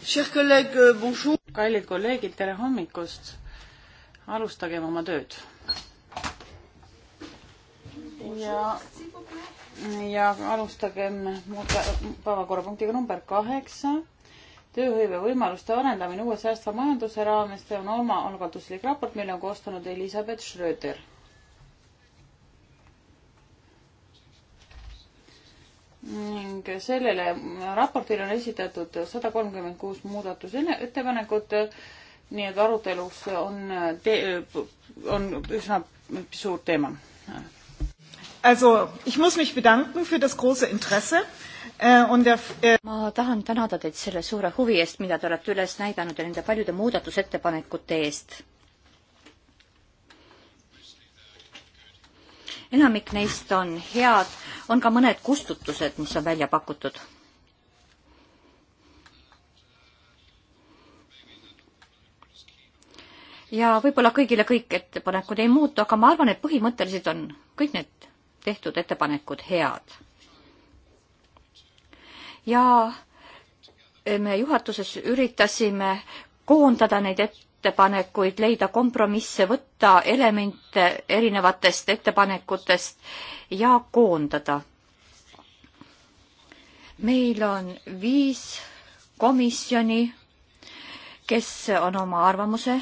Euh, kallid kolleegid, tere hommikust! alustagem oma tööd. ja, ja alustagem päevakorrapunktiga number kaheksa. tööhõive võimaluste arendamine uue säästva majanduse raames. see on omaalgatuslik raport, mille on koostanud Elizabeth Schröder ning sellele raportile on esitatud sada kolmkümmend kuus muudatusettepanekut, nii et arutelus on, on üsna suur teema. Also ich muss mich bedanken für das große Interesse on äh, der äh, ma tahan tänada teid selle suure huvi eest, mida te olete üles näidanud ja nende paljude muudatusettepanekute eest enamik neist on head, on ka mõned kustutused, mis on välja pakutud. ja võib-olla kõigile kõik ettepanekud ei muutu, aga ma arvan, et põhimõtteliselt on kõik need tehtud ettepanekud head. ja me juhatuses üritasime koondada neid et-, ettepanekuid, leida kompromisse, võtta elemente erinevatest ettepanekutest ja koondada. meil on viis komisjoni, kes on oma arvamuse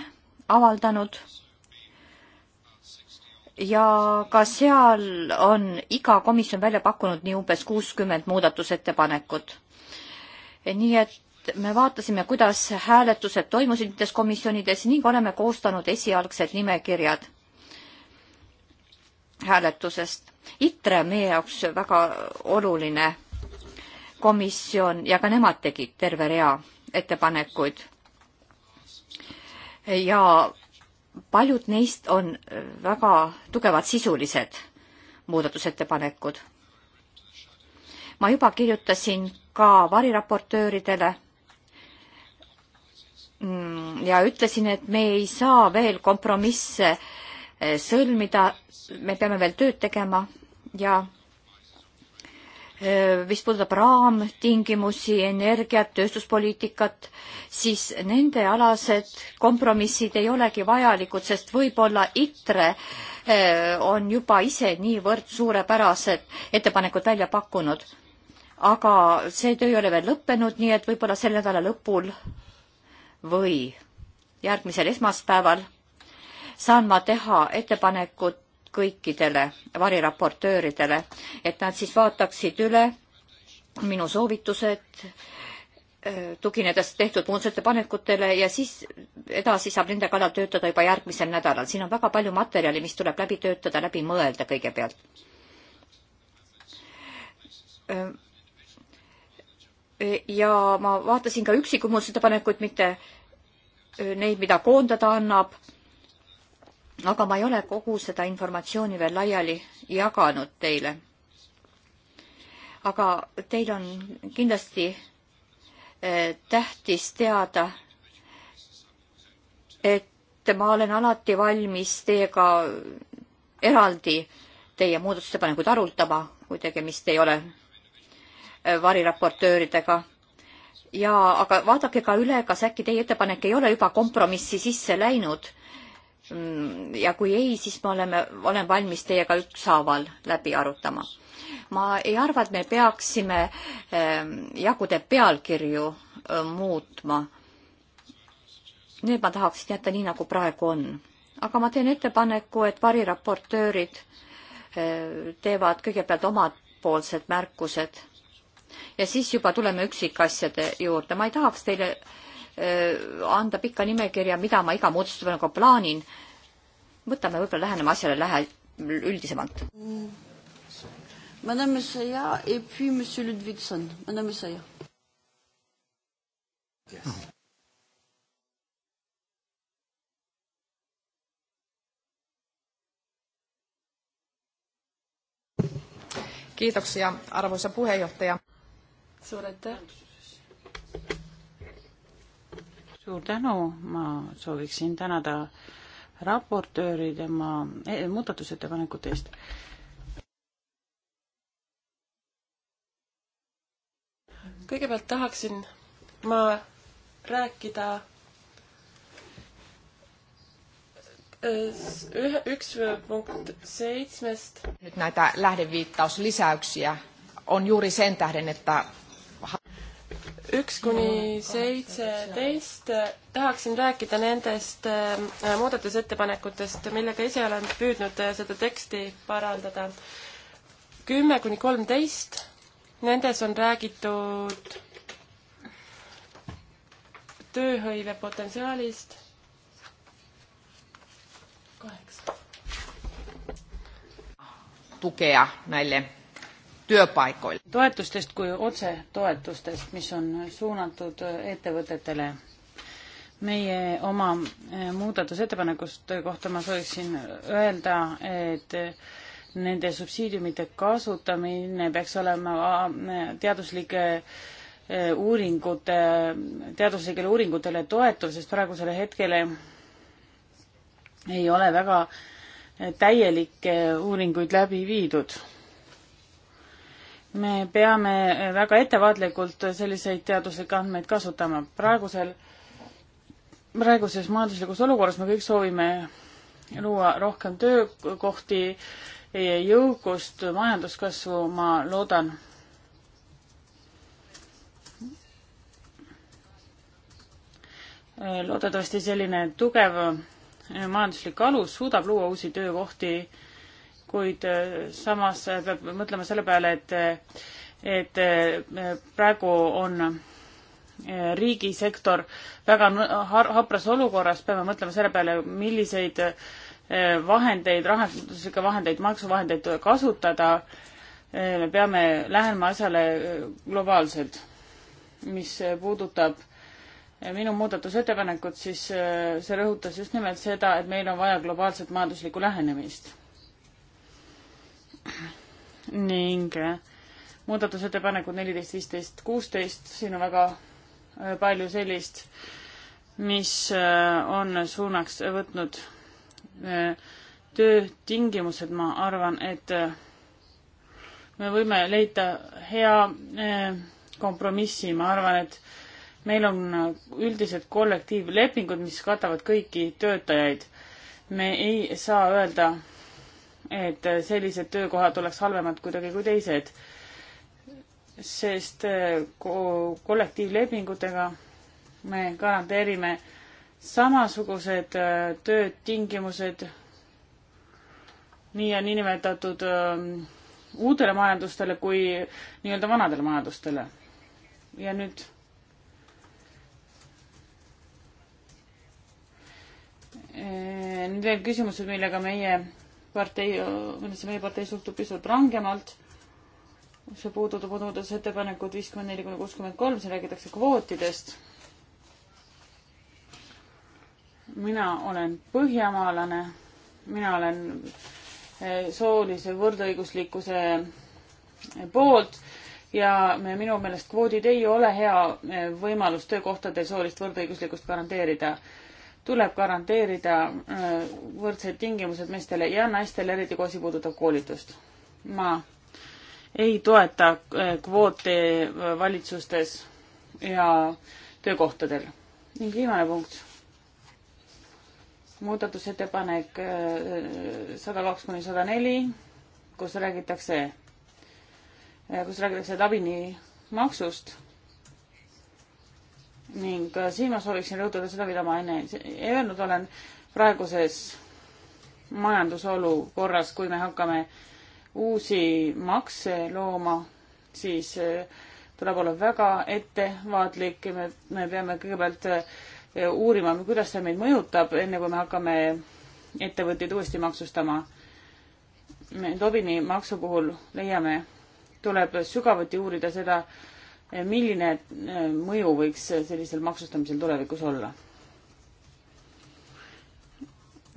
avaldanud ja ka seal on iga komisjon välja pakkunud nii umbes kuuskümmend muudatusettepanekut. nii et me vaatasime, kuidas hääletused toimusid nendes komisjonides ning oleme koostanud esialgsed nimekirjad hääletusest. ITRE on meie jaoks väga oluline komisjon ja ka nemad tegid terve rea ettepanekuid. ja paljud neist on väga tugevad sisulised muudatusettepanekud. ma juba kirjutasin ka variraportööridele Mm, ja ütlesin, et me ei saa veel kompromisse eh, sõlmida, me peame veel tööd tegema ja eh, mis puudutab raamtingimusi, energiat, tööstuspoliitikat, siis nendealased kompromissid ei olegi vajalikud, sest võib-olla ITRE eh, on juba ise niivõrd suurepärased ettepanekud välja pakkunud. aga see töö ei ole veel lõppenud, nii et võib-olla selle nädala lõpul või järgmisel esmaspäeval saan ma teha ettepanekut kõikidele variraportööridele, et nad siis vaataksid üle minu soovitused, äh, tuginedes tehtud muudatusettepanekutele ja siis edasi saab nende kallal töötada juba järgmisel nädalal. siin on väga palju materjali, mis tuleb läbi töötada, läbi mõelda kõigepealt äh, ja ma vaatasin ka üksiku muudatusettepanekuid, mitte neid, mida koondada annab. aga ma ei ole kogu seda informatsiooni veel laiali jaganud teile. aga teil on kindlasti tähtis teada, et ma olen alati valmis teiega eraldi teie muudatusettepanekuid arutama, kui tegemist ei ole variraportööridega. ja aga vaadake ka üle, kas äkki teie ettepanek ei ole juba kompromissi sisse läinud. Mm, ja kui ei, siis me oleme, olen valmis teiega ükshaaval läbi arutama. ma ei arva, et me peaksime ehm, jagude pealkirju muutma. Need ma tahaksin jätta nii, nagu praegu on. aga ma teen ettepaneku, et variraportöörid ehm, teevad kõigepealt omad poolsed märkused ja siis juba tuleme üksikasjade juurde. ma ei tahaks teile äh, anda pikka nimekirja, mida ma iga muudatusettepanekuga plaanin. võtame, võib-olla läheneme asjale lähe-, üldisemalt. Madame Saia et puis Monsieur Ludvigson. Madame Saia. Yes. Kiitoksia, arvoisa puheenjohtaja suur aitäh! suur tänu, ma sooviksin tänada raportööri tema e, muudatusettepanekute eest. kõigepealt tahaksin ma rääkida e, ühe, üks punkt seitsmest. nüüd näida lähdeviittauslisäyksiä on juuri sen tähden, että üks kuni seitseteist tahaksin rääkida nendest äh, muudatusettepanekutest, millega ise olen püüdnud äh, seda teksti parandada. kümme kuni kolmteist, nendes on räägitud tööhõive potentsiaalist. kaheksa. tukea nalja työpaikoille. toetustest kui otsetoetustest, mis on suunatud ettevõtetele. meie oma eh, muudatusettepanekust kohta ma sooviksin öelda, et nende subsiidiumite kasutamine peaks olema eh, teaduslike eh, uuringute, teaduslikele uuringutele toetav, sest praegusel hetkel ei ole väga täielikke uuringuid läbi viidud me peame väga ettevaatlikult selliseid teaduslikke andmeid kasutama. praegusel, praeguses majanduslikus olukorras me kõik soovime luua rohkem töökohti, jõukust, majanduskasvu, ma loodan. loodetavasti selline tugev majanduslik alus suudab luua uusi töökohti kuid äh, samas äh, peab mõtlema selle peale, et, äh, et praegu on riigisektor väga hapras olukorras, peame mõtlema selle peale, milliseid vahendeid, rahanduslikke vahendeid, maksuvahendeid kasutada. me peame lähenema asjale globaalselt. mis puudutab minu muudatusettepanekut, siis see rõhutas just nimelt seda, et meil on vaja globaalset majanduslikku lähenemist ning äh, muudatusettepanekud neliteist, viisteist, kuusteist, siin on väga äh, palju sellist, mis äh, on suunaks võtnud töötingimused, ma arvan, et me võime leida hea kompromissi, ma arvan, et meil on üldised kollektiivlepingud, mis katavad kõiki töötajaid. me ei saa öelda, et sellised töökohad oleks halvemad kuidagi kui teised, sest äh, kollektiivlepingutega me garanteerime samasugused äh, töötingimused, nii on niinimetatud ähm, uutele majandustele kui nii-öelda vanadele majandustele. ja nüüd äh, Need veel küsimused, millega meie partei, õnneks meie partei suhtub pisut rangemalt. see puudutab muudatusettepanekut viiskümmend neli kuni kuuskümmend kolm, siin räägitakse kvootidest. mina olen põhjamaalane, mina olen eh, soolise võrdõiguslikkuse eh, poolt ja me minu meelest kvoodid ei ole hea eh, võimalus töökohtadel soolist võrdõiguslikkust garanteerida tuleb garanteerida äh, võrdsed tingimused meestele ja naistele, eriti kui asi puudutab koolitust. ma ei toeta äh, kvoote äh, valitsustes ja töökohtadel. ning viimane punkt. muudatusettepanek sada kaks kuni sada neli, kus räägitakse, kus räägitakse Tabini maksust ning äh, siin ma sooviksin rõhutada seda, mida ma enne öelnud olen praeguses majandusolukorras, kui me hakkame uusi makse looma, siis äh, tuleb olla väga ettevaatlik ja me, me peame kõigepealt äh, uurima, kuidas see meid mõjutab, enne kui me hakkame ettevõtteid uuesti maksustama. Tobini maksu puhul leiame, tuleb sügavuti uurida seda, Eh, milline eh, mõju võiks eh, sellisel maksustamisel tulevikus olla?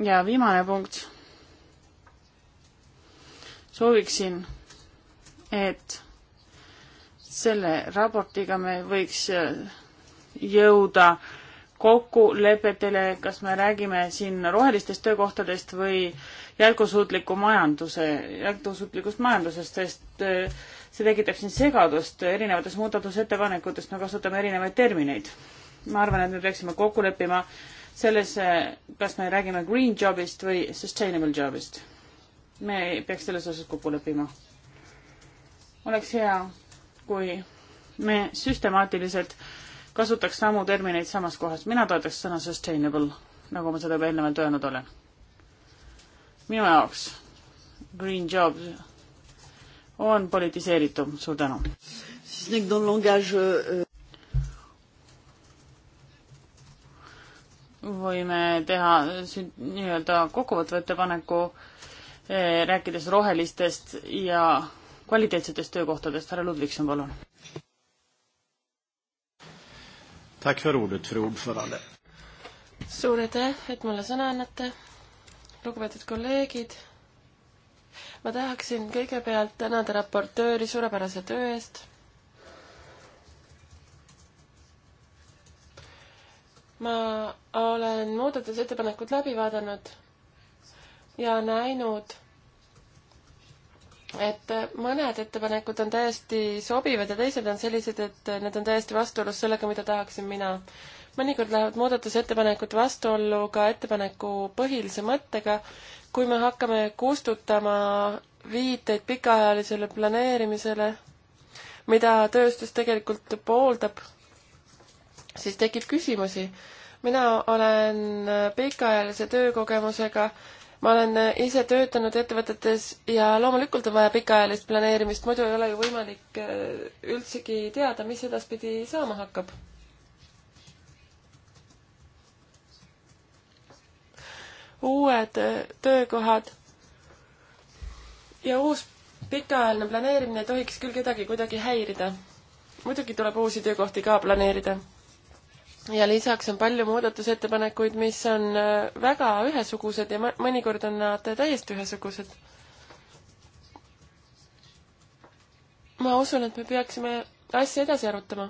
ja viimane punkt. sooviksin, et selle raportiga me võiks jõuda kokkulepetele, kas me räägime siin rohelistest töökohtadest või jätkusuutliku majanduse, jätkusuutlikust majandusest, sest see tekitab siin segadust erinevates muudatusettepanekutes, me kasutame erinevaid termineid. ma arvan, et me peaksime kokku leppima selles, kas me räägime green job'ist või sustainable job'ist. me peaks selles osas kokku leppima. oleks hea, kui me süstemaatiliselt kasutaks samu termineid samas kohas. mina toetaks sõna sustainable, nagu ma seda juba eelnevalt öelnud olen. minu jaoks green job on politiseeritum, suur tänu. Euh, võime teha nii-öelda kokkuvõtva ettepaneku, eh, rääkides rohelistest ja kvaliteetsetest töökohtadest, härra Ludvigson, palun. suur aitäh, et mulle sõna annate, lugupeetud kolleegid ma tahaksin kõigepealt tänada raportööri suurepärase töö eest. ma olen muudatusettepanekud läbi vaadanud ja näinud, et mõned ettepanekud on täiesti sobivad ja teised on sellised, et need on täiesti vastuolus sellega, mida tahaksin mina. mõnikord lähevad muudatusettepanekud vastuollu ka ettepaneku põhilise mõttega kui me hakkame kustutama viiteid pikaajalisele planeerimisele, mida tööstus tegelikult pooldab, siis tekib küsimusi. mina olen pikaajalise töökogemusega, ma olen ise töötanud ettevõtetes ja loomulikult on vaja pikaajalist planeerimist, muidu ei ole ju võimalik äh, üldsegi teada, mis edaspidi saama hakkab uued äh, töökohad ja uus pikaajaline planeerimine ei tohiks küll kedagi kuidagi häirida. muidugi tuleb uusi töökohti ka planeerida. ja lisaks on palju muudatusettepanekuid, mis on äh, väga ühesugused ja mõnikord on nad äh, täiesti ühesugused. ma usun, et me peaksime asja edasi arutama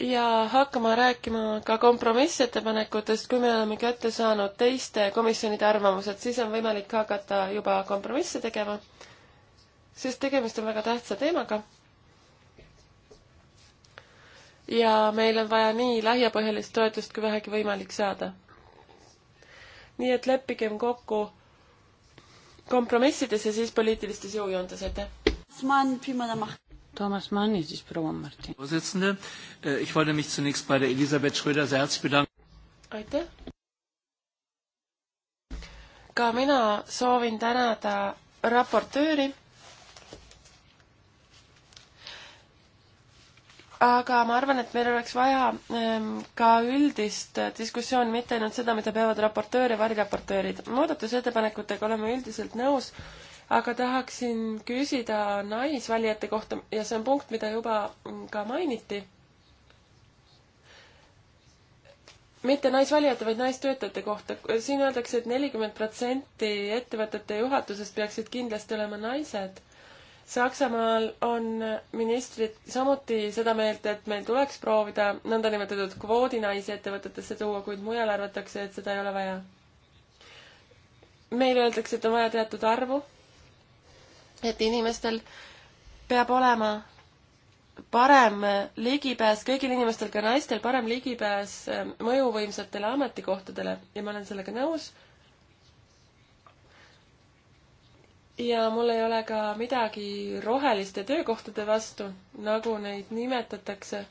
ja hakkama rääkima ka kompromissettepanekutest, kui me oleme kätte saanud teiste komisjonide arvamused, siis on võimalik hakata juba kompromisse tegema, sest tegemist on väga tähtsa teemaga. ja meil on vaja nii laiapõhjalist toetust, kui vähegi võimalik saada. nii et leppigem kokku kompromissides ja siis poliitilistes jõujoontes, aitäh! Thomas Mann ja siis proua Martin. Äh, aitäh. ka mina soovin tänada raportööri. aga ma arvan, et meil oleks vaja ähm, ka üldist diskussiooni, mitte ainult seda, mida peavad raportöör ja variraportöörid. muudatusettepanekutega oleme üldiselt nõus aga tahaksin küsida naisvalijate kohta ja see on punkt, mida juba ka mainiti. mitte naisvalijate, vaid naistöötajate kohta. siin öeldakse et, et nelikümmend protsenti ettevõtete juhatusest peaksid kindlasti olema naised Saksamaal on ministrid samuti seda meelt, et meil tuleks proovida nõndanimetatud kvoodinaisi ettevõtetesse tuua, kuid mujal arvatakse, et seda ei ole vaja. meile öeldakse, et on vaja teatud arvu et inimestel peab olema parem ligipääs, kõigil inimestel, ka naistel, parem ligipääs ähm, mõjuvõimsatele ametikohtadele ja ma olen sellega nõus. ja mul ei ole ka midagi roheliste töökohtade vastu, nagu neid nimetatakse.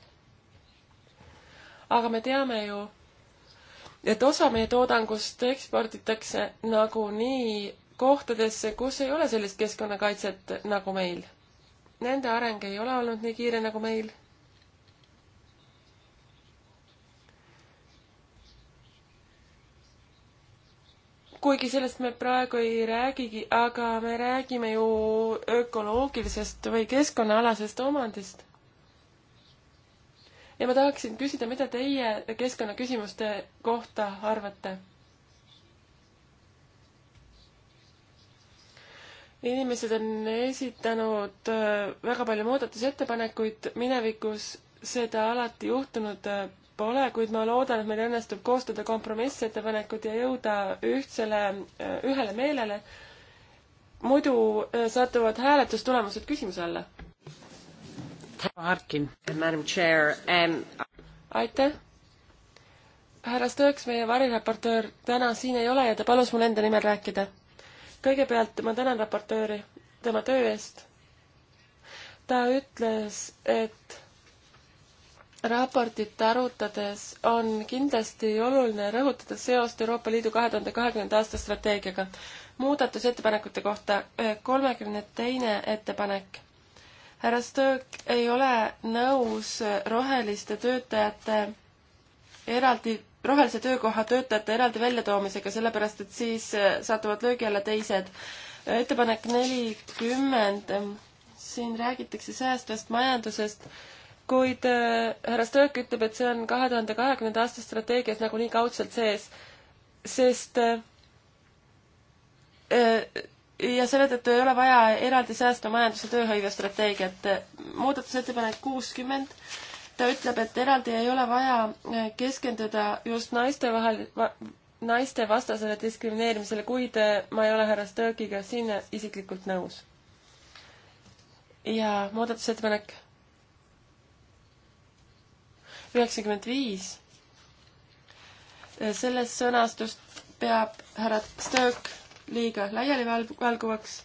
aga me teame ju, et osa meie toodangust eksporditakse nagunii kohtadesse, kus ei ole sellist keskkonnakaitset nagu meil. Nende areng ei ole olnud nii kiire nagu meil. kuigi sellest me praegu ei räägigi, aga me räägime ju ökoloogilisest või keskkonnaalasest omandist. ja ma tahaksin küsida, mida teie keskkonnaküsimuste kohta arvate inimesed on esitanud äh, väga palju muudatusettepanekuid, minevikus seda alati juhtunud äh, pole, kuid ma loodan, et meil õnnestub koostada kompromissettepanekud ja jõuda ühtsele, äh, ühele meelele. muidu satuvad hääletustulemused küsimuse alla. Harkin. Um, aitäh. härra Stõõks, meie variraportöör täna siin ei ole ja ta palus mul enda nimel rääkida kõigepealt ma tänan raportööri tema töö eest. ta ütles, et raportit arutades on kindlasti oluline rõhutada seost Euroopa Liidu kahe tuhande kahekümnenda aasta strateegiaga. muudatusettepanekute kohta eh, kolmekümne teine ettepanek. härra Stõõk ei ole nõus eh, roheliste töötajate eraldi rohelise töökoha töötajate eraldi väljatoomisega, sellepärast et siis äh, satuvad löögi alla teised. ettepanek nelikümmend, äh, siin räägitakse säästvast majandusest, kuid äh, härra Stõõk ütleb, et see on kahe tuhande kahekümnenda aasta strateegias nagunii kaudselt sees, sest ja selle tõttu ei ole vaja eraldi säästva majanduse tööhõive strateegiat. muudatusettepanek kuuskümmend ta ütleb, et eraldi ei ole vaja äh, keskenduda just naiste vahel va,, naistevastasele diskrimineerimisele, kuid äh, ma ei ole härra Stöökiga siin äh, isiklikult nõus. ja muudatusettepanek üheksakümmend viis. sellest sõnastust peab härra Stök liiga laialivalguvaks,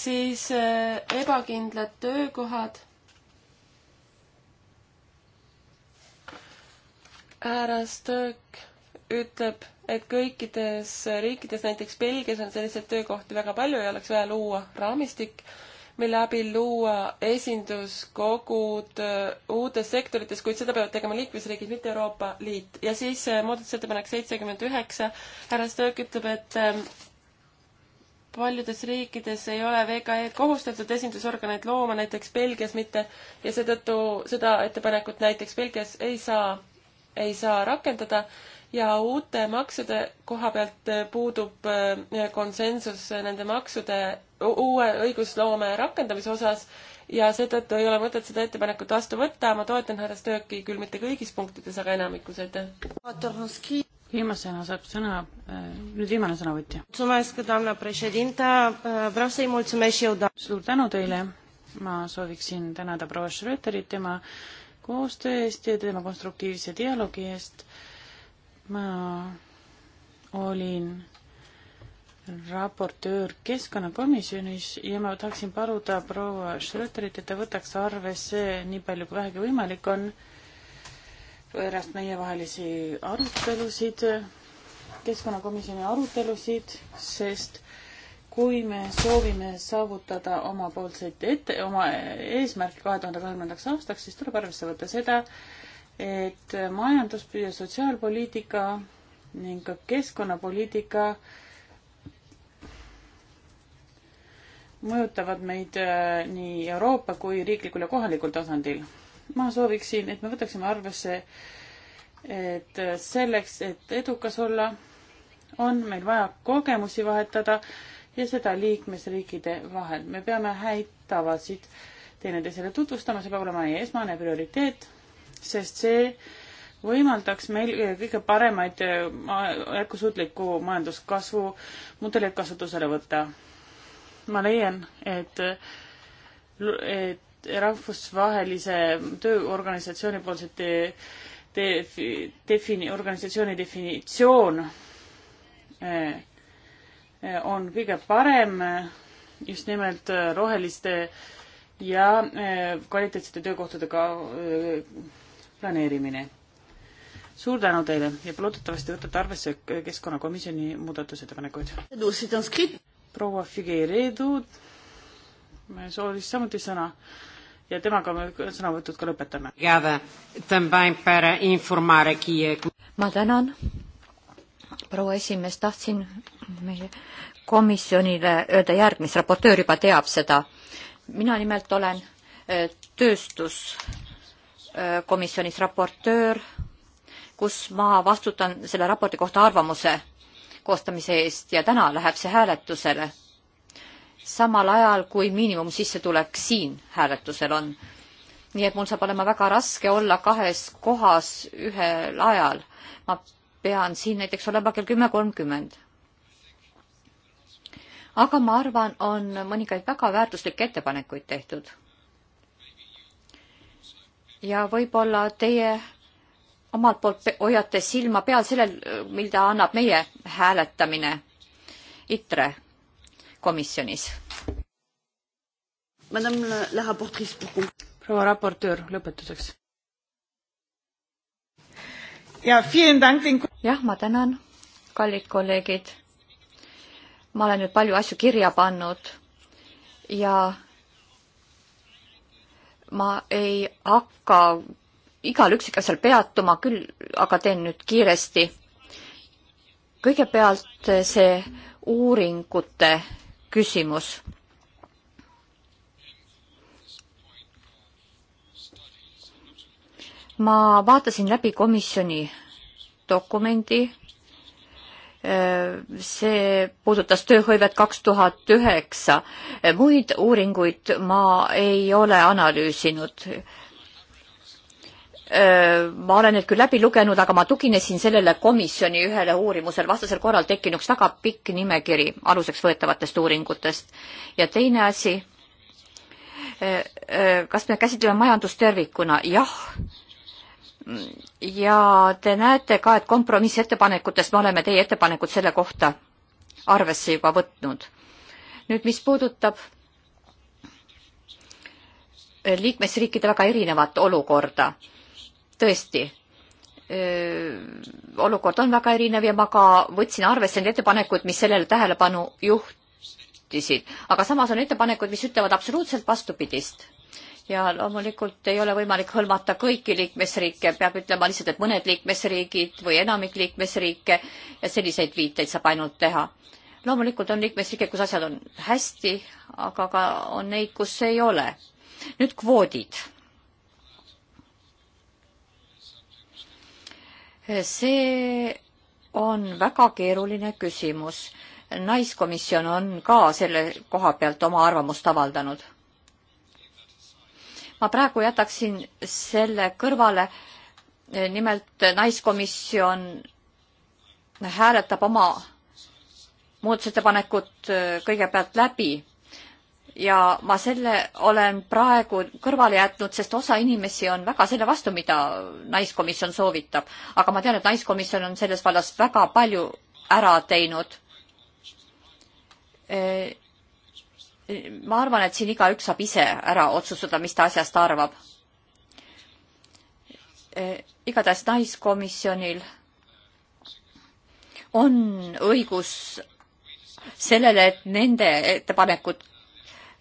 siis ebakindlad töökohad härra Stõõk ütleb, et kõikides riikides, näiteks Belgias on selliseid töökohti väga palju ja oleks vaja luua raamistik, mille abil luua esinduskogud äh, uutes sektorites, kuid seda peavad tegema liikmesriigid, mitte Euroopa Liit. ja siis äh, muudatusettepanek seitsekümmend üheksa, härra Stõõk ütleb, et ähm, paljudes riikides ei ole VKE-d kohustatud esindusorganeid looma, näiteks Belgias mitte, ja seetõttu seda ettepanekut näiteks Belgias ei saa ei saa rakendada ja uute maksude koha pealt puudub äh, konsensus nende maksude uue õigusloome rakendamise osas ja seetõttu ei ole mõtet seda ettepanekut vastu võtta, ma toetan härra Stööki küll mitte kõigis punktides, aga enamikus, aitäh. viimasena saab sõna, äh, nüüd viimane sõnavõtja. Äh, suur tänu teile, ma sooviksin tänada proua Schröterit tema koostöö eest ja tema konstruktiivse dialoogi eest. ma olin raportöör Keskkonnakomisjonis ja ma tahaksin paluda proua Schröterit, et ta võtaks arvesse nii palju, kui vähegi võimalik on pärast meievahelisi arutelusid, keskkonnakomisjoni arutelusid, sest kui me soovime saavutada omapoolseid ette, oma eesmärke kahe tuhande kahekümnendaks aastaks, siis tuleb arvesse võtta seda, et majandus- ja sotsiaalpoliitika ning ka keskkonnapoliitika mõjutavad meid äh, nii Euroopa kui riiklikul ja kohalikul tasandil. ma sooviksin, et me võtaksime arvesse, et selleks, et edukas olla, on meil vaja kogemusi vahetada ja seda liikmesriikide vahel. me peame häid tavasid teineteisele tutvustama, see peab olema meie esmane prioriteet, sest see võimaldaks meil kõige paremaid äh, jätkusuutliku majanduskasvu mudeleid kasutusele võtta. ma leian, et, et rahvusvahelise tööorganisatsiooni poolset de, de, defini-, organisatsiooni definitsioon eh, on kõige parem just nimelt äh, roheliste ja äh, kvaliteetsete töökohtadega äh, planeerimine. suur tänu teile ja loodetavasti võtate arvesse Keskkonnakomisjoni muudatusettepanekuid. proua Figueiredu soovis samuti sõna ja temaga me sõnavõtud ka lõpetame. ma tänan proua esimees, tahtsin meie komisjonile öelda järgmist, raportöör juba teab seda. mina nimelt olen äh, tööstuskomisjonis äh, raportöör, kus ma vastutan selle raporti kohta arvamuse koostamise eest ja täna läheb see hääletusele. samal ajal, kui miinimumsissetulek siin hääletusel on. nii et mul saab olema väga raske olla kahes kohas ühel ajal. ma pean siin näiteks olema kell kümme kolmkümmend. aga ma arvan, on mõningaid väga väärtuslikke ettepanekuid tehtud. ja võib-olla teie omalt poolt hoiate silma peal sellel, mida annab meie hääletamine ITRE komisjonis. proua raportöör, lõpetuseks jah, ma tänan, kallid kolleegid. ma olen nüüd palju asju kirja pannud ja ma ei hakka igal üksikasjal peatuma küll, aga teen nüüd kiiresti. kõigepealt see uuringute küsimus ma vaatasin läbi komisjoni dokumendi, see puudutas tööhõivet kaks tuhat üheksa. muid uuringuid ma ei ole analüüsinud. ma olen need küll läbi lugenud, aga ma tuginesin sellele komisjoni ühele uurimusele, vastasel korral tekkinuks väga pikk nimekiri aluseks võetavatest uuringutest. ja teine asi, kas me käsitleme majandust tervikuna? jah ja te näete ka, et kompromissettepanekutest me oleme teie ettepanekud selle kohta arvesse juba võtnud. nüüd, mis puudutab liikmesriikide väga erinevat olukorda, tõesti, olukord on väga erinev ja ma ka võtsin arvesse neid ettepanekuid, mis sellele tähelepanu juhtisid, aga samas on ettepanekud, mis ütlevad absoluutselt vastupidist ja loomulikult ei ole võimalik hõlmata kõiki liikmesriike, peab ütlema lihtsalt, et mõned liikmesriigid või enamik liikmesriike ja selliseid viiteid saab ainult teha. loomulikult on liikmesriike, kus asjad on hästi, aga ka on neid, kus ei ole. nüüd kvoodid. see on väga keeruline küsimus naiskomisjon on ka selle koha pealt oma arvamust avaldanud ma praegu jätaksin selle kõrvale. nimelt naiskomisjon hääletab oma muudatusettepanekut kõigepealt läbi ja ma selle olen praegu kõrvale jätnud, sest osa inimesi on väga selle vastu, mida naiskomisjon soovitab. aga ma tean, et naiskomisjon on selles vallas väga palju ära teinud ma arvan, et siin igaüks saab ise ära otsustada, mis ta asjast arvab. E, igatahes naiskomisjonil on õigus sellele, et nende ettepanekud,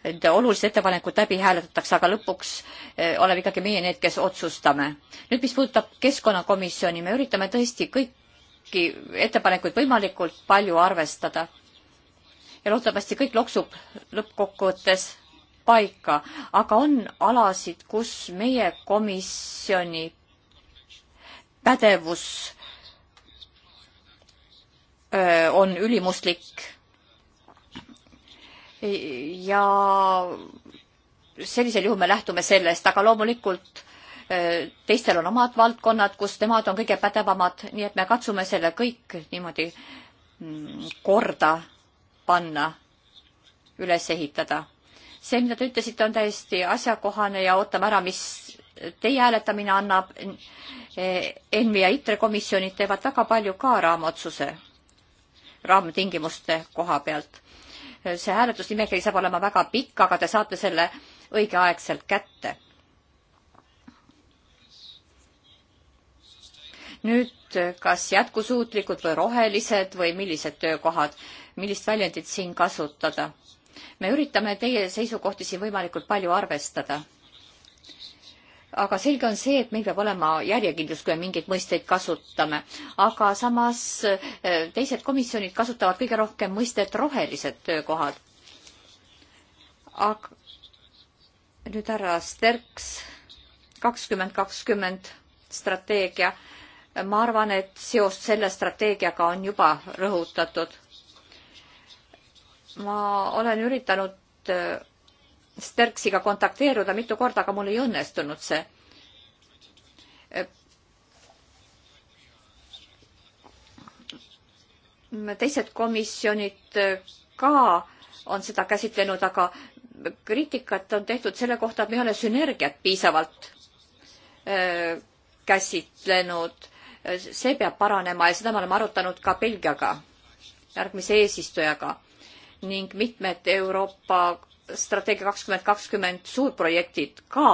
nende olulised ettepanekud läbi hääletatakse, aga lõpuks e, oleme ikkagi meie need, kes otsustame. nüüd, mis puudutab keskkonnakomisjoni, me üritame tõesti kõiki ettepanekuid võimalikult palju arvestada ja loodetavasti kõik loksub lõppkokkuvõttes paika, aga on alasid, kus meie komisjoni pädevus öö, on ülimuslik. ja sellisel juhul me lähtume sellest, aga loomulikult öö, teistel on omad valdkonnad, kus nemad on kõige pädevamad, nii et me katsume selle kõik niimoodi mm, korda panna, üles ehitada. see, mida te ütlesite, on täiesti asjakohane ja ootame ära, mis teie hääletamine annab. E, ENMi ja ITRE komisjonid teevad väga palju ka raamotsuse, raamtingimuste koha pealt. E, see hääletusnimekiri saab olema väga pikk, aga te saate selle õigeaegselt kätte. nüüd, kas jätkusuutlikud või rohelised või millised töökohad millist väljendit siin kasutada. me üritame teie seisukohti siin võimalikult palju arvestada. aga selge on see, et meil peab olema järjekindlus, kui me mingeid mõisteid kasutame. aga samas eh, teised komisjonid kasutavad kõige rohkem mõistet rohelised töökohad. aga nüüd härra Sterks, kakskümmend kakskümmend strateegia ma arvan, et seost selle strateegiaga on juba rõhutatud ma olen üritanud äh, Sterksiga kontakteeruda mitu korda, aga mul ei õnnestunud see. Äh, teised komisjonid äh, ka on seda käsitlenud, aga kriitikat on tehtud selle kohta, et me ei ole sünergiat piisavalt käsitlenud. see peab paranema ja seda me oleme arutanud ka Belgiaga, järgmise eesistujaga ning mitmed Euroopa strateegia kakskümmend kakskümmend suurprojektid ka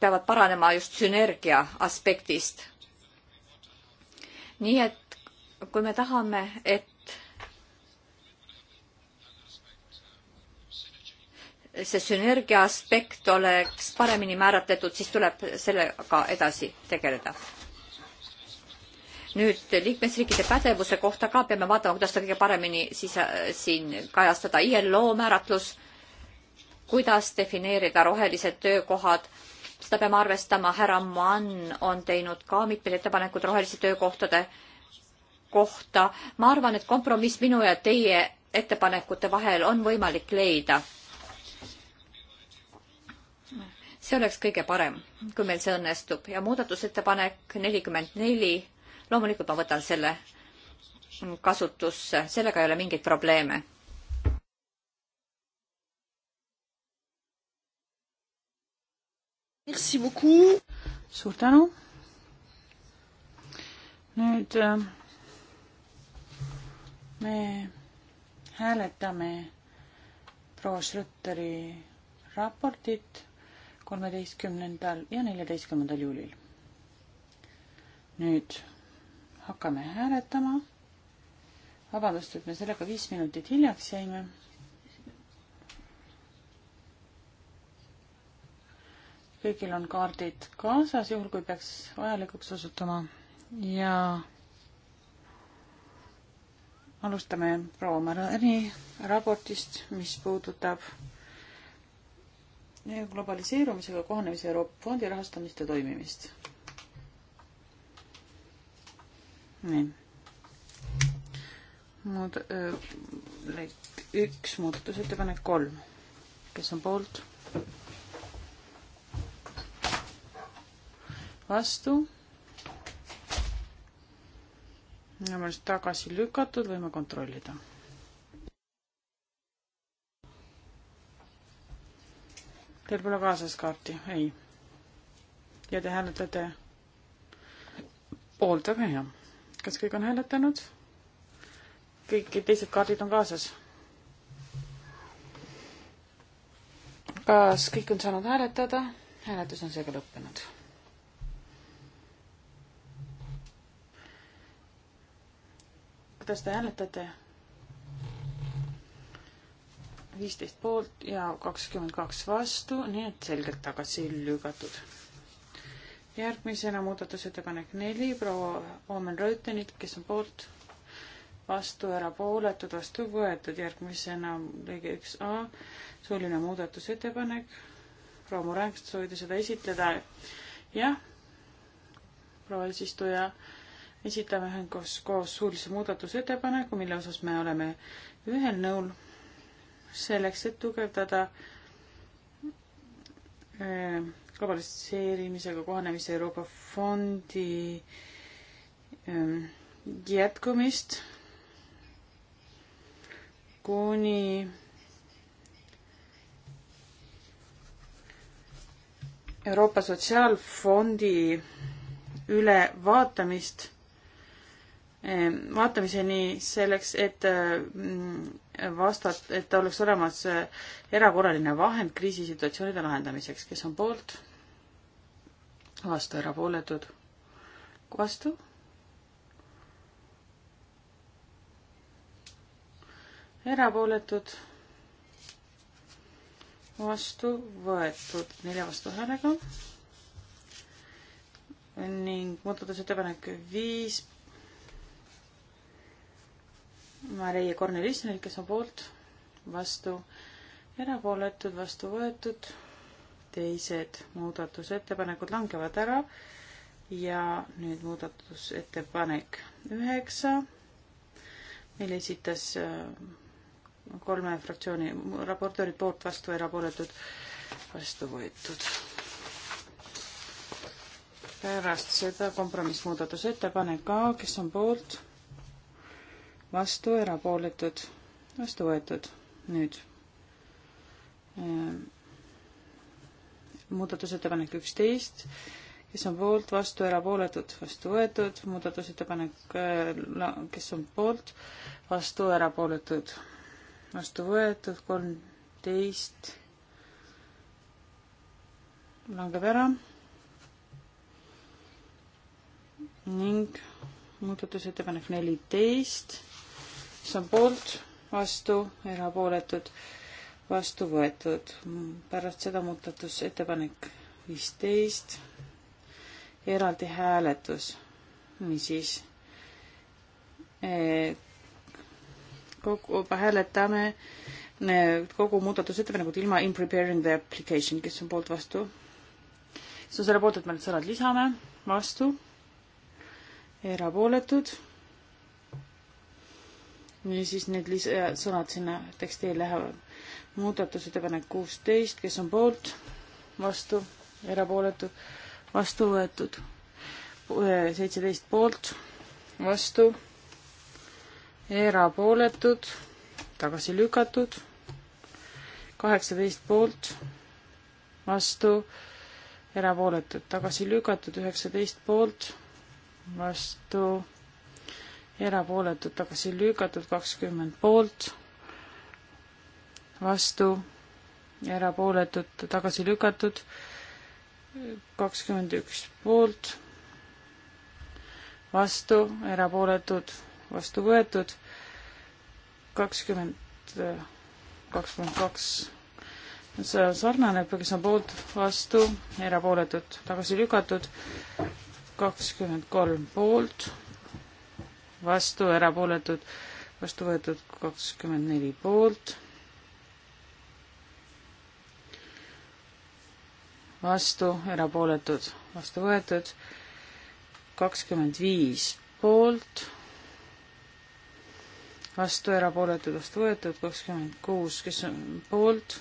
peavad paranema just sünergia aspektist. nii et kui me tahame, et see sünergia aspekt oleks paremini määratletud, siis tuleb sellega edasi tegeleda nüüd liikmesriikide pädevuse kohta ka peame vaatama, kuidas seda kõige paremini siis äh, siin kajastada. ILO määratlus, kuidas defineerida rohelised töökohad, seda peame arvestama. härra Mann on teinud ka mitmed ettepanekud roheliste töökohtade kohta. ma arvan, et kompromiss minu ja teie ettepanekute vahel on võimalik leida. see oleks kõige parem, kui meil see õnnestub ja muudatusettepanek nelikümmend neli loomulikult ma võtan selle kasutusse, sellega ei ole mingeid probleeme. suur tänu. nüüd äh, me hääletame proua Schröteri raportit kolmeteistkümnendal ja neljateistkümnendal juulil. nüüd hakkame hääletama. vabandust, et me sellega viis minutit hiljaks jäime. kõigil on kaardid kaasas, juhul kui peaks vajalikuks osutuma ja alustame proua Marani raportist, mis puudutab globaliseerumisega kohanemise Euroopa Fondi rahastamist ja toimimist nii. muud-, üks muudatusettepanek kolm, kes on poolt? vastu. minu meelest tagasi lükatud, võime kontrollida Teil pole kaasas kaarti? ei. ja te hääletate poolt, väga hea kas kõik on hääletanud? kõik teised kaardid on kaasas. kas kõik on saanud hääletada? hääletus on seega lõppenud. kuidas te hääletate? viisteist poolt ja kakskümmend kaks vastu, nii et selgelt tagasi lükatud järgmisena muudatusettepanek neli, proua Oomen Röötenilt, kes on poolt, vastu, erapooletud, vastu võetud, järgmisena lõige üks A, suuline muudatusettepanek, proua Murenk soovida seda esitleda, jah, proua eesistuja, esitame ühenduskoos koos suulise muudatusettepaneku, mille osas me oleme ühel nõul, selleks, et tugevdada öö, äh, globaliseerimisega kohanemise Euroopa Fondi ähm, jätkumist kuni Euroopa Sotsiaalfondi ülevaatamist, ähm, vaatamiseni selleks, et äh, vastat-, et oleks olemas äh, erakorraline vahend kriisisituatsioonide lahendamiseks. kes on poolt? vastu, erapooletud? vastu? erapooletud? vastu võetud nelja vastuhäälega ning muudatusettepanek viis Marie Kornelissonil, kes on poolt, vastu, erapooletud, vastu võetud. teised muudatusettepanekud langevad ära ja nüüd muudatusettepanek üheksa, mille esitas äh, kolme fraktsiooni raportöörid poolt, vastu, erapooletud, vastu võetud. pärast seda kompromissmuudatusettepanek A, kes on poolt vastu, erapooletud, vastu võetud. nüüd ähm, muudatusettepanek üksteist, kes on poolt, vastu, erapooletud, vastu võetud, muudatusettepanek, äh, kes on poolt, vastu, erapooletud, vastu võetud, kolmteist langeb ära ning muudatusettepanek neliteist kes on poolt, vastu, erapooletud, vastu võetud. pärast seda muudatusettepanek viisteist, eraldi hääletus, niisiis eh, kogu, hääletame eh, kogu muudatusettepanekut ilma in preparing the application, kes on poolt vastu. siis on selle poolt, et me need sõnad lisame, vastu, erapooletud niisiis need lisasõnad sinna teksti lähevad. muudatusettepanek kuusteist, kes on poolt, vastu, erapooletu, vastu võetud. seitseteist poolt, vastu, erapooletud, tagasi lükatud. kaheksateist poolt, vastu, erapooletud, tagasi lükatud, üheksateist poolt, vastu erapooletud tagasi lükatud, kakskümmend poolt, vastu, erapooletud tagasi lükatud, kakskümmend üks poolt, vastu, erapooletud, vastu võetud, kakskümmend, kakskümmend kaks see sarnaneb, kes on poolt, vastu, erapooletud, tagasi lükatud, kakskümmend kolm poolt, vastu, erapooletud, vastu võetud kakskümmend neli poolt, vastu, erapooletud, vastu võetud kakskümmend viis poolt, vastu, erapooletud, vastu võetud kakskümmend kuus, kes on poolt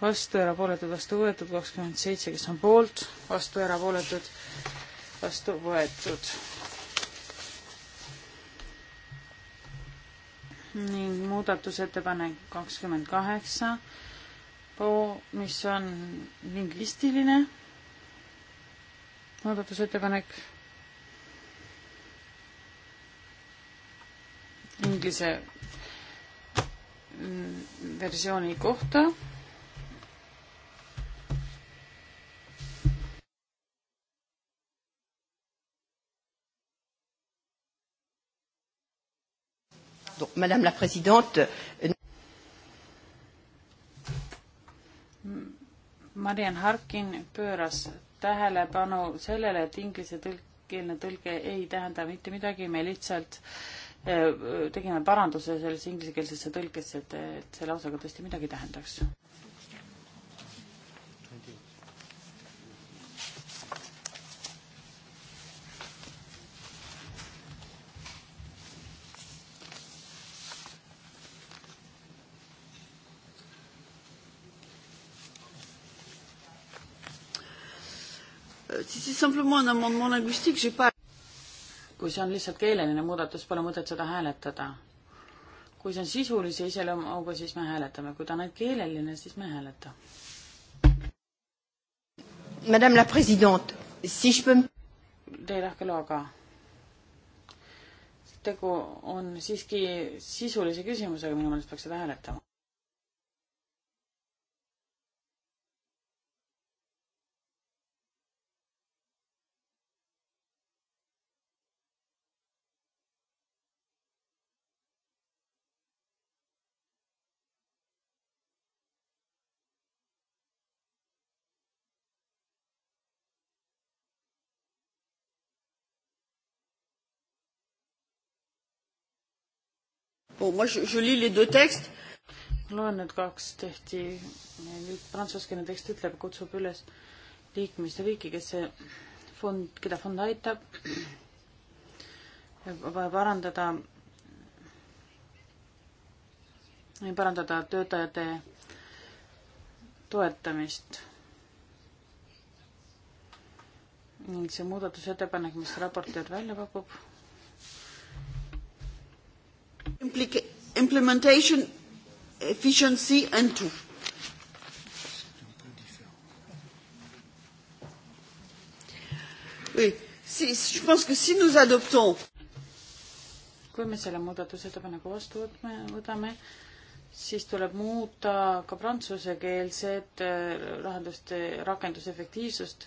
vastu, erapooletud, vastu võetud, kakskümmend seitse, kes on poolt, vastu, erapooletud, vastu võetud. ning muudatusettepanek kakskümmend kaheksa, mis on lingvistiline muudatusettepanek inglise versiooni kohta pardon, Madame la Présidente. Euh, Mariann Harkin pööras tähelepanu sellele, et inglise tõlk, keelne tõlge ei tähenda mitte midagi, me lihtsalt äh, tegime paranduse sellesse inglisekeelsesse tõlkesse, et, et see lause ka tõesti midagi tähendaks. simplement un amendement linguistique, j'ai pas kui see on lihtsalt keeleline muudatus, pole mõtet seda hääletada. kui see on sisulise iseloomuga, siis me hääletame, kui ta on ainult keeleline, siis me ei hääleta. Madame la Présidente, si je peux... Teie lahke loaga. tegu on siiski sisulise küsimusega, minu meelest peaks seda hääletama. bon, moi je, je lis les deux textes. loen need kaks tehti, prantsuskeelne tekst ütleb, kutsub üles liikmesriiki, kes see fond, keda fond aitab, parandada, parandada töötajate toetamist ning see muudatusettepanek, mis raportöör välja pakub, Implica implementation efficiency and two. Oui, si, je pense que si nous adoptons kui me selle muudatusettepaneku vastu võtme, võtame, siis tuleb muuta ka prantsusekeelset äh, lahenduste rakendusefektiivsust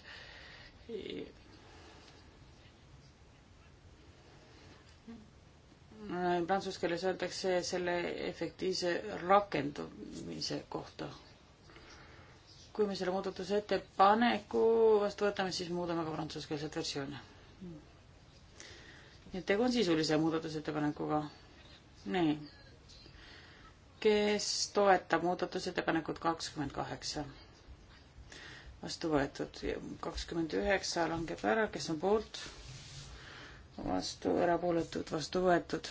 Äh, prantsuse keeles öeldakse selle efektiivse rakendumise kohta. kui me selle muudatuse ettepaneku vastu võtame, siis muudame ka prantsuskeelset versiooni. nii et tegu on sisulise muudatusettepanekuga. nii. kes toetab muudatusettepanekut kakskümmend kaheksa? vastu võetud. kakskümmend üheksa langeb ära, kes on poolt? vastu, erapooletud, vastu võetud.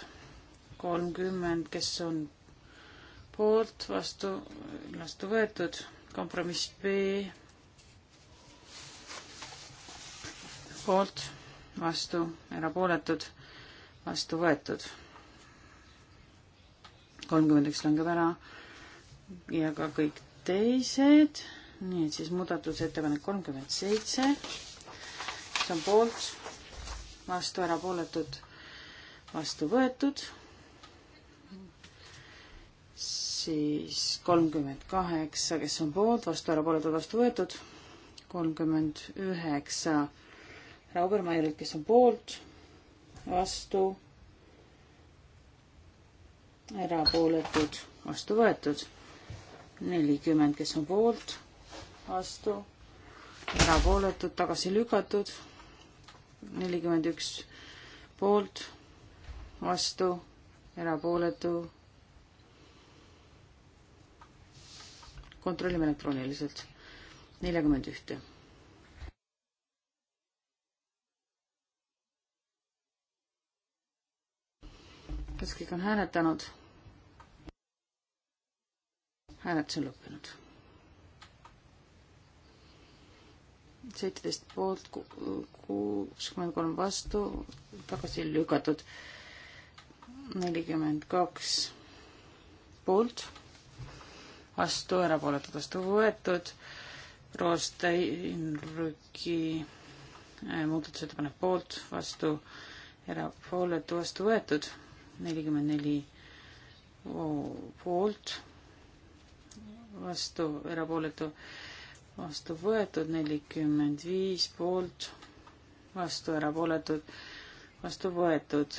kolmkümmend, kes on poolt, vastu, vastu võetud. kompromiss B poolt, vastu, erapooletud, vastu võetud. kolmkümmend üks langeb ära ja ka kõik teised, nii et siis muudatusettepanek kolmkümmend seitse, kes on poolt, vastu erapooletud, vastu võetud. siis kolmkümmend kaheksa, kes on poolt, vastu erapooletud, vastu võetud. kolmkümmend üheksa Raubermaierilt, kes on poolt, vastu erapooletud, vastu võetud. nelikümmend, kes on poolt, vastu, erapooletud, tagasi lükatud nelikümmend üks poolt, vastu, erapooletu. kontrollime elektrooniliselt. neljakümmend ühte. kas kõik on hääletanud? hääletus on lõppenud seitseteist poolt, kuuskümmend kolm vastu, tagasi lükatud. nelikümmend kaks poolt, vastu, erapooletud, vastu võetud. Roosteinrüki äh, muudatusettepanek poolt, vastu, erapooletu, vastu võetud. nelikümmend neli poolt, vastu, erapooletu vastu võetud, nelikümmend viis poolt, vastu erapooletud, vastu võetud,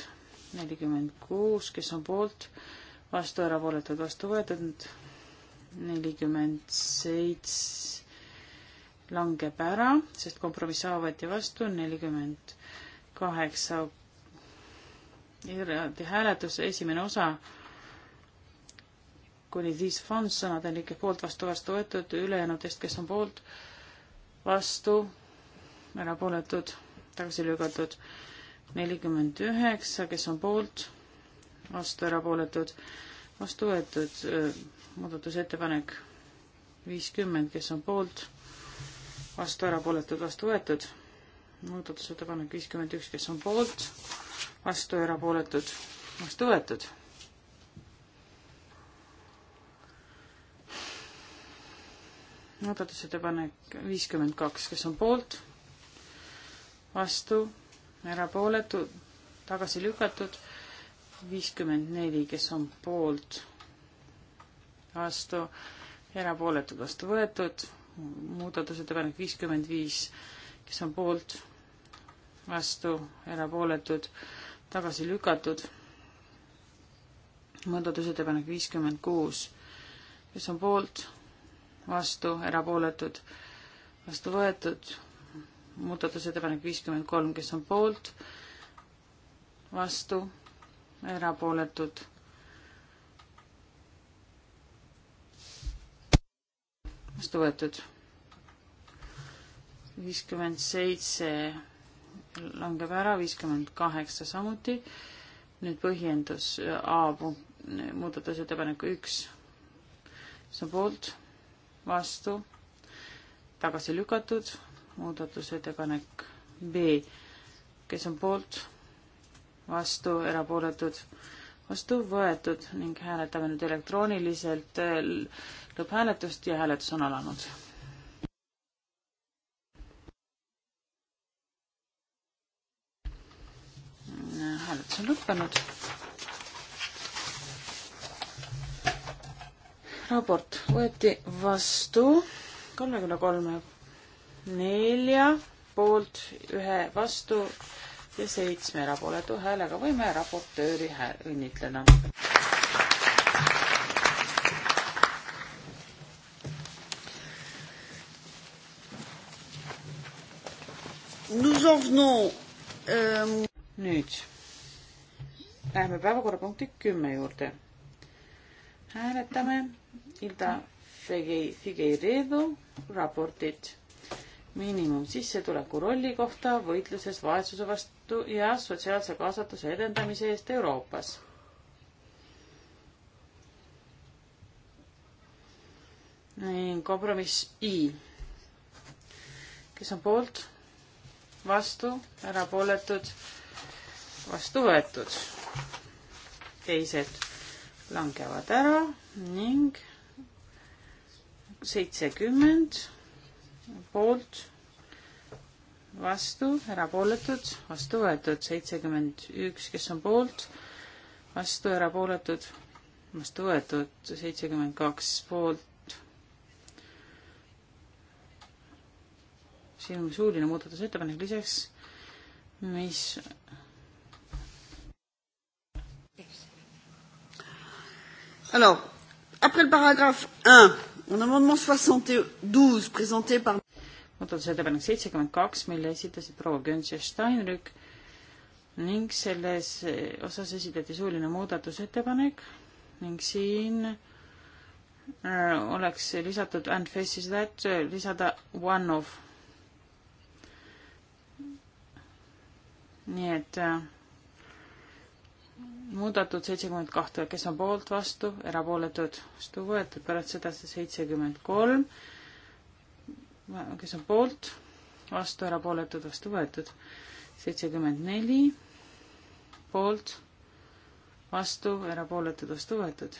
nelikümmend kuus, kes on poolt, vastu erapooletud, vastu võetud, nelikümmend seitse langeb ära, sest kompromiss A võeti vastu, nelikümmend kaheksa hääletus, esimene osa kuni viis fond sõnadelike poolt vastu vastu võetud, ülejäänutest, kes on poolt vastu erapooletud, tagasi lükatud. nelikümmend üheksa, kes on poolt vastu erapooletud, vastu võetud muudatusettepanek viiskümmend, kes on poolt vastu erapooletud, vastu võetud. muudatusettepanek viiskümmend üks, kes on poolt vastu erapooletud, vastu võetud muudatusettepanek viiskümmend kaks, kes on poolt, vastu, erapooletud, tagasi lükatud, viiskümmend neli, kes on poolt, vastu, erapooletud, vastu võetud, muudatusettepanek viiskümmend viis, kes on poolt, vastu, erapooletud, tagasi lükatud, muudatusettepanek viiskümmend kuus, kes on poolt vastu, erapooletud, vastu võetud. muudatusettepanek viiskümmend kolm, kes on poolt, vastu, erapooletud. vastu võetud. viiskümmend seitse langeb ära, viiskümmend kaheksa samuti. nüüd põhjendus A punkt, muudatusettepaneku üks, see on poolt vastu, tagasi lükatud, muudatusettepanek B, kes on poolt, vastu, erapooletud, vastu võetud ning hääletame nüüd elektrooniliselt lõpphääletust ja hääletus on alanud. hääletus on lõppenud raport võeti vastu kolmekümne kolme nelja poolt, ühe vastu ja seitsme erapooletu häälega võime raportööri õnnitleda. Euh, nüüd läheme päevakorrapunkti kümme juurde hääletame Hilda Figueiredo raportit miinimumsissetuleku rolli kohta võitluses vaesuse vastu ja sotsiaalse kaasatuse edendamise eest Euroopas. ning kompromiss I. kes on poolt, vastu, erapooletud, vastu võetud. teised langevad ära ning seitsekümmend poolt, vastu, erapooletud, vastu võetud, seitsekümmend üks, kes on poolt, vastu, erapooletud, vastu võetud, seitsekümmend kaks poolt. siin on suuline muudatusettepanek lisaks, mis Alors, après le paragraphe 1, on amendement 72 présenté par muudatusettepanek seitsekümmend kaks, mille esitasid proua Göns ja Steinrück ning selles osas esitati suuline muudatusettepanek ning siin äh, oleks lisatud and faces that lisada one of. nii et äh, muudatud seitsekümmend kahte, kes on poolt, vastu, erapooletud, vastu võetud, pärast seda see seitsekümmend kolm, kes on poolt, vastu, erapooletud, vastu võetud, seitsekümmend neli, poolt, vastu, erapooletud, vastu võetud,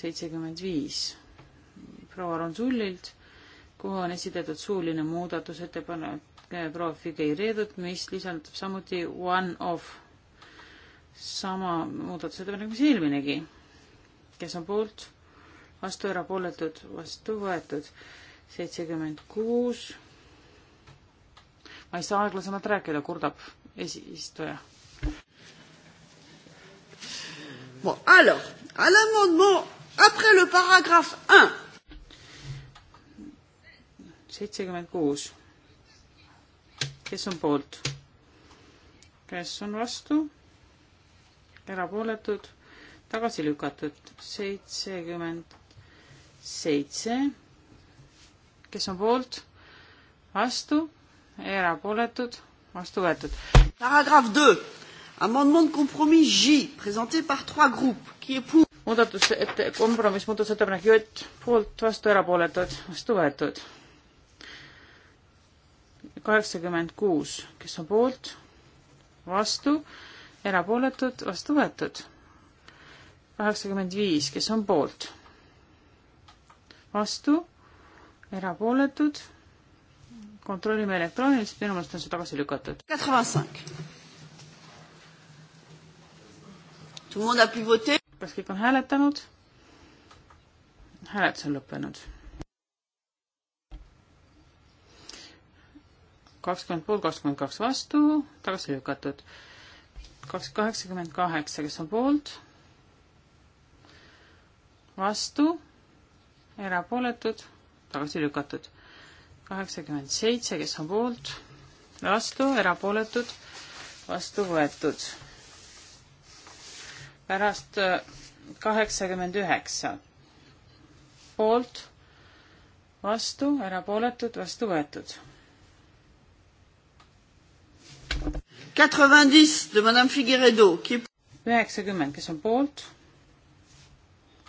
seitsekümmend viis, proua Ronsullilt, kuhu on esitatud suuline muudatusettepanek eh, proua Figueiredot, mis lisandub samuti one-off sama muudatusettepanek, mis nagu eelminegi. kes on poolt, vastu, erapooletud, vastu võetud. seitsekümmend kuus. ma ei saa aeglasemalt rääkida, kurdab esistuja. Bon, alors, à l'amendement après le paragraphe 1. 76. kes on poolt? kes on vastu? erapooletud, tagasi lükatud, seitsekümmend seitse, kes on poolt, vastu, erapooletud, vastu võetud. paragrahv töö, amendement compromis J, presenté par trois groupes, qui est pour muudatus, et kompromiss, muudatusettepanek J, poolt, vastu, erapooletud, vastu võetud. kaheksakümmend kuus, kes on poolt, vastu erapooletud, vastu võetud. kaheksakümmend viis, kes on poolt? vastu, erapooletud, kontrollime elektrooniliselt, minu meelest on see tagasi lükatud. kas kõik on hääletanud? hääletus on lõppenud. kakskümmend poolt, kakskümmend kaks vastu, tagasi lükatud kaks, kaheksakümmend kaheksa, kes on poolt, vastu, erapooletud, tagasi lükatud. kaheksakümmend seitse, kes on poolt, vastu, erapooletud, vastu võetud. pärast äh, kaheksakümmend üheksa, poolt, vastu, erapooletud, vastu võetud üheksakümmend, kes on poolt,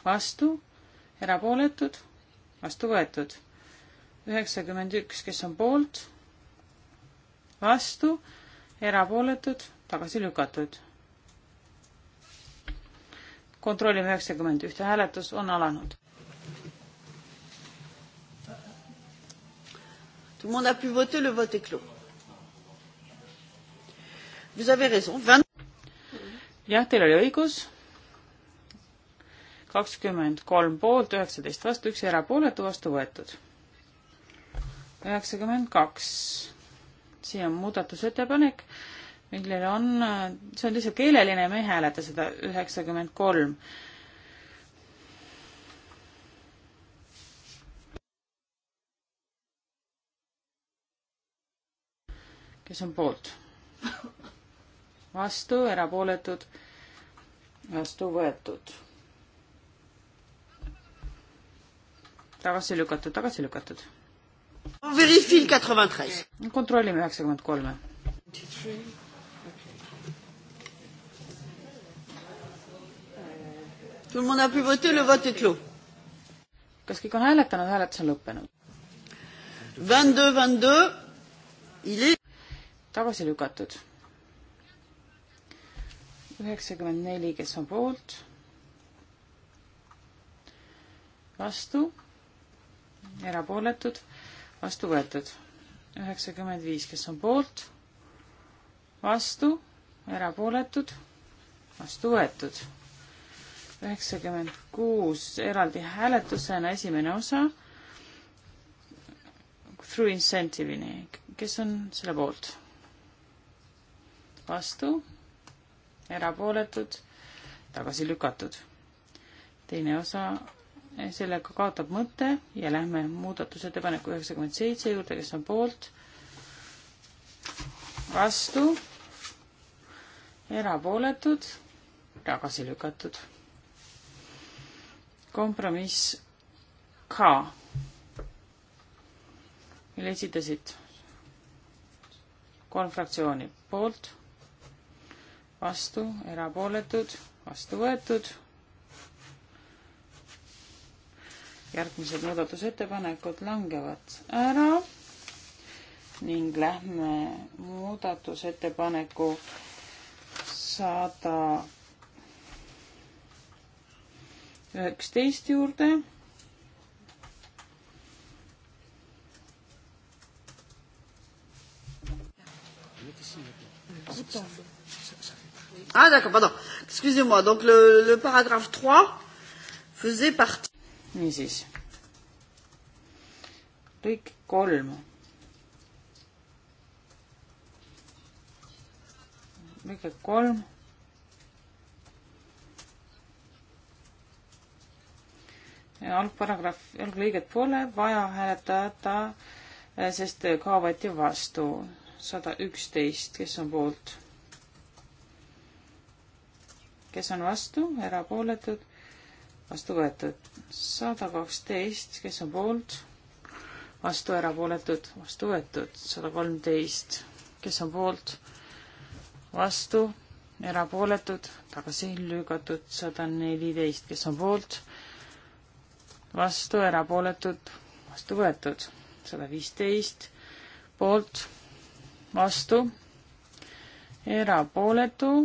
vastu, erapooletud, vastu võetud. üheksakümmend üks, kes on poolt, vastu, erapooletud, tagasi lükatud. kontrollime üheksakümmend ühte, hääletus on alanud. Tout le monde a pu voter, le vote est clos jah, teil oli õigus. kakskümmend kolm poolt, üheksateist vastu, üks erapooletu vastu võetud. üheksakümmend kaks. siia on muudatusettepanek, millel on, see on lihtsalt keeleline, me ei hääleta seda üheksakümmend kolm. kes on poolt? vastu, erapooletud, vastu võetud. tagasi lükatud, tagasi lükatud. kontrollime üheksakümmend kolme. Tout le monde a pu voter, le vote est clos. Kas kõik on hääletanud, hääletus on lõppenud. 22, 22. Il est... Tagasi lükatud üheksakümmend neli, kes on poolt, vastu, erapooletud, vastu võetud. üheksakümmend viis, kes on poolt, vastu, erapooletud, vastu võetud. üheksakümmend kuus eraldi hääletusena esimene osa through incentive'ini, kes on selle poolt? vastu erapooletud, tagasi lükatud. teine osa, eh, sellega kaotab mõte ja lähme muudatusettepaneku üheksakümmend seitse juurde, kes on poolt, vastu, erapooletud, tagasi lükatud. kompromiss K, mille esitasid kolm fraktsiooni poolt vastu, erapooletud, vastu võetud. järgmised muudatusettepanekud langevad ära ning lähme muudatusettepaneku sada üheksateist juurde. Võtame. Ah d'accord, pardon. Excusez-moi. Donc le, le paragraphe 3 faisait partie. niisiis. lõik kolm. lõige kolm. algparagrahv, alglõiget pole vaja hääletada, sest ka võeti vastu sada üksteist, kes on poolt kes on vastu, erapooletud, vastu võetud. sada kaksteist, kes on poolt, vastu, erapooletud, vastu võetud. sada kolmteist, kes on poolt, vastu, erapooletud, tagasi lükatud. sada neliteist, kes on poolt, vastu, erapooletud, vastu võetud. sada viisteist, poolt, vastu, erapooletu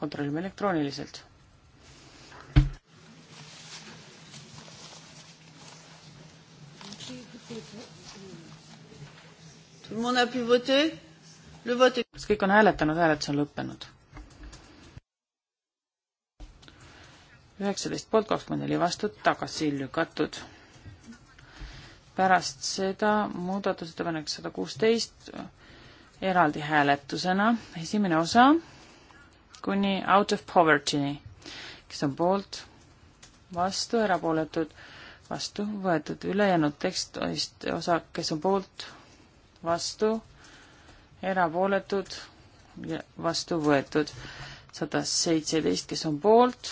kontrollime elektrooniliselt. kas kõik on hääletanud, hääletus on lõppenud? üheksateist poolt kakskümmend neli vastu, tagasi lükatud. pärast seda muudatusettepanek sada kuusteist eraldi hääletusena, esimene osa kuni out of poverty'ni, kes on poolt, vastu, erapooletud, vastu võetud, ülejäänud tekst, osa, kes on poolt, vastu, erapooletud ja vastu võetud. sada seitseteist, kes on poolt,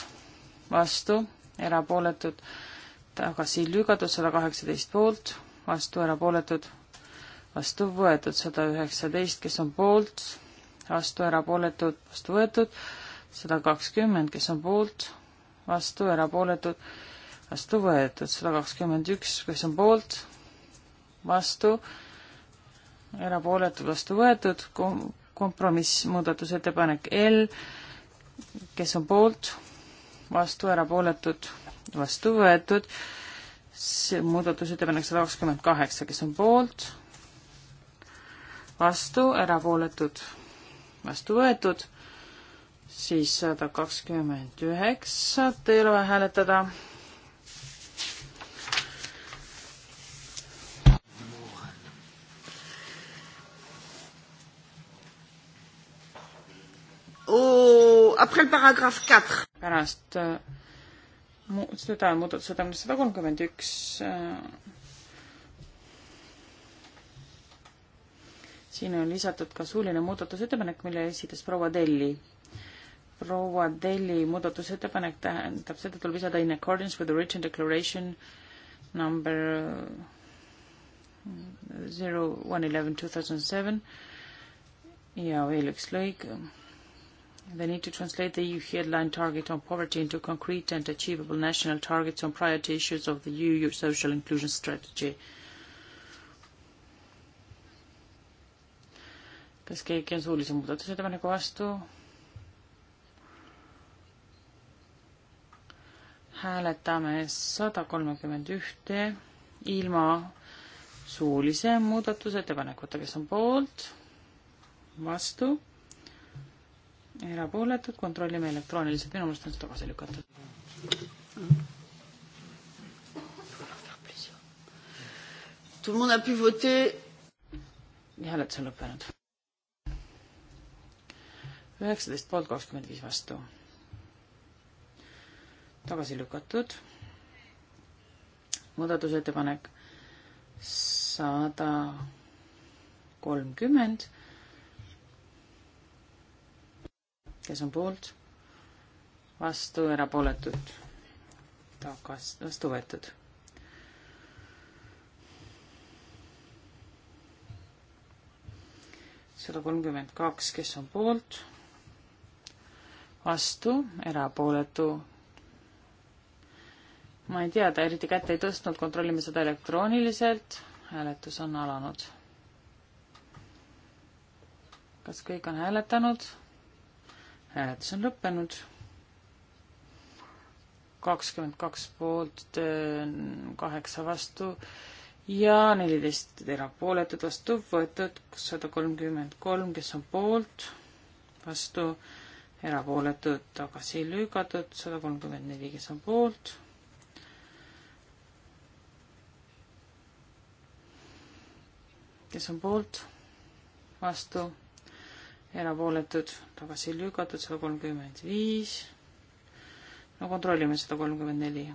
vastu, erapooletud, tagasi lükatud, sada kaheksateist poolt, vastu, erapooletud, vastu võetud, sada üheksateist, kes on poolt, vastu, erapooletud, vastu võetud, sada kakskümmend, kes on poolt, vastu, erapooletud, vastu võetud, sada kakskümmend üks, kes on poolt, vastu, erapooletud, vastu võetud, kompromiss, muudatusettepanek L, kes on poolt, vastu, erapooletud, vastu võetud, see muudatusettepanek sada kakskümmend kaheksa, kes on poolt, vastu, erapooletud vastu võetud, siis sada kakskümmend üheksa, teil on vaja hääletada. Oh, pärast äh, seda on muudatusettepanek sada kolmkümmend üks äh, siin on lisatud ka suuline muudatusettepanek, mille esitas proua Telli. proua Telli muudatusettepanek tähendab, seda tuleb lisada in accordance with the written declaration number zero one eleven two thousand seven ja veel üks lõik. They need to translate the EU headline target on poverty into concrete and achievable national targets on priority issues of the EU social inclusion strategy. Uh, kas keegi on suulise muudatusettepaneku vastu? hääletame sada kolmekümmend ühte ilma suulise muudatusettepanekuta, kes on poolt, vastu, erapooletud, kontrollime elektrooniliselt, minu meelest on see tagasi lükatud. Tout le monde a pu voter. ja hääletus on lõppenud üheksateist poolt kakskümmend viis vastu. tagasi lükatud. muudatusettepanek sada kolmkümmend. kes on poolt? vastu, erapooletud. tagas-, vastu võetud sada kolmkümmend kaks, kes on poolt, vastu, erapooletu. ma ei tea, ta eriti kätt ei tõstnud, kontrollime seda elektrooniliselt. hääletus on alanud. kas kõik on hääletanud? hääletus on lõppenud. kakskümmend kaks poolt, kaheksa vastu ja neliteist erapooletut vastu võetud sada kolmkümmend kolm, kes on poolt, vastu erapooletud, tagasi lükatud, sada kolmkümmend neli, kes on poolt. kes on poolt, vastu, erapooletud, tagasi lükatud, sada kolmkümmend viis. no kontrollime sada kolmkümmend neli,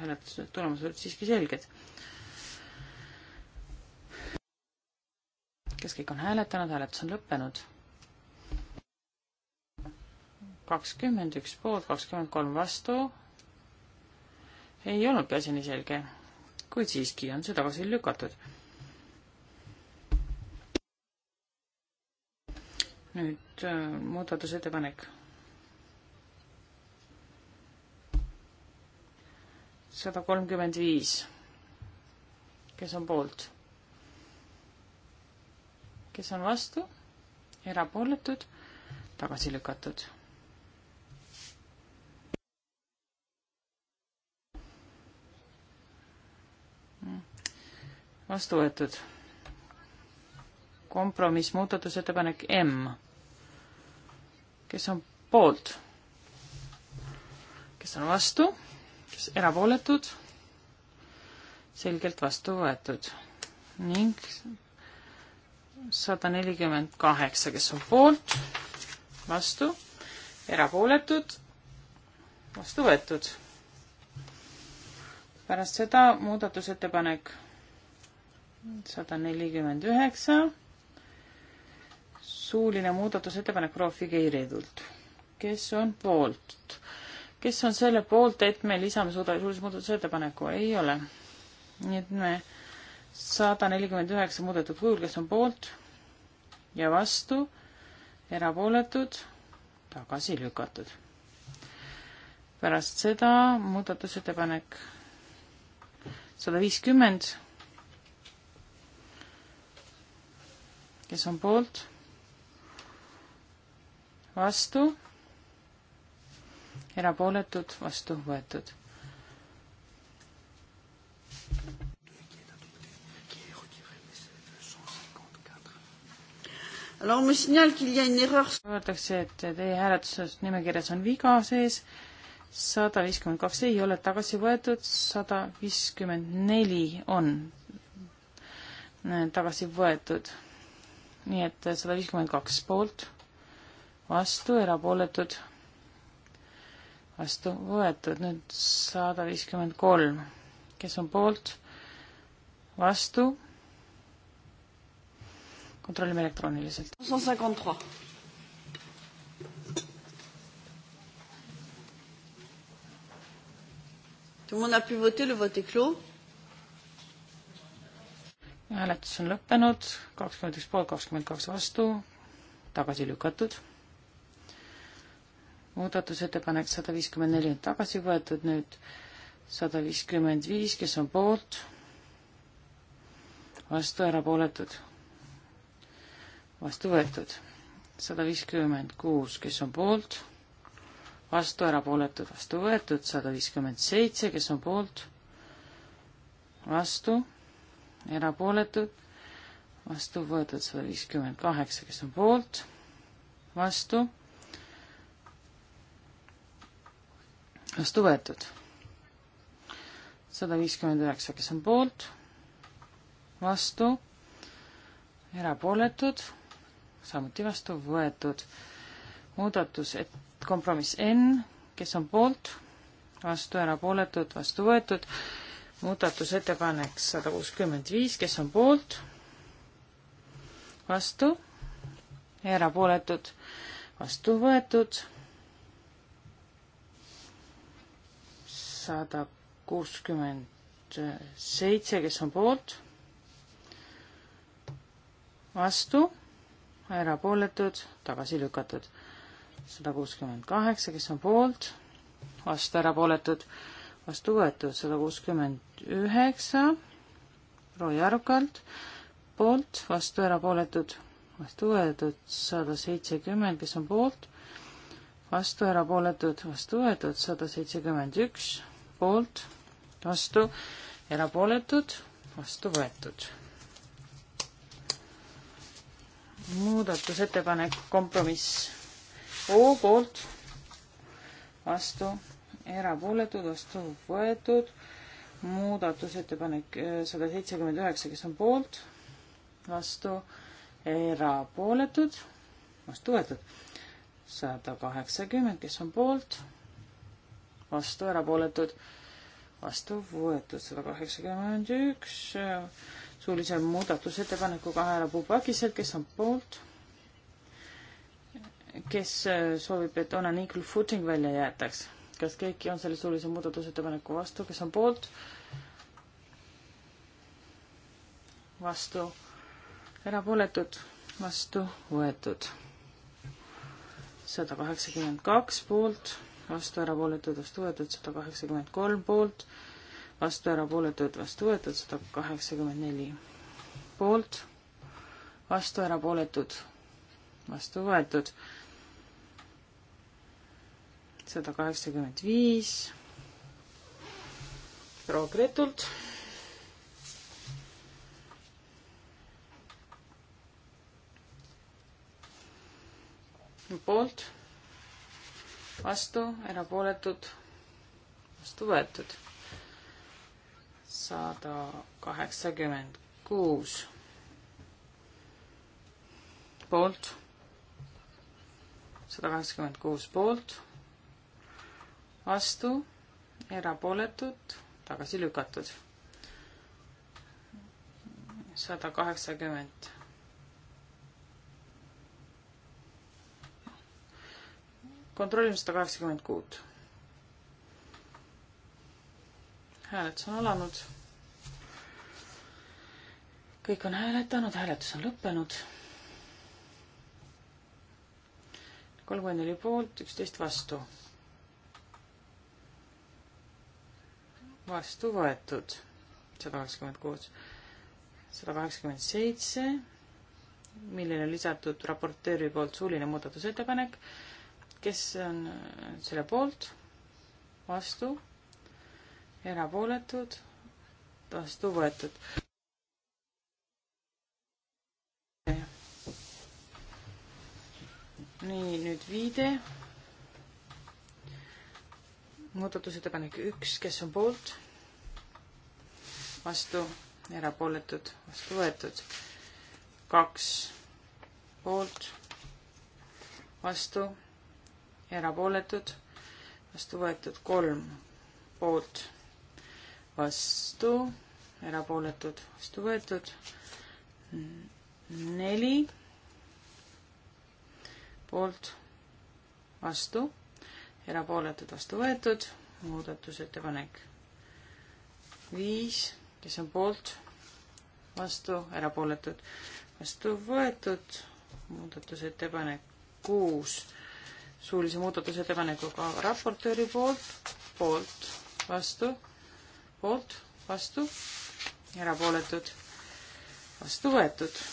hääletuse tulemused olid siiski selged. kes kõik on hääletanud, hääletus on lõppenud kakskümmend üks poolt, kakskümmend kolm vastu. ei olnudki asi nii selge, kuid siiski on see tagasi lükatud. nüüd äh, muudatusettepanek. sada kolmkümmend viis. kes on poolt? kes on vastu? erapooletud, tagasi lükatud vastu võetud. kompromiss, muudatusettepanek M. kes on poolt? kes on vastu? kes erapooletud? selgelt vastu võetud. ning sada nelikümmend kaheksa, kes on poolt, vastu, erapooletud, vastu võetud. pärast seda muudatusettepanek sada nelikümmend üheksa. suuline muudatusettepanek proua Figueiredult. kes on poolt? kes on selle poolt, et me lisame suulise muudatusettepaneku? ei ole. nii et me sada nelikümmend üheksa muudetud kujul, kes on poolt ja vastu, erapooletud, tagasi lükatud. pärast seda muudatusettepanek sada viiskümmend kes on poolt, vastu, erapooletud, vastu võetud. Öeldakse, et teie hääletuses nimekirjas on viga sees, sada viiskümmend kaks ei ole tagasi võetud, sada viiskümmend neli on tagasi võetud nii et sada viiskümmend kaks poolt, vastu, erapooletud, vastu võetud, nüüd sada viiskümmend kolm, kes on poolt, vastu, kontrollime elektrooniliselt. Tout le monde a pu voter, le vote est clos hääletus on lõppenud, kakskümmend üks poolt, kakskümmend kaks vastu, tagasi lükatud. muudatusettepanek sada viiskümmend neli on tagasi võetud, nüüd sada viiskümmend viis, kes on poolt, vastu, erapooletud, vastu võetud. sada viiskümmend kuus, kes on poolt, vastu, erapooletud, vastu võetud, sada viiskümmend seitse, kes on poolt, vastu erapooletud, vastu võetud sada viiskümmend kaheksa, kes on poolt, vastu, vastu võetud. sada viiskümmend üheksa, kes on poolt, vastu, erapooletud, samuti vastu võetud. muudatus, et kompromiss N, kes on poolt, vastu, erapooletud, vastu võetud muudatusettepanek sada kuuskümmend viis, kes on poolt, vastu, erapooletud, vastu võetud, sada kuuskümmend seitse, kes on poolt, vastu, erapooletud, tagasi lükatud, sada kuuskümmend kaheksa, kes on poolt, vastu, erapooletud, vastu võetud, sada kuuskümmend üheksa, Roy Arukalt, poolt, vastu erapooletud, vastu võetud sada seitsekümmend, kes on poolt, vastu erapooletud, vastu võetud sada seitsekümmend üks, poolt, vastu erapooletud, vastu võetud. muudatusettepanek, kompromiss O poolt, vastu erapooletud, vastu võetud muudatusettepanek äh, sada seitsekümmend üheksa, kes on poolt, vastu, erapooletud, vastu võetud. sada kaheksakümmend, kes on poolt, vastu, erapooletud, vastu võetud. sada kaheksakümmend üks, äh, suulise muudatusettepaneku kahe rapupakiselt, kes on poolt, kes äh, soovib, et on an equal footing välja jäetaks kas keegi on selle suulise muudatusettepaneku vastu, kes on poolt? vastu, erapooletud, vastu võetud. sada kaheksakümmend kaks poolt, vastu erapooletud, vastu võetud, sada kaheksakümmend kolm poolt, vastu erapooletud, vastu võetud, sada kaheksakümmend neli poolt, vastu erapooletud, vastu võetud sada kaheksakümmend viis proua Gretult. poolt, vastu, erapooletud, vastu võetud. sada kaheksakümmend kuus poolt, sada kaheksakümmend kuus poolt vastu, erapooletud, tagasi lükatud. sada kaheksakümmend. kontrollime sada kaheksakümmend kuud. hääletus on alanud. kõik on hääletanud, hääletus on lõppenud kolmkümmend neli poolt, üksteist vastu. vastu võetud, sada kakskümmend kuus, sada kaheksakümmend seitse, millele lisatud raportööri poolt suuline muudatusettepanek, kes on selle poolt, vastu, erapooletud, vastu võetud. nii, nüüd viide muudatusettepanek üks, kes on poolt, vastu, erapooletud, vastu võetud. kaks poolt, vastu, erapooletud, vastu võetud. kolm poolt, vastu, erapooletud, vastu võetud. neli poolt, vastu erapooletud, vastu võetud, muudatusettepanek viis, kes on poolt, vastu, erapooletud, vastu võetud, muudatusettepanek kuus, suulise muudatusettepanekuga raportööri poolt, poolt, vastu, poolt, vastu, erapooletud, vastu võetud.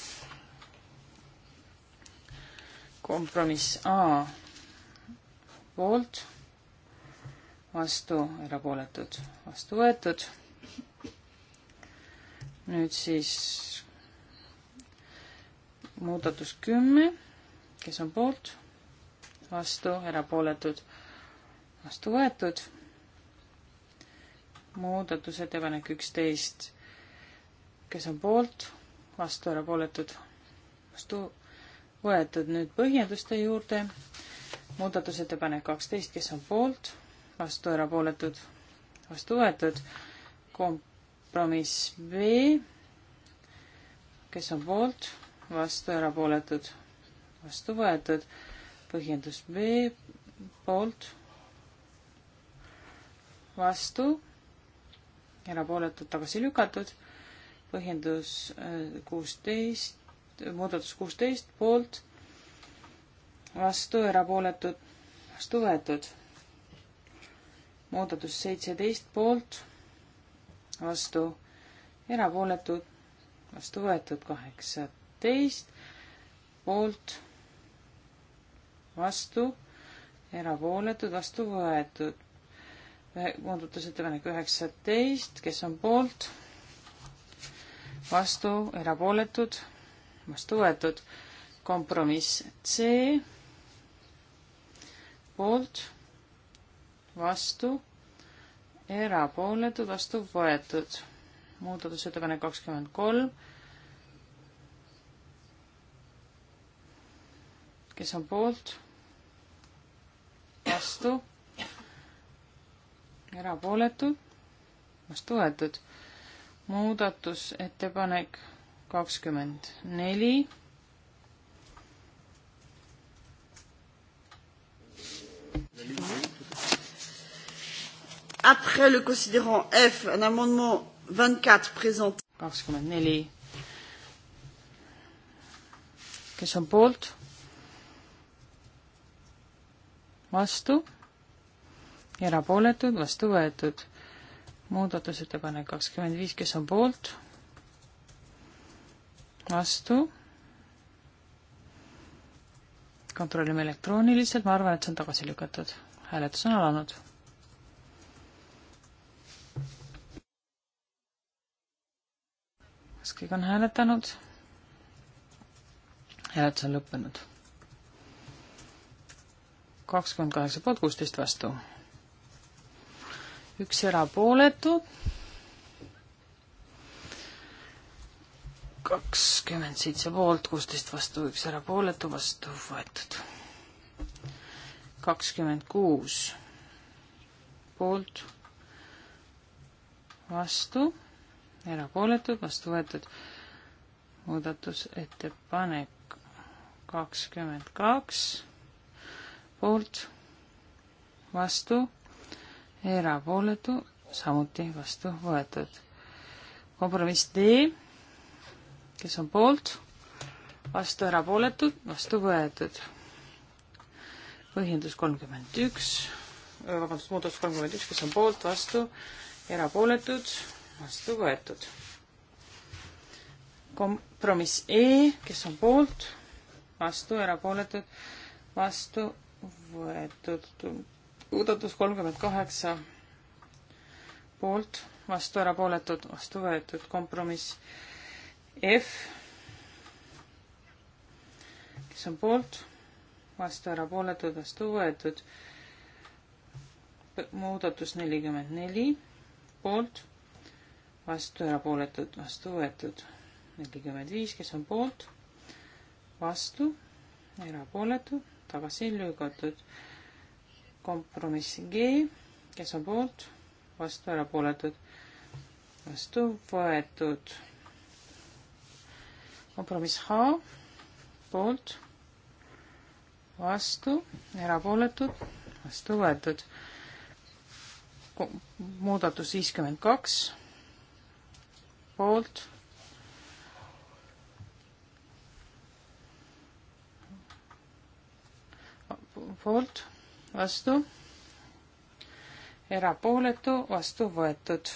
kompromiss A poolt, vastu, erapooletud, vastu võetud. nüüd siis muudatus kümme, kes on poolt, vastu, erapooletud, vastu võetud. muudatusettepanek üksteist, kes on poolt, vastu, erapooletud, vastu võetud. nüüd põhjenduste juurde muudatusettepanek kaksteist, kes on poolt, vastu erapooletud, vastu võetud. kompromiss B, kes on poolt, vastu erapooletud, vastu võetud. põhjendus B, poolt, vastu, erapooletud, tagasi lükatud. põhjendus äh, kuusteist, muudatus kuusteist, poolt vastu, erapooletud, vastu võetud. muudatus seitseteist poolt, vastu, erapooletud, vastu võetud kaheksateist poolt, vastu, erapooletud, vastu võetud. muudatusettepanek üheksateist, kes on poolt, vastu, erapooletud, vastu võetud. kompromiss C poolt, vastu, erapooletud, vastu võetud. muudatusettepanek kakskümmend kolm. kes on poolt, vastu, erapooletud, vastu võetud. muudatusettepanek kakskümmend neli après le considérant F, un amendement 24 présenté. kakskümmend neli. kes on poolt? vastu? erapooletud, vastu võetud. muudatusettepanek kakskümmend viis, kes on poolt? vastu? kontrollime elektrooniliselt, ma arvan, et see on tagasi lükatud. hääletus on alanud kas kõik on hääletanud? hääletus on lõppenud. kakskümmend kaheksa poolt, kuusteist vastu. üks erapooletu. kakskümmend seitse poolt, kuusteist vastu, üks erapooletu, vastu võetud. kakskümmend kuus poolt, vastu erapooletud, vastu võetud. muudatusettepanek kakskümmend kaks, poolt, vastu, erapooletu, samuti vastu võetud. kompromiss D, kes on poolt, vastu erapooletud, vastu võetud. põhjendus kolmkümmend üks, vabandust, muudatus kolmkümmend üks, kes on poolt, vastu, erapooletud vastu võetud. kompromiss E, kes on poolt, vastu, erapooletud, vastu võetud. muudatus kolmkümmend kaheksa, poolt, vastu, erapooletud, vastu võetud. kompromiss F, kes on poolt, vastu, erapooletud, vastu võetud. muudatus nelikümmend neli, poolt vastu, erapooletud, vastu võetud. nelikümmend viis, kes on poolt, vastu, erapooletu, tagasi lükatud. kompromiss G, kes on poolt, vastu, erapooletud, vastu võetud. kompromiss H, poolt, vastu, erapooletud, vastu võetud. muudatus viiskümmend kaks poolt. poolt, vastu, erapooletu, vastu võetud.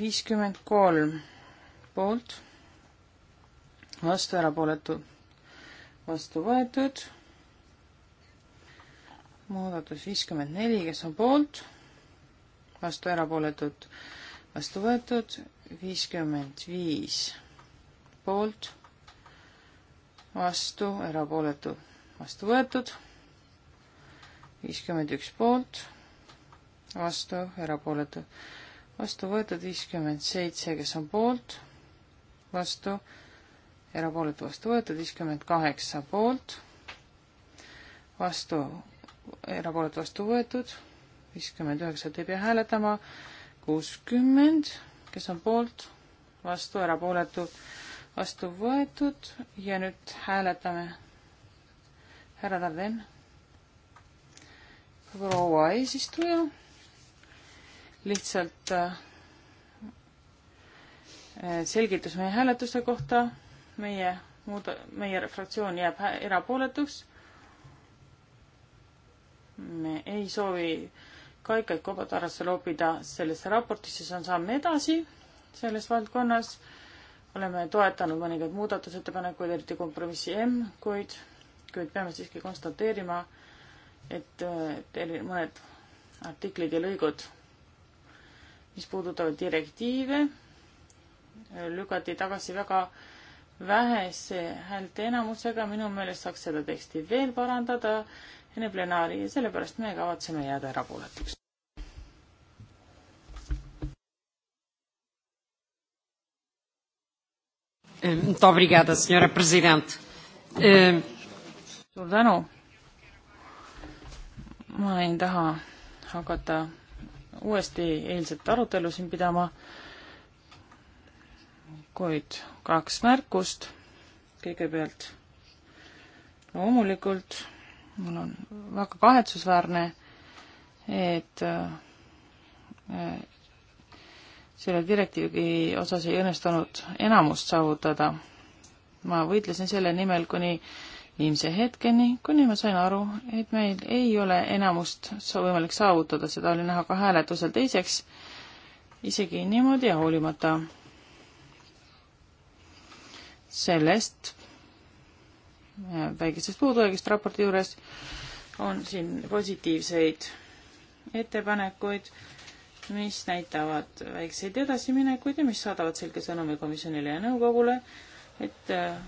viiskümmend kolm poolt, vastu, erapooletu, vastu võetud. muudatus viiskümmend neli, kes on poolt vastu erapooletud, vastu võetud, viiskümmend viis poolt, vastu erapooletu, vastu võetud, viiskümmend üks poolt, vastu erapooletu, vastu võetud viiskümmend seitse, kes on poolt, vastu erapooletu vastu võetud, viiskümmend kaheksa poolt, vastu, erapooletu vastu võetud viiskümmend üheksat ei pea hääletama, kuuskümmend, kes on poolt, vastu, erapooletu, vastu võetud ja nüüd hääletame. härra Tarden, proua eesistuja, lihtsalt äh, selgitus meie hääletuste kohta, meie muud, meie fraktsioon jääb erapooletuks. me ei soovi äh, ka ikkagi kobatarasse loobida sellesse raportisse, siis on samm edasi selles valdkonnas. oleme toetanud mõningaid muudatusettepanekuid, eriti kompromissi M, kuid, kuid peame siiski konstateerima, et mõned artiklid ja lõigud, mis puudutavad direktiive, lükati tagasi väga vähese häälte enamusega, minu meelest saaks seda teksti veel parandada jõudmine plenaari ja sellepärast me kavatseme jääda erapooletuks. Muito obrigada, senhora presidente. Eh, suur tänu. ma ei taha hakata uuesti eilset arutelu siin pidama, kuid kaks märkust. kõigepealt loomulikult no, mul on väga kahetsusväärne, et äh, selle direktiivi osas ei õnnestunud enamust saavutada. ma võitlesin selle nimel kuni viimse hetkeni, kuni ma sain aru, et meil ei ole enamust võimalik saavutada, seda oli näha ka hääletusel teiseks, isegi niimoodi ja hoolimata sellest Äh, väikesest puudujäägist raporti juures on siin positiivseid ettepanekuid, mis näitavad väikseid edasiminekuid ja mis saadavad selge sõnumi komisjonile ja nõukogule, et äh,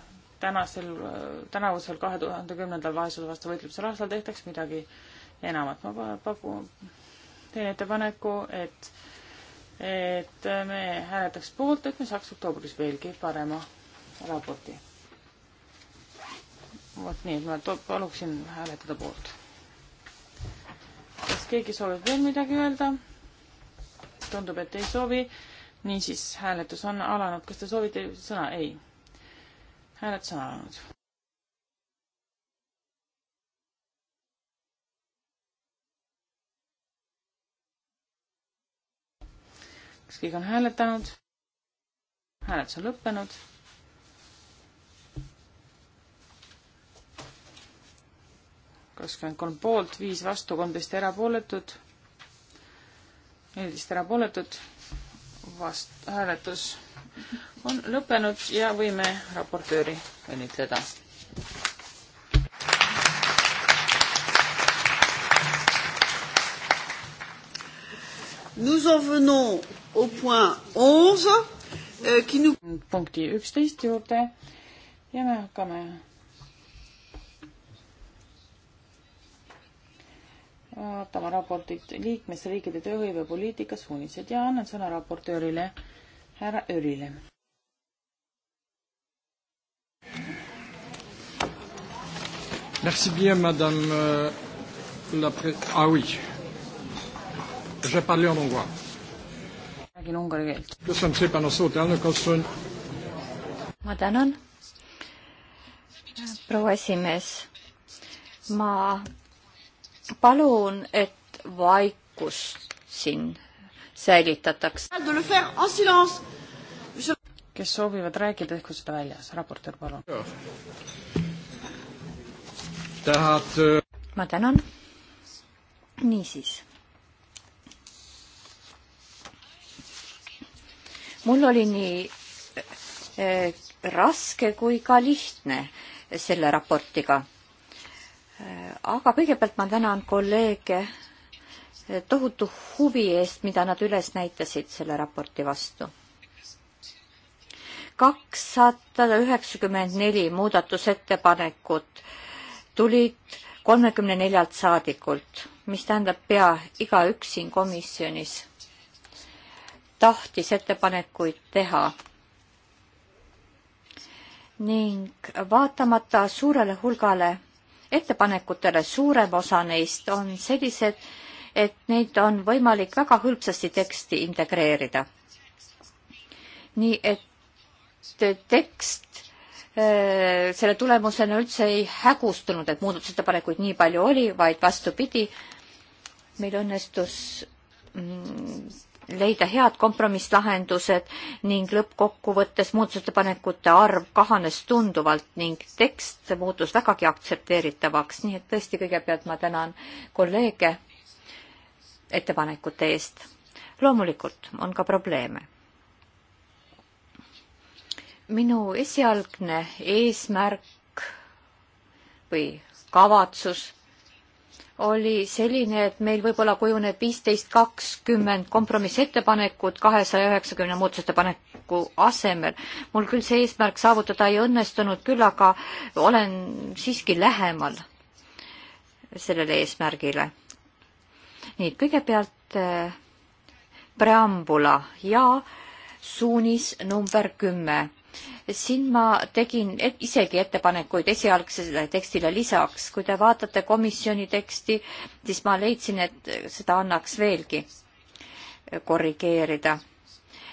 tänasel, äh, tänavusel kahe tuhande kümnendal vaesuse vastu võitlemisel aastal tehtaks midagi enamat. ma pakun, teen ettepaneku, et, et me hääletaks poolt, et me saaks oktoobris veelgi parema raporti vot nii, et ma paluksin hääletada poolt. kas keegi soovib veel midagi öelda? tundub, et ei soovi. niisiis, hääletus on alanud. kas te soovite sõna? ei. hääletus on alanud. kas keegi on hääletanud? hääletus on lõppenud kakskümmend kolm poolt, viis vastu, kolmteist erapooletut, neliteist erapooletut, vast-, hääletus on lõppenud ja võime raportööri õnnitleda. Nous en venons au point onze euh, qui nous punkti üksteist juurde ja me hakkame ootame raportit liikmesriikide tööhõivepoliitika suunised ja annan sõna raportöörile, härra Örile. Merci bien, madame euh, la pré-, ah oui, je parle en hongrois. räägin ungari keelt. köszönöm szépen a szót, elnök asszony. ma tänan, proua esimees. ma palun, et vaikus siin säilitataks. kes soovivad rääkida, tehku seda väljas, raportöör, palun. tahad? Äh, ma tänan. niisiis. mul oli nii äh, raske kui ka lihtne selle raportiga aga kõigepealt ma tänan kolleege tohutu huvi eest, mida nad üles näitasid selle raporti vastu. kakssada üheksakümmend neli muudatusettepanekut tulid kolmekümne neljalt saadikult, mis tähendab pea igaüks siin komisjonis tahtis ettepanekuid teha. ning vaatamata suurele hulgale ettepanekutele, suurem osa neist on sellised, et neid on võimalik väga hõlpsasti teksti integreerida. nii et tekst äh, selle tulemusena üldse ei hägustunud, et muudatusettepanekuid nii palju oli, vaid vastupidi, meil õnnestus mm, leida head kompromisslahendused ning lõppkokkuvõttes muudatusettepanekute arv kahanes tunduvalt ning tekst muutus vägagi aktsepteeritavaks, nii et tõesti kõigepealt ma tänan kolleege ettepanekute eest. loomulikult on ka probleeme. minu esialgne eesmärk või kavatsus oli selline, et meil võib-olla kujuneb viisteist, kakskümmend kompromissettepanekut kahesaja üheksakümne muudatusettepaneku asemel. mul küll see eesmärk saavutada ei õnnestunud, küll aga olen siiski lähemal sellele eesmärgile. nii, kõigepealt äh, preambula ja suunis number kümme siin ma tegin et, isegi ettepanekuid esialgsele tekstile lisaks. kui te vaatate komisjoni teksti, siis ma leidsin, et seda annaks veelgi korrigeerida.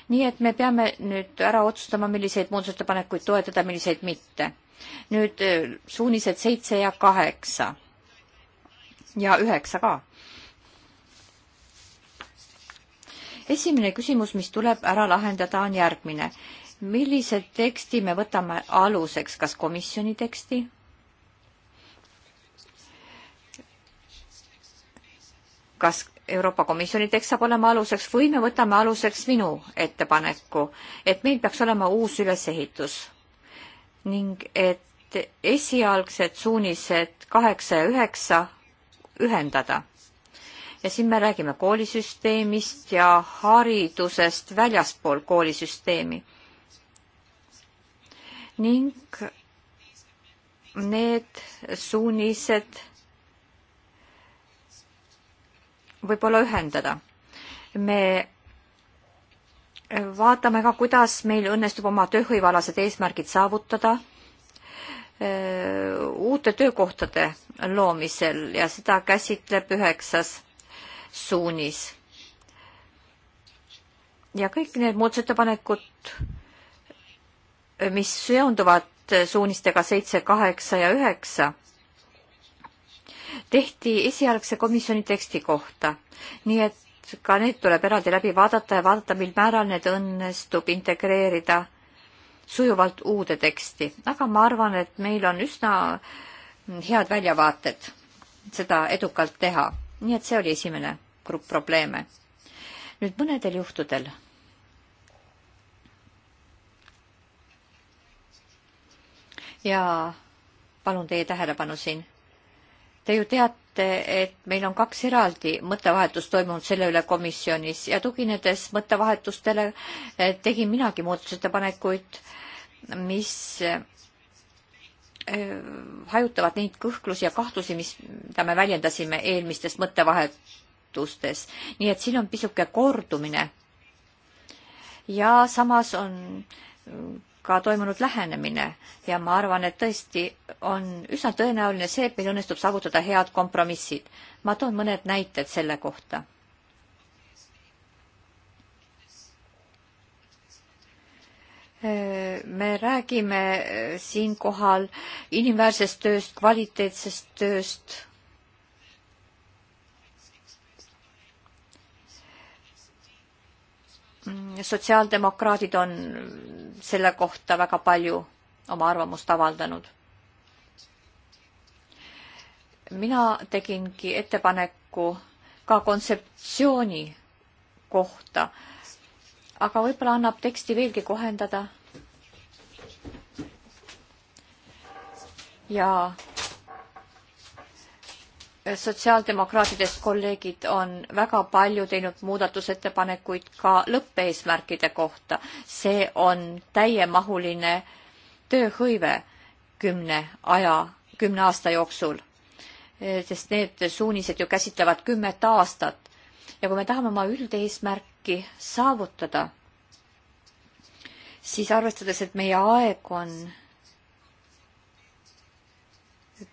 nii et me peame nüüd ära otsustama, milliseid muudatusettepanekuid toetada, milliseid mitte. nüüd äh, suunised seitse ja kaheksa ja üheksa ka. esimene küsimus, mis tuleb ära lahendada, on järgmine millise teksti me võtame aluseks, kas komisjoni teksti? kas Euroopa Komisjoni tekst saab olema aluseks või me võtame aluseks minu ettepaneku, et meil peaks olema uus ülesehitus ning et esialgsed suunised kaheksa ja üheksa ühendada ja siin me räägime koolisüsteemist ja haridusest väljaspool koolisüsteemi ning need suunised võib-olla ühendada. me vaatame ka, kuidas meil õnnestub oma tööhõivealased eesmärgid saavutada äh, uute töökohtade loomisel ja seda käsitleb üheksas suunis. ja kõik need muudatusettepanekud mis seonduvad suunistega seitse, kaheksa ja üheksa, tehti esialgse komisjoni teksti kohta, nii et ka need tuleb eraldi läbi vaadata ja vaadata, mil määral need õnnestub integreerida sujuvalt uude teksti, aga ma arvan, et meil on üsna head väljavaated seda edukalt teha. nii et see oli esimene grupp probleeme. nüüd mõnedel juhtudel ja palun teie tähelepanu siin. Te ju teate, et meil on kaks eraldi mõttevahetust toimunud selle üle komisjonis ja tuginedes mõttevahetustele eh, tegin minagi muudatusettepanekuid, mis eh, hajutavad neid kõhklusi ja kahtlusi, mis, mida me väljendasime eelmistes mõttevahetustes. nii et siin on pisuke kordumine. ja samas on ka toimunud lähenemine ja ma arvan, et tõesti on üsna tõenäoline see, et meil õnnestub saavutada head kompromissid. ma toon mõned näited selle kohta. me räägime siinkohal inimväärsest tööst, kvaliteetsest tööst Mm, sotsiaaldemokraadid on selle kohta väga palju oma arvamust avaldanud. mina tegingi ettepaneku ka kontseptsiooni kohta, aga võib-olla annab teksti veelgi kohendada. ja sotsiaaldemokraatidest kolleegid on väga palju teinud muudatusettepanekuid ka lõppeesmärkide kohta. see on täiemahuline tööhõive kümne aja, kümne aasta jooksul. E, sest need suunised ju käsitlevad kümmet aastat. ja kui me tahame oma üldeesmärki saavutada, siis arvestades, et meie aeg on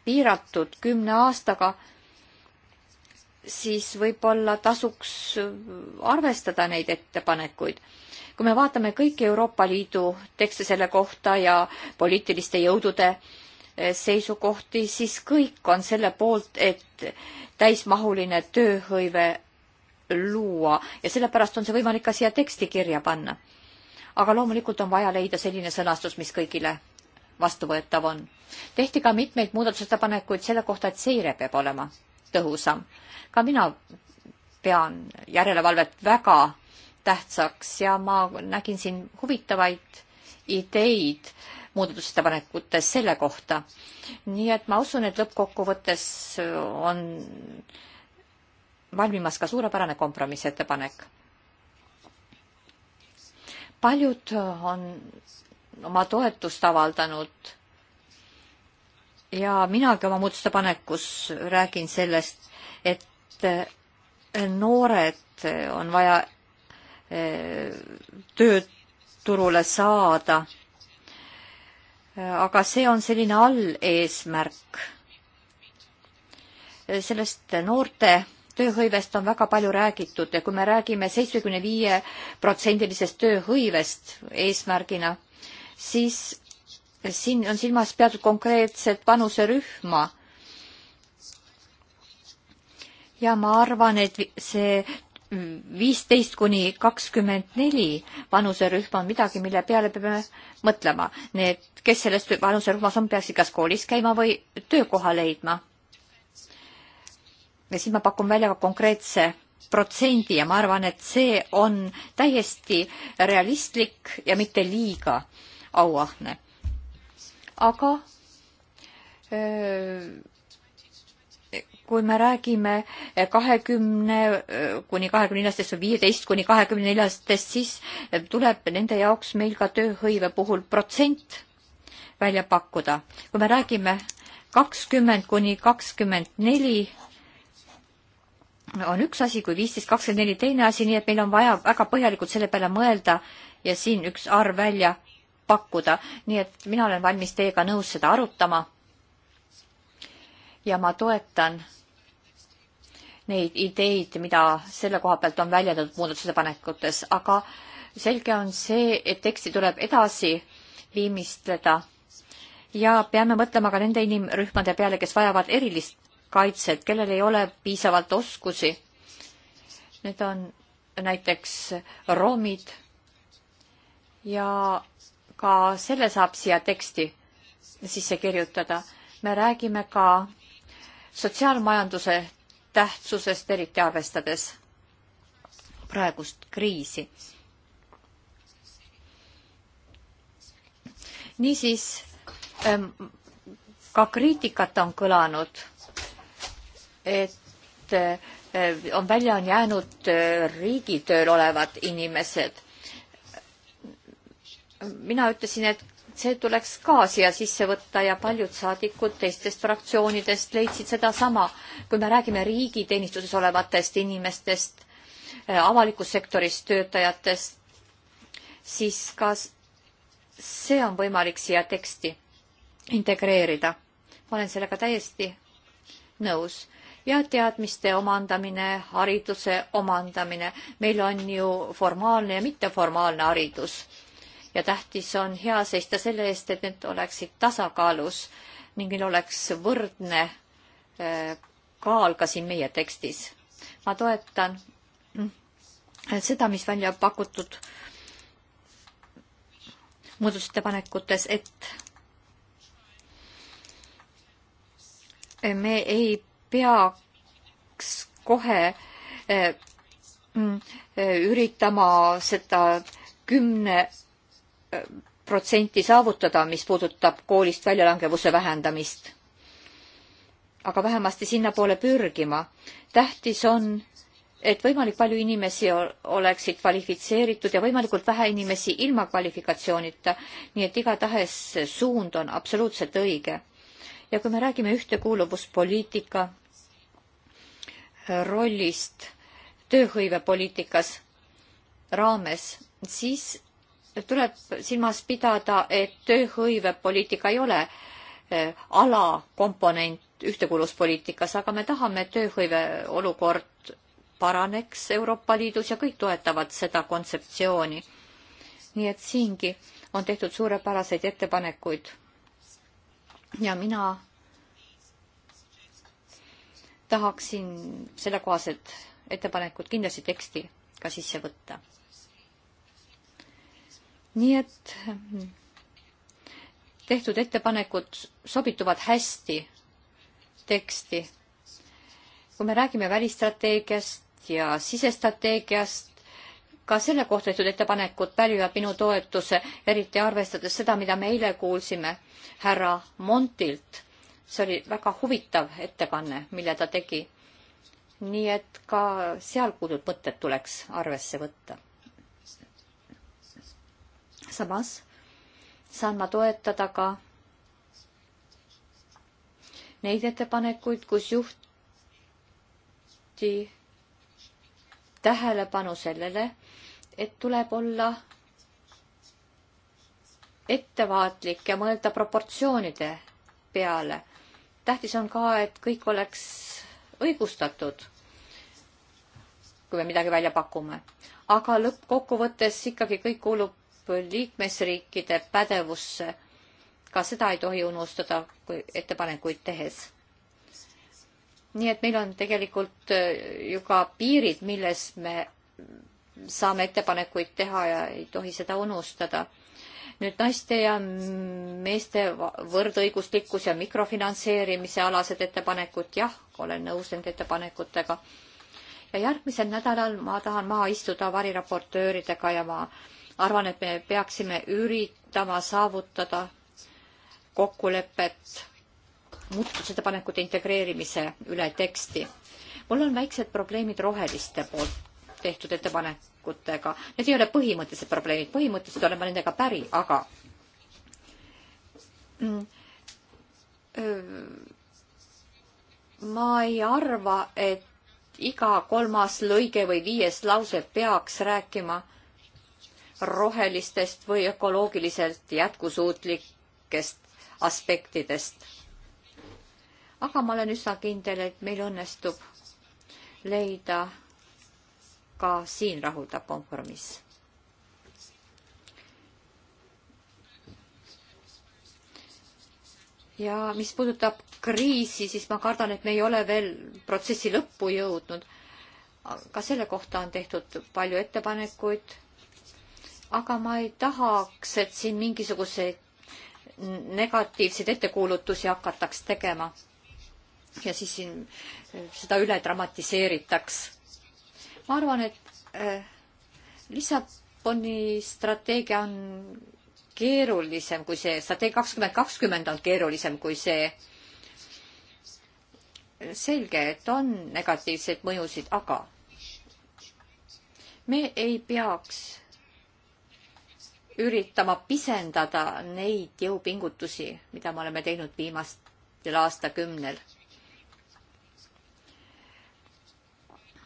piiratud kümne aastaga, siis võib-olla tasuks arvestada neid ettepanekuid. kui me vaatame kõiki Euroopa Liidu tekste selle kohta ja poliitiliste jõudude eh, seisukohti, siis kõik on selle poolt, et täismahuline tööhõive luua ja sellepärast on see võimalik ka siia teksti kirja panna. aga loomulikult on vaja leida selline sõnastus, mis kõigile vastuvõetav on. tehti ka mitmeid muudatusettepanekuid selle kohta, et seire peab olema tõhusam. ka mina pean järelevalvet väga tähtsaks ja ma nägin siin huvitavaid ideid muudatusettepanekutes selle kohta. nii et ma usun, et lõppkokkuvõttes on valmimas ka suurepärane kompromissettepanek. paljud on oma toetust avaldanud ja minagi oma muudatustepanekus räägin sellest, et eh, noored on vaja eh, tööturule saada. Eh, aga see on selline alleesmärk. sellest noorte tööhõivest on väga palju räägitud ja kui me räägime seitsmekümne viie protsendilisest tööhõivest eesmärgina, siis siin on silmas peatud konkreetset vanuserühma. ja ma arvan, et see viisteist kuni kakskümmend neli vanuserühm on midagi, mille peale peame mõtlema. Need, kes selles vanuserühmas on, peaksid kas koolis käima või töökoha leidma. ja siis ma pakun välja ka konkreetse protsendi ja ma arvan, et see on täiesti realistlik ja mitte liiga auahne aga kui me räägime kahekümne kuni kahekümne neljastest või viieteist kuni kahekümne neljastest, siis tuleb nende jaoks meil ka tööhõive puhul protsent välja pakkuda. kui me räägime kakskümmend kuni kakskümmend neli, on üks asi, kui viisteist, kakskümmend neli teine asi, nii et meil on vaja väga põhjalikult selle peale mõelda ja siin üks arv välja pakkuda, nii et mina olen valmis teiega nõus seda arutama. ja ma toetan neid ideid, mida selle koha pealt on väljendatud muudatusettepanekutes, aga selge on see, et teksti tuleb edasi viimistleda ja peame mõtlema ka nende inimrühmade peale, kes vajavad erilist kaitset, kellel ei ole piisavalt oskusi. Need on näiteks romid ja ka selle saab siia teksti sisse kirjutada. me räägime ka sotsiaalmajanduse tähtsusest, eriti arvestades praegust kriisi. niisiis ähm, ka kriitikat on kõlanud, et äh, on välja on jäänud äh, riigitööl olevad inimesed mina ütlesin, et see tuleks ka siia sisse võtta ja paljud saadikud teistest fraktsioonidest leidsid sedasama. kui me räägime riigiteenistuses olevatest inimestest, eh, avalikus sektoris töötajatest, siis ka see on võimalik siia teksti integreerida. ma olen sellega täiesti nõus. ja teadmiste omandamine, hariduse omandamine. meil on ju formaalne ja mitteformaalne haridus ja tähtis on hea seista selle eest, et need oleksid tasakaalus ning neil oleks võrdne äh, kaal ka siin meie tekstis. ma toetan mm, seda, mis välja pakutud muudatusettepanekutes, et me ei peaks kohe äh, mm, äh, üritama seda kümne protsenti saavutada, mis puudutab koolist väljalangevuse vähendamist. aga vähemasti sinnapoole pürgima. tähtis on, et võimalik palju inimesi oleksid kvalifitseeritud ja võimalikult vähe inimesi ilma kvalifikatsioonita, nii et igatahes suund on absoluutselt õige. ja kui me räägime ühtekuuluvuspoliitika rollist tööhõivepoliitikas raames, siis tuleb silmas pidada, et tööhõivepoliitika ei ole eh, alakomponent ühtekuuluvuspoliitikas, aga me tahame, et tööhõive olukord paraneks Euroopa Liidus ja kõik toetavad seda kontseptsiooni. nii et siingi on tehtud suurepäraseid ettepanekuid. ja mina tahaksin sellekohased ettepanekud kindlasti teksti ka sisse võtta nii et tehtud ettepanekud sobituvad hästi teksti. kui me räägime välistrateegiast ja sisestrateegiast, ka selle kohta tehtud ettepanekud pärivad minu toetuse, eriti arvestades seda, mida me eile kuulsime härra Montilt. see oli väga huvitav ettekanne, mille ta tegi. nii et ka seal kuulud mõtted tuleks arvesse võtta samas saan ma toetada ka neid ettepanekuid, kus juhti tähelepanu sellele, et tuleb olla ettevaatlik ja mõelda proportsioonide peale. tähtis on ka, et kõik oleks õigustatud, kui me midagi välja pakume. aga lõppkokkuvõttes ikkagi kõik kuulub liikmesriikide pädevusse. ka seda ei tohi unustada, kui ettepanekuid tehes. nii et meil on tegelikult äh, ju ka piirid, milles me saame ettepanekuid teha ja ei tohi seda unustada. nüüd naiste ja meeste võrdõiguslikkus ja mikrofinantseerimise alased ettepanekud, jah, olen nõus nende ettepanekutega ja järgmisel nädalal ma tahan maha istuda variraportööridega ja ma arvan, et me peaksime üritama saavutada kokkulepet muudatusettepanekute integreerimise üle teksti. mul on väiksed probleemid roheliste poolt tehtud ettepanekutega. Need ei ole põhimõttelised probleemid, põhimõtteliselt olen ma nendega päri, aga mm, ma ei arva, et iga kolmas lõige või viies lause peaks rääkima äh, rohelistest või ökoloogiliselt jätkusuutlikest aspektidest. aga ma olen üsna kindel, et meil õnnestub leida ka siin rahuldav kompromiss. ja mis puudutab kriisi, siis ma kardan, et me ei ole veel protsessi lõppu jõudnud. ka selle kohta on tehtud palju ettepanekuid aga ma ei tahaks, et siin mingisuguseid negatiivseid ettekuulutusi hakataks tegema. ja siis siin äh, seda üle dramatiseeritaks. ma arvan, et äh, Lissaboni strateegia on keerulisem kui see, strateegia kakskümmend kakskümmend on keerulisem kui see. selge, et on negatiivseid mõjusid, aga me ei peaks üritama pisendada neid jõupingutusi, mida me oleme teinud viimastel aastakümnel.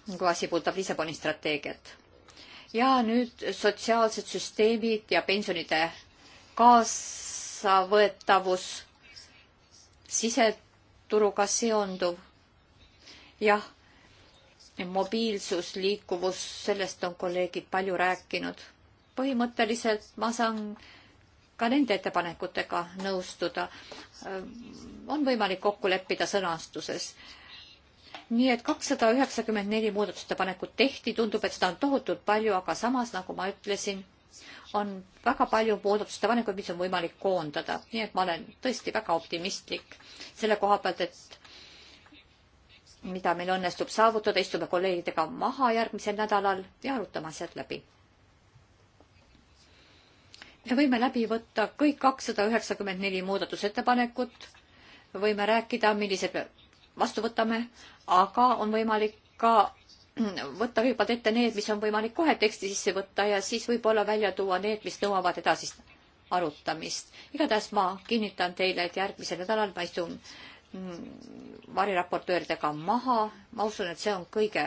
kui nagu asi puudutab Lissaboni strateegiat. ja nüüd sotsiaalsed süsteemid ja pensionide kaasavõetavus, siseturuga seonduv. jah, mobiilsus, liikuvus, sellest on kolleegid palju rääkinud põhimõtteliselt ma saan ka nende ettepanekutega nõustuda. on võimalik kokku leppida sõnastuses. nii et kakssada üheksakümmend neli muudatusettepanekut tehti, tundub, et seda on tohutult palju, aga samas, nagu ma ütlesin, on väga palju muudatusettepanekuid, mis on võimalik koondada, nii et ma olen tõesti väga optimistlik selle koha pealt, et mida meil õnnestub saavutada, istume kolleegidega maha järgmisel nädalal ja arutame asjad läbi me võime läbi võtta kõik kakssada üheksakümmend neli muudatusettepanekut, võime rääkida, millised vastu võtame, aga on võimalik ka võtta kõigepealt ette need, mis on võimalik kohe teksti sisse võtta ja siis võib-olla välja tuua need, mis nõuavad edasist arutamist. igatahes ma kinnitan teile, et järgmisel nädalal ma istun mm, variraportööridega maha, ma usun, et see on kõige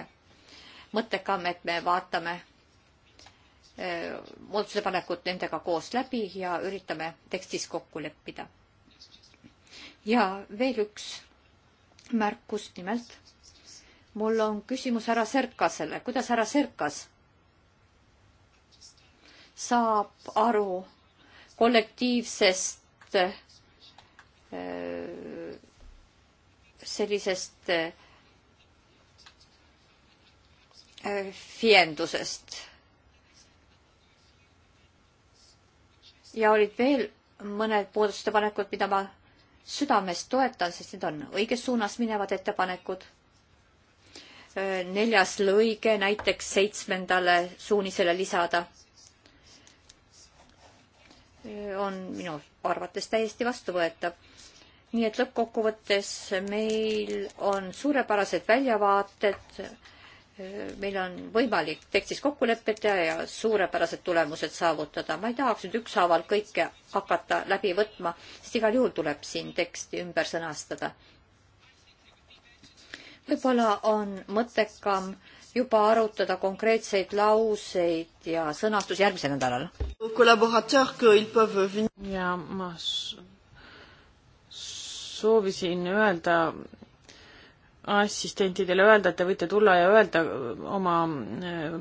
mõttekam, et me vaatame Äh, muudatusepanekud nendega koos läbi ja üritame tekstis kokku leppida. ja veel üks märkus nimelt. mul on küsimus härra Serkasele, kuidas härra Serkas saab aru kollektiivsest äh, sellisest äh, fiendusest ja olid veel mõned muudatusettepanekud, mida ma südamest toetan, sest need on õiges suunas minevad ettepanekud. neljas lõige näiteks seitsmendale suunisele lisada on minu arvates täiesti vastuvõetav. nii et lõppkokkuvõttes meil on suurepärased väljavaated meil on võimalik tekstis kokku leppida ja suurepärased tulemused saavutada. ma ei tahaks nüüd ükshaaval kõike hakata läbi võtma, sest igal juhul tuleb siin teksti ümber sõnastada. võib-olla on mõttekam juba arutada konkreetseid lauseid ja sõnastus järgmisel nädalal. ja ma soovisin öelda assistentidele öelda, et te võite tulla ja öelda oma äh,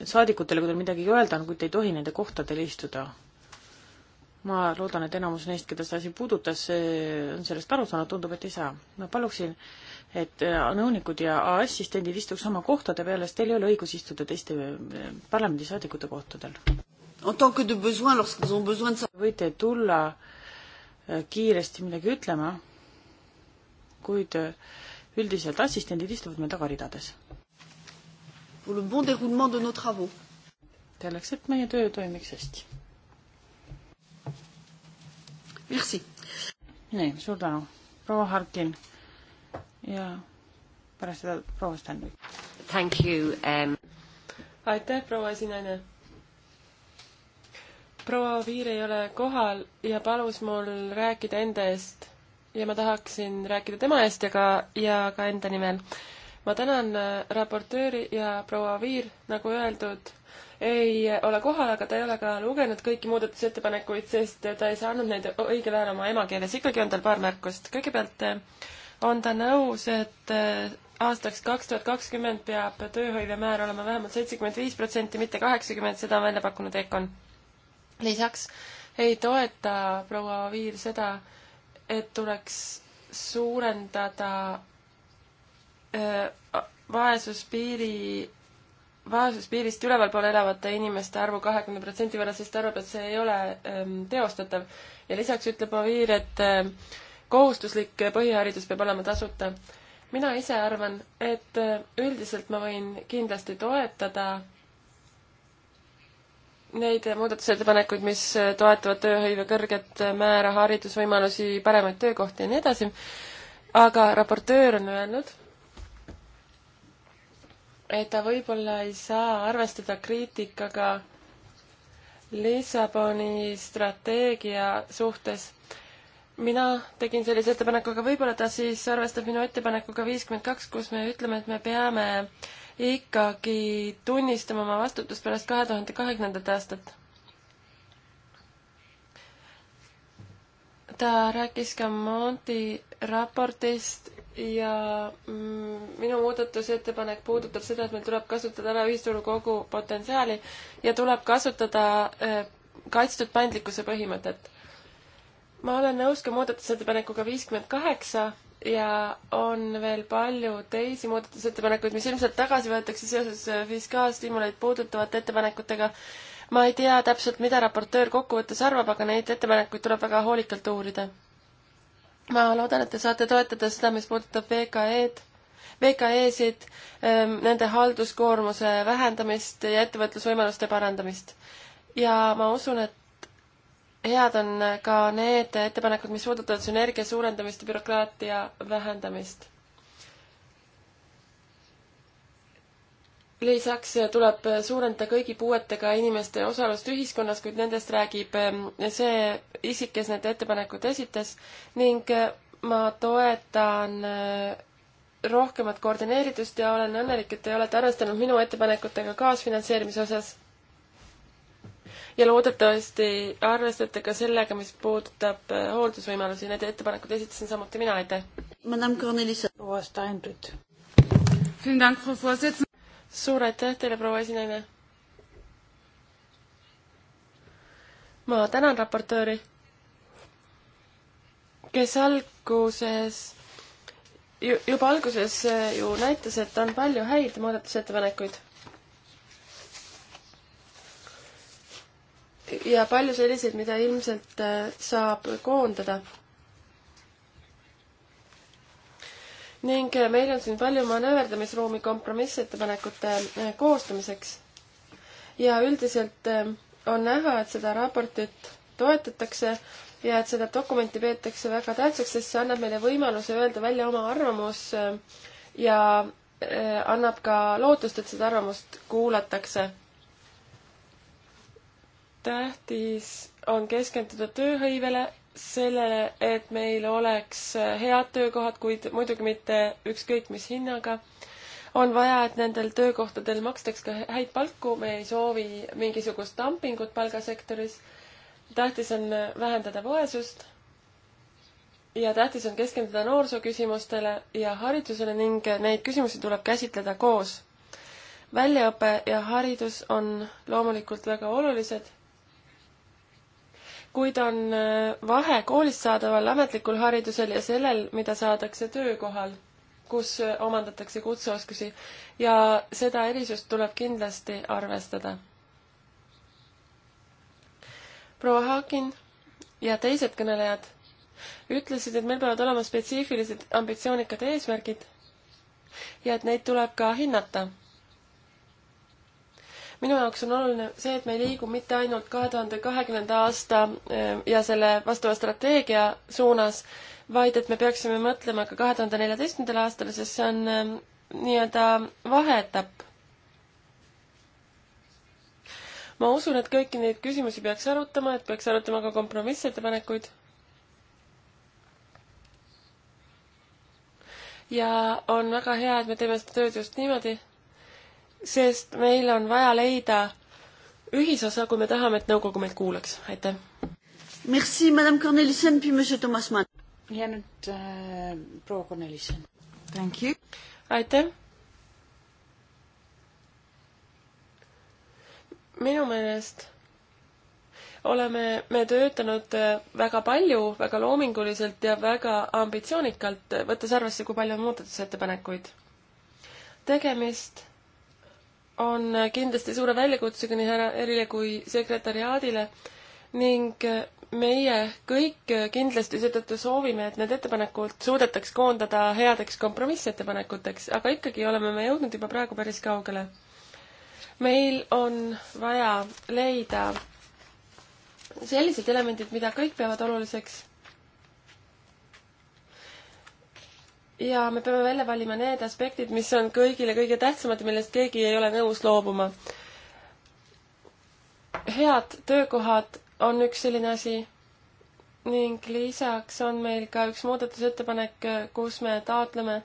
saadikutele, kui teil midagi öelda on, kuid te ei tohi nende kohtadel istuda. ma loodan, et enamus neist, keda see asi puudutas, on sellest aru saanud, tundub, et ei saa. ma paluksin, et äh, nõunikud ja assistendid istuks oma kohtade peale, sest teil ei ole õigus istuda teiste äh, parlamendisaadikute kohtadel. võite tulla kiiresti midagi ütlema, kuid üldiselt assistendid istuvad meil tagaridades. selleks, et meie töö toimiks hästi. Merci. nii, suur tänu, proua Harkin ja pärast seda proua Stenberg. Thank you um.... aitäh, proua esinaine. proua Oviir ei ole kohal ja palus mul rääkida enda eest ja ma tahaksin rääkida tema eest ja ka, ja ka enda nimel. ma tänan äh, raportööri ja proua Viir, nagu öeldud, ei ole kohal, aga ta ei ole ka lugenud kõiki muudatusettepanekuid, sest ta ei saanud neid õigel ajal oma emakeeles. ikkagi on tal paar märkust. kõigepealt äh, on ta nõus, et äh, aastaks kaks tuhat kakskümmend peab tööhõive määr olema vähemalt seitsekümmend viis protsenti, mitte kaheksakümmend, seda on välja pakkunud EKOn. lisaks ei toeta proua Viir seda, et tuleks suurendada vaesuspiiri, vaesuspiirist ülevalpool elavate inimeste arvu kahekümne protsendi võrra, sest ta arvab, et see ei ole teostatav. ja lisaks ütleb Oviir, et kohustuslik põhiharidus peab olema tasuta. mina ise arvan, et üldiselt ma võin kindlasti toetada neid muudatusettepanekuid, mis toetavad tööhõive kõrget määra, haridusvõimalusi, paremaid töökohti ja nii edasi, aga raportöör on öelnud, et ta võib-olla ei saa arvestada kriitikaga Lissaboni strateegia suhtes, mina tegin sellise ettepaneku, aga võib-olla ta siis arvestab minu ettepanekuga viiskümmend kaks, kus me ütleme, et me peame ikkagi tunnistama oma vastutust pärast kahe tuhande kahekümnendat aastat. ta rääkis ka Monti raportist ja mm, minu muudatusettepanek puudutab seda, et meil tuleb kasutada ära ühisturu kogu potentsiaali ja tuleb kasutada äh, kaitstud paindlikkuse põhimõtet ma olen nõus ka muudatusettepanekuga viiskümmend kaheksa ja on veel palju teisi muudatusettepanekuid, mis ilmselt tagasi võetakse seoses äh, fiskaalstimuleid puudutavate ettepanekutega. ma ei tea täpselt, mida raportöör kokkuvõttes arvab, aga neid ettepanekuid tuleb väga hoolikalt uurida. ma loodan, et te saate toetada seda, mis puudutab VKE-d, VKE-sid, ähm, nende halduskoormuse vähendamist ja ettevõtlusvõimaluste parandamist. ja ma usun, et head on ka need ettepanekud, mis puudutavad sünergia suurendamist ja bürokraatia vähendamist. lisaks tuleb suurendada kõigi puuetega inimeste osalust ühiskonnas, kuid nendest räägib ehm, see isik, kes need ettepanekud esitas ning ehm, ma toetan ehm, rohkemat koordineeritust ja olen õnnelik, et te olete arvestanud minu ettepanekutega kaasfinantseerimise osas ja loodetavasti arvestate ka sellega, mis puudutab äh, hooldusvõimalusi, need ettepanekud esitasin samuti mina, aitäh! suur aitäh teile, proua esinaine! ma tänan raportööri, kes alguses, juba alguses äh, ju näitas, et on palju häid muudatusettepanekuid ja palju selliseid, mida ilmselt äh, saab koondada. ning äh, meil on siin palju manööverdamisruumi kompromissettepanekute äh, koostamiseks. ja üldiselt on näha, et seda raportit toetatakse ja et seda dokumenti peetakse väga tähtsaks, sest see annab meile võimaluse öelda välja oma arvamus ja annab ka lootust, et seda arvamust kuulatakse tähtis on keskenduda tööhõivele, sellele, et meil oleks head töökohad, kuid muidugi mitte ükskõik mis hinnaga. on vaja, et nendel töökohtadel makstaks ka häid palku, me ei soovi mingisugust dumpingut palgasektoris. tähtis on vähendada vaesust ja tähtis on keskenduda noorsooküsimustele ja haridusele ning neid küsimusi tuleb käsitleda koos. väljaõpe ja haridus on loomulikult väga olulised kuid on äh, vahe koolist saadaval ametlikul haridusel ja sellel, mida saadakse töökohal, kus äh, omandatakse kutseoskusi ja seda erisust tuleb kindlasti arvestada. proua Haakin ja teised kõnelejad ütlesid, et meil peavad olema spetsiifilised ambitsioonikad eesmärgid ja et neid tuleb ka hinnata minu jaoks on oluline see, et me ei liigu mitte ainult kahe tuhande kahekümnenda aasta eh, ja selle vastava strateegia suunas, vaid et me peaksime mõtlema ka kahe tuhande neljateistkümnendal aastal, sest see on eh, nii-öelda vaheetapp. ma usun, et kõiki neid küsimusi peaks arutama, et peaks arutama ka kompromissettepanekuid. ja on väga hea, et me teeme seda tööd just niimoodi sest meil on vaja leida ühisosa, kui me tahame, et nõukogu meid kuulaks. aitäh! Merci, madame Cornelissen, puis monsieur Thomas Mann. ja nüüd äh, proua Cornelissen. Thank you! aitäh! minu meelest oleme me töötanud äh, väga palju, väga loominguliselt ja väga ambitsioonikalt, võttes arvesse, kui palju on muudatusettepanekuid. tegemist on kindlasti suure väljakutsega nii härra Erile kui sekretariaadile ning meie kõik kindlasti seetõttu soovime, et need ettepanekud suudetaks koondada headeks kompromissettepanekuteks, aga ikkagi oleme me jõudnud juba praegu päris kaugele. meil on vaja leida sellised elemendid, mida kõik peavad oluliseks ja me peame välja valima need aspektid, mis on kõigile kõige tähtsamad ja millest keegi ei ole nõus loobuma. head töökohad on üks selline asi ning lisaks on meil ka üks muudatusettepanek, kus me taotleme,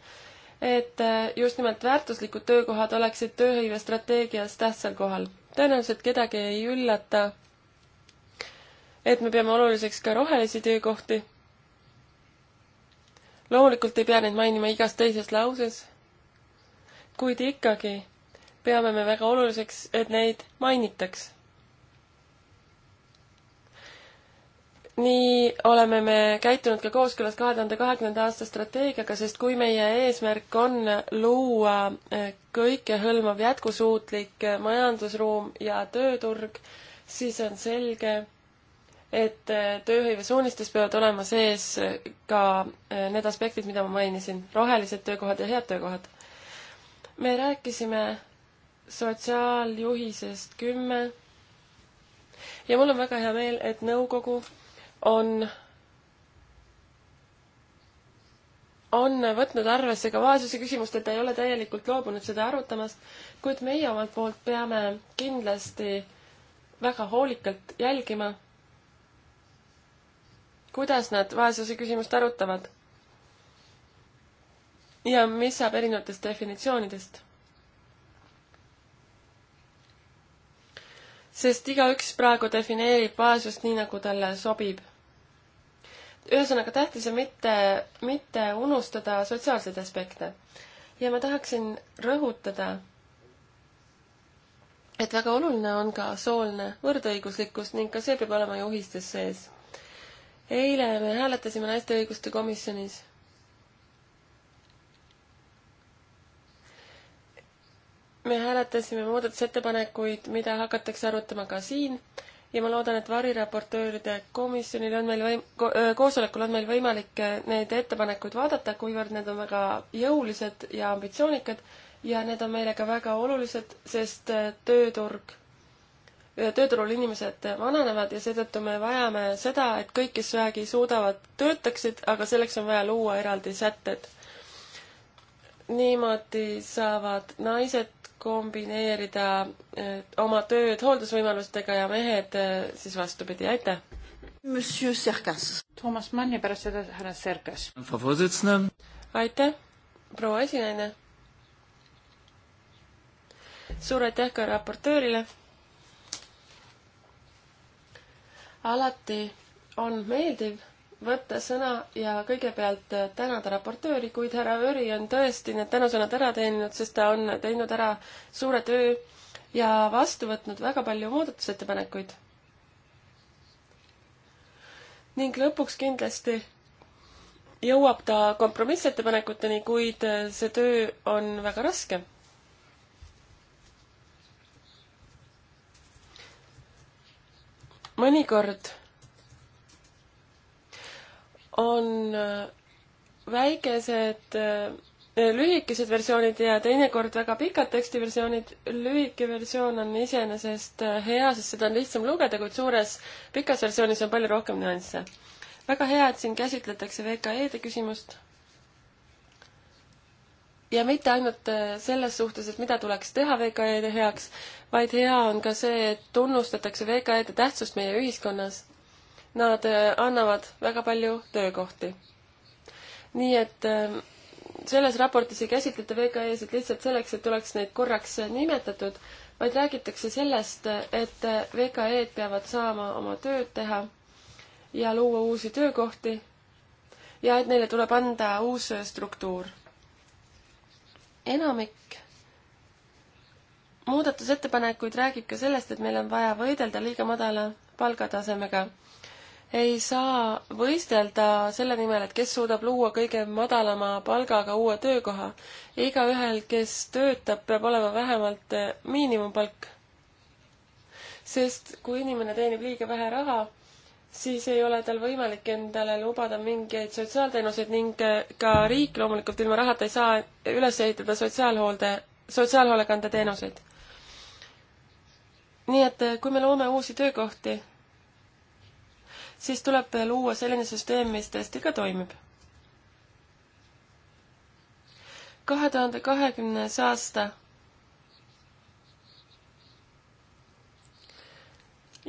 et just nimelt väärtuslikud töökohad oleksid tööhõive strateegias tähtsal kohal. tõenäoliselt kedagi ei üllata, et me peame oluliseks ka rohelisi töökohti loomulikult ei pea neid mainima igas teises lauses, kuid ikkagi peame me väga oluliseks, et neid mainitaks. nii oleme me käitunud ka kooskõlas kahe tuhande kahekümnenda aasta strateegiaga, sest kui meie eesmärk on luua eh, kõikehõlmav jätkusuutlik eh, majandusruum ja tööturg, siis on selge, et äh, tööhõivesoonistes peavad olema sees äh, ka äh, need aspektid, mida ma mainisin, rohelised töökohad ja head töökohad. me rääkisime sotsiaaljuhisest kümme ja mul on väga hea meel, et nõukogu on on võtnud arvesse ka vaesuse küsimust, et ta ei ole täielikult loobunud seda arutamast, kuid meie omalt poolt peame kindlasti väga hoolikalt jälgima kuidas nad vaesuse küsimust arutavad? ja mis saab erinevatest definitsioonidest? sest igaüks praegu defineerib vaesust nii, nagu talle sobib. ühesõnaga, tähtis on mitte, mitte unustada sotsiaalseid aspekte. ja ma tahaksin rõhutada, et väga oluline on ka sooline võrdõiguslikkus ning ka see peab olema juhistes sees eile me hääletasime naiste õiguste komisjonis. me hääletasime muudatusettepanekuid, mida hakatakse arutama ka siin ja ma loodan, et variraportööride komisjonil on meil võim-, koosolekul on meil võimalik äh, neid ettepanekuid vaadata, kuivõrd need on väga jõulised ja ambitsioonikad ja need on meile ka väga olulised, sest äh, tööturg tööturul inimesed vananevad ja seetõttu me vajame seda, et kõik, kes vähegi suudavad, töötaksid, aga selleks on vaja luua eraldi sätted. niimoodi saavad naised kombineerida eh, oma tööd hooldusvõimalustega ja mehed eh, siis vastupidi, aitäh! Monsieur Serkas. Toomas Mann ja pärast seda härra Serkas. aitäh, proua esinaine! suur aitäh ka raportöörile alati on meeldiv võtta sõna ja kõigepealt tänada raportööri, kuid härra Öri on tõesti need tänusõnad ära teeninud, sest ta on teinud ära suure töö ja vastu võtnud väga palju muudatusettepanekuid. ning lõpuks kindlasti jõuab ta kompromissettepanekuteni, kuid see töö on väga raske mõnikord on äh, väikesed äh, lühikesed versioonid ja teinekord väga pikad tekstiversioonid. lühike versioon on iseenesest äh, hea, sest seda on lihtsam lugeda, kuid suures pikas versioonis on palju rohkem nüansse. väga hea, et siin käsitletakse VKE-de küsimust ja mitte ainult äh, selles suhtes, et mida tuleks teha VKE-de heaks, vaid hea on ka see, et tunnustatakse VKE-de tähtsust meie ühiskonnas. Nad äh, annavad väga palju töökohti. nii et ähm, selles raportis ei käsitleta VKE-sid lihtsalt selleks, et oleks neid korraks äh, nimetatud, vaid räägitakse sellest, et VKE-d peavad saama oma tööd teha ja luua uusi töökohti ja et neile tuleb anda uus struktuur enamik muudatusettepanekuid räägib ka sellest, et meil on vaja võidelda liiga madala palgatasemega. ei saa võistelda selle nimel, et kes suudab luua kõige madalama palgaga uue töökoha. igaühel, kes töötab, peab olema vähemalt miinimumpalk. sest kui inimene teenib liiga vähe raha, siis ei ole tal võimalik endale lubada mingeid sotsiaalteenuseid ning äh, ka riik loomulikult ilma rahata ei saa üles ehitada sotsiaalhoolde, sotsiaalhoolekandeteenuseid. nii et äh, kui me loome uusi töökohti, siis tuleb luua selline süsteem, mis tõesti ka toimib. kahe tuhande kahekümnes aasta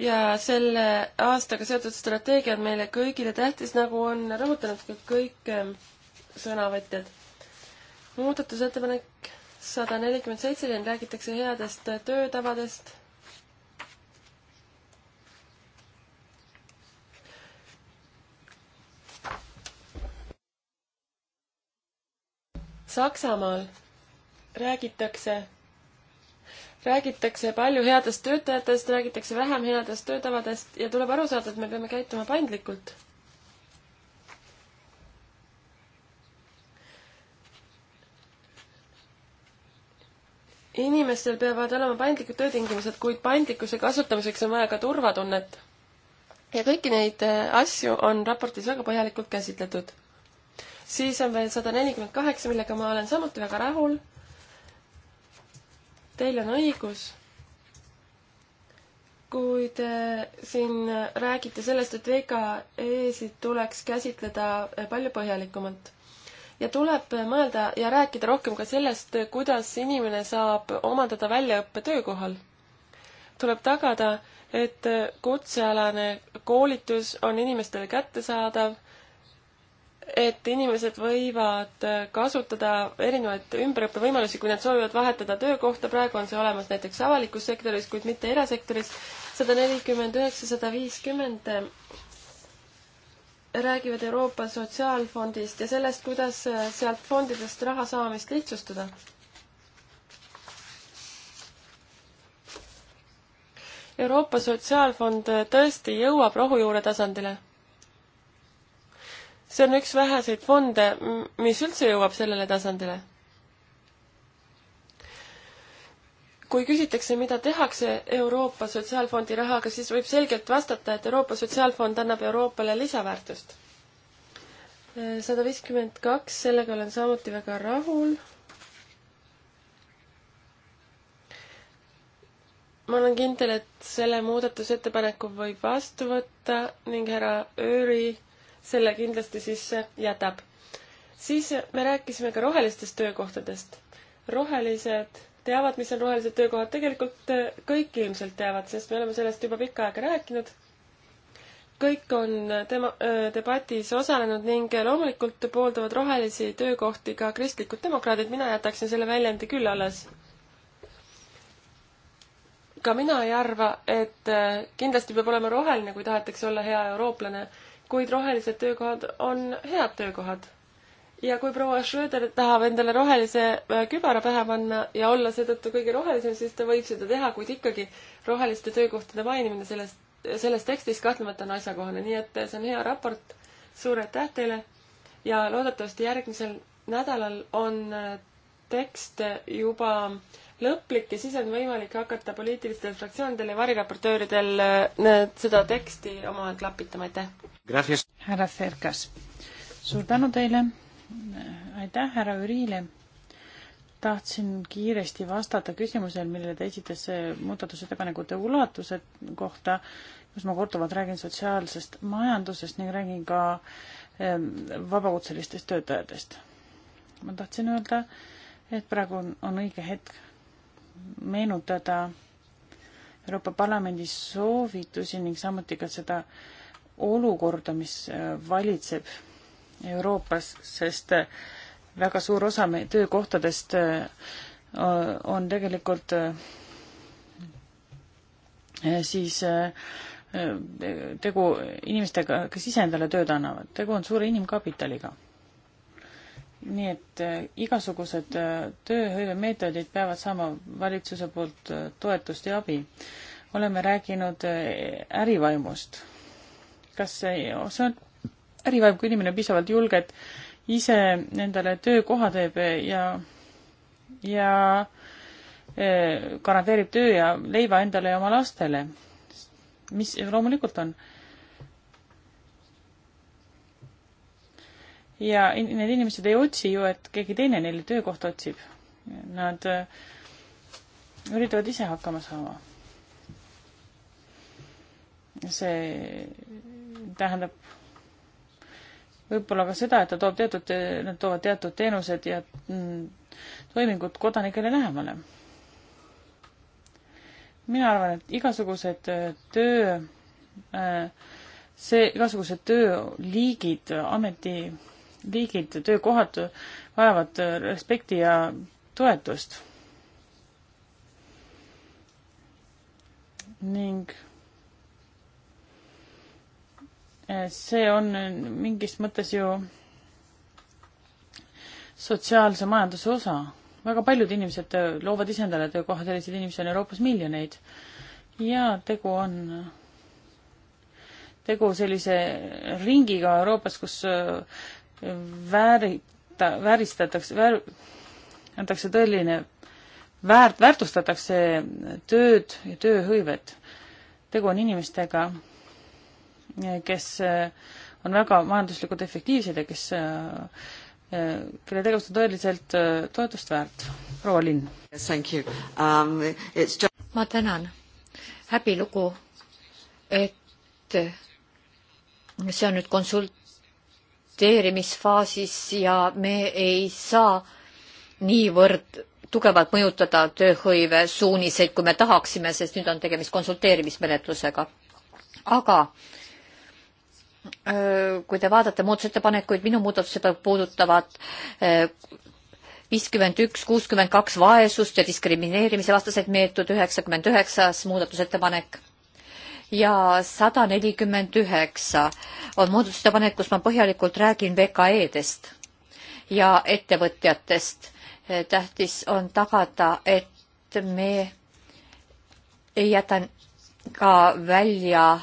ja selle aastaga seotud strateegia on meile kõigile tähtis, nagu on rõhutanud ka kõik ähm, sõnavõtjad. muudatusettepanek sada nelikümmend seitse, siin räägitakse headest töötavadest. Saksamaal räägitakse räägitakse palju headest töötajatest, räägitakse vähem headest töötavadest ja tuleb aru saada, et me peame käituma paindlikult. inimestel peavad olema paindlikud töötingimused, kuid paindlikkuse kasutamiseks on vaja ka turvatunnet. ja kõiki neid äh, asju on raportis väga põhjalikult käsitletud. siis on veel sada nelikümmend kaheksa, millega ma olen samuti väga rahul Teil on õigus, kui te siin räägite sellest, et VKE-sid tuleks käsitleda palju põhjalikumalt ja tuleb mõelda ja rääkida rohkem ka sellest, kuidas inimene saab omandada väljaõppe töökohal. tuleb tagada, et kutsealane koolitus on inimestele kättesaadav et inimesed võivad kasutada erinevaid ümberõppevõimalusi, kui nad soovivad vahetada töökohta, praegu on see olemas näiteks avalikus sektoris, kuid mitte erasektoris, sada nelikümmend üheksa, sada viiskümmend räägivad Euroopa Sotsiaalfondist ja sellest, kuidas sealt fondidest raha saamist lihtsustada. Euroopa Sotsiaalfond tõesti jõuab rohujuure tasandile see on üks väheseid fonde, mis üldse jõuab sellele tasandile. kui küsitakse, mida tehakse Euroopa Sotsiaalfondi rahaga, siis võib selgelt vastata, et Euroopa Sotsiaalfond annab Euroopale lisaväärtust. sada viiskümmend kaks, sellega olen samuti väga rahul ma olen kindel, et selle muudatusettepaneku võib vastu võtta ning härra Ööri selle kindlasti sisse jätab. siis me rääkisime ka rohelistest töökohtadest. rohelised teavad, mis on rohelised töökohad, tegelikult äh, kõik ilmselt teavad, sest me oleme sellest juba pikka aega rääkinud. kõik on äh, tema, äh, debatis osalenud ning loomulikult pooldavad rohelisi töökohti ka kristlikud demokraadid, mina jätaksin selle väljendi küll alles. ka mina ei arva, et kindlasti peab olema roheline, kui tahetakse olla hea eurooplane kuid rohelised töökohad on head töökohad. ja kui proua Schröder tahab endale rohelise äh, kübara pähe panna ja olla seetõttu kõige rohelisem, siis ta võib seda teha, kuid ikkagi roheliste töökohtade mainimine selles, selles tekstis kahtlemata on asjakohane, nii et see on hea raport. suur aitäh teile ja loodetavasti järgmisel nädalal on äh, tekst juba lõplik ja siis on võimalik hakata poliitilistel fraktsioonidel ja variraportööridel äh, seda teksti omavahel klapitama, aitäh! härra Ferkas, suur tänu teile, aitäh härra Ürile! tahtsin kiiresti vastata küsimusele, mille ta esitas muudatusettepanekute ulatuse kohta, kus ma korduvalt räägin sotsiaalsest majandusest ning räägin ka ähm, vabakutselistest töötajatest. ma tahtsin öelda, et praegu on, on õige hetk meenutada Euroopa Parlamendi soovitusi ning samuti ka seda olukorda, mis äh, valitseb Euroopas, sest äh, väga suur osa meie töökohtadest äh, on tegelikult siis tegu inimestega, kes ise endale tööd annavad. tegu on suure inimkapitaliga nii et äh, igasugused äh, tööhõivemeetodid peavad saama valitsuse poolt äh, toetust ja abi. oleme rääkinud ärivaimust. kas see, see on ärivaim, kui inimene on piisavalt julge, et ise endale töökoha teeb ja, ja garanteerib töö ja leiva endale ja oma lastele, mis loomulikult on ja in need inimesed ei otsi ju, et keegi teine neile töökohta otsib. Nad äh, üritavad ise hakkama saama. see tähendab võib-olla ka seda, et ta toob teatud, nad toovad teatud teenused ja mm, toimingud kodanikele lähemale. mina arvan, et igasugused äh, töö, äh, see, igasugused tööliigid, ameti liigid, töökohad vajavad respekti ja toetust. ning see on mingis mõttes ju sotsiaalse majanduse osa. väga paljud inimesed loovad ise endale töökoha, selliseid inimesi on Euroopas miljoneid. ja tegu on, tegu sellise ringiga Euroopas, kus väärita, vääristatakse, väär-, antakse tõeline väärt, väärtustatakse tööd ja tööhõivet. tegu on inimestega, kes on väga majanduslikult efektiivsed ja kes, kelle tegevus on tõeliselt toetust väärt. proua Linn. Um, ma tänan. häbilugu, et see on nüüd konsult-, projekteerimisfaasis ja me ei saa niivõrd tugevalt mõjutada tööhõive suuniseid, kui me tahaksime, sest nüüd on tegemist konsulteerimismenetlusega. aga kui te vaatate muudatusettepanekuid, minu muudatusettepanekud puudutavad viiskümmend üks, kuuskümmend kaks vaesust ja diskrimineerimise vastased meetod, üheksakümmend üheksas muudatusettepanek ja sada nelikümmend üheksa on muudatusettepanek, kus ma põhjalikult räägin VKE-dest ja ettevõtjatest. tähtis on tagada, et me ei jäta ka välja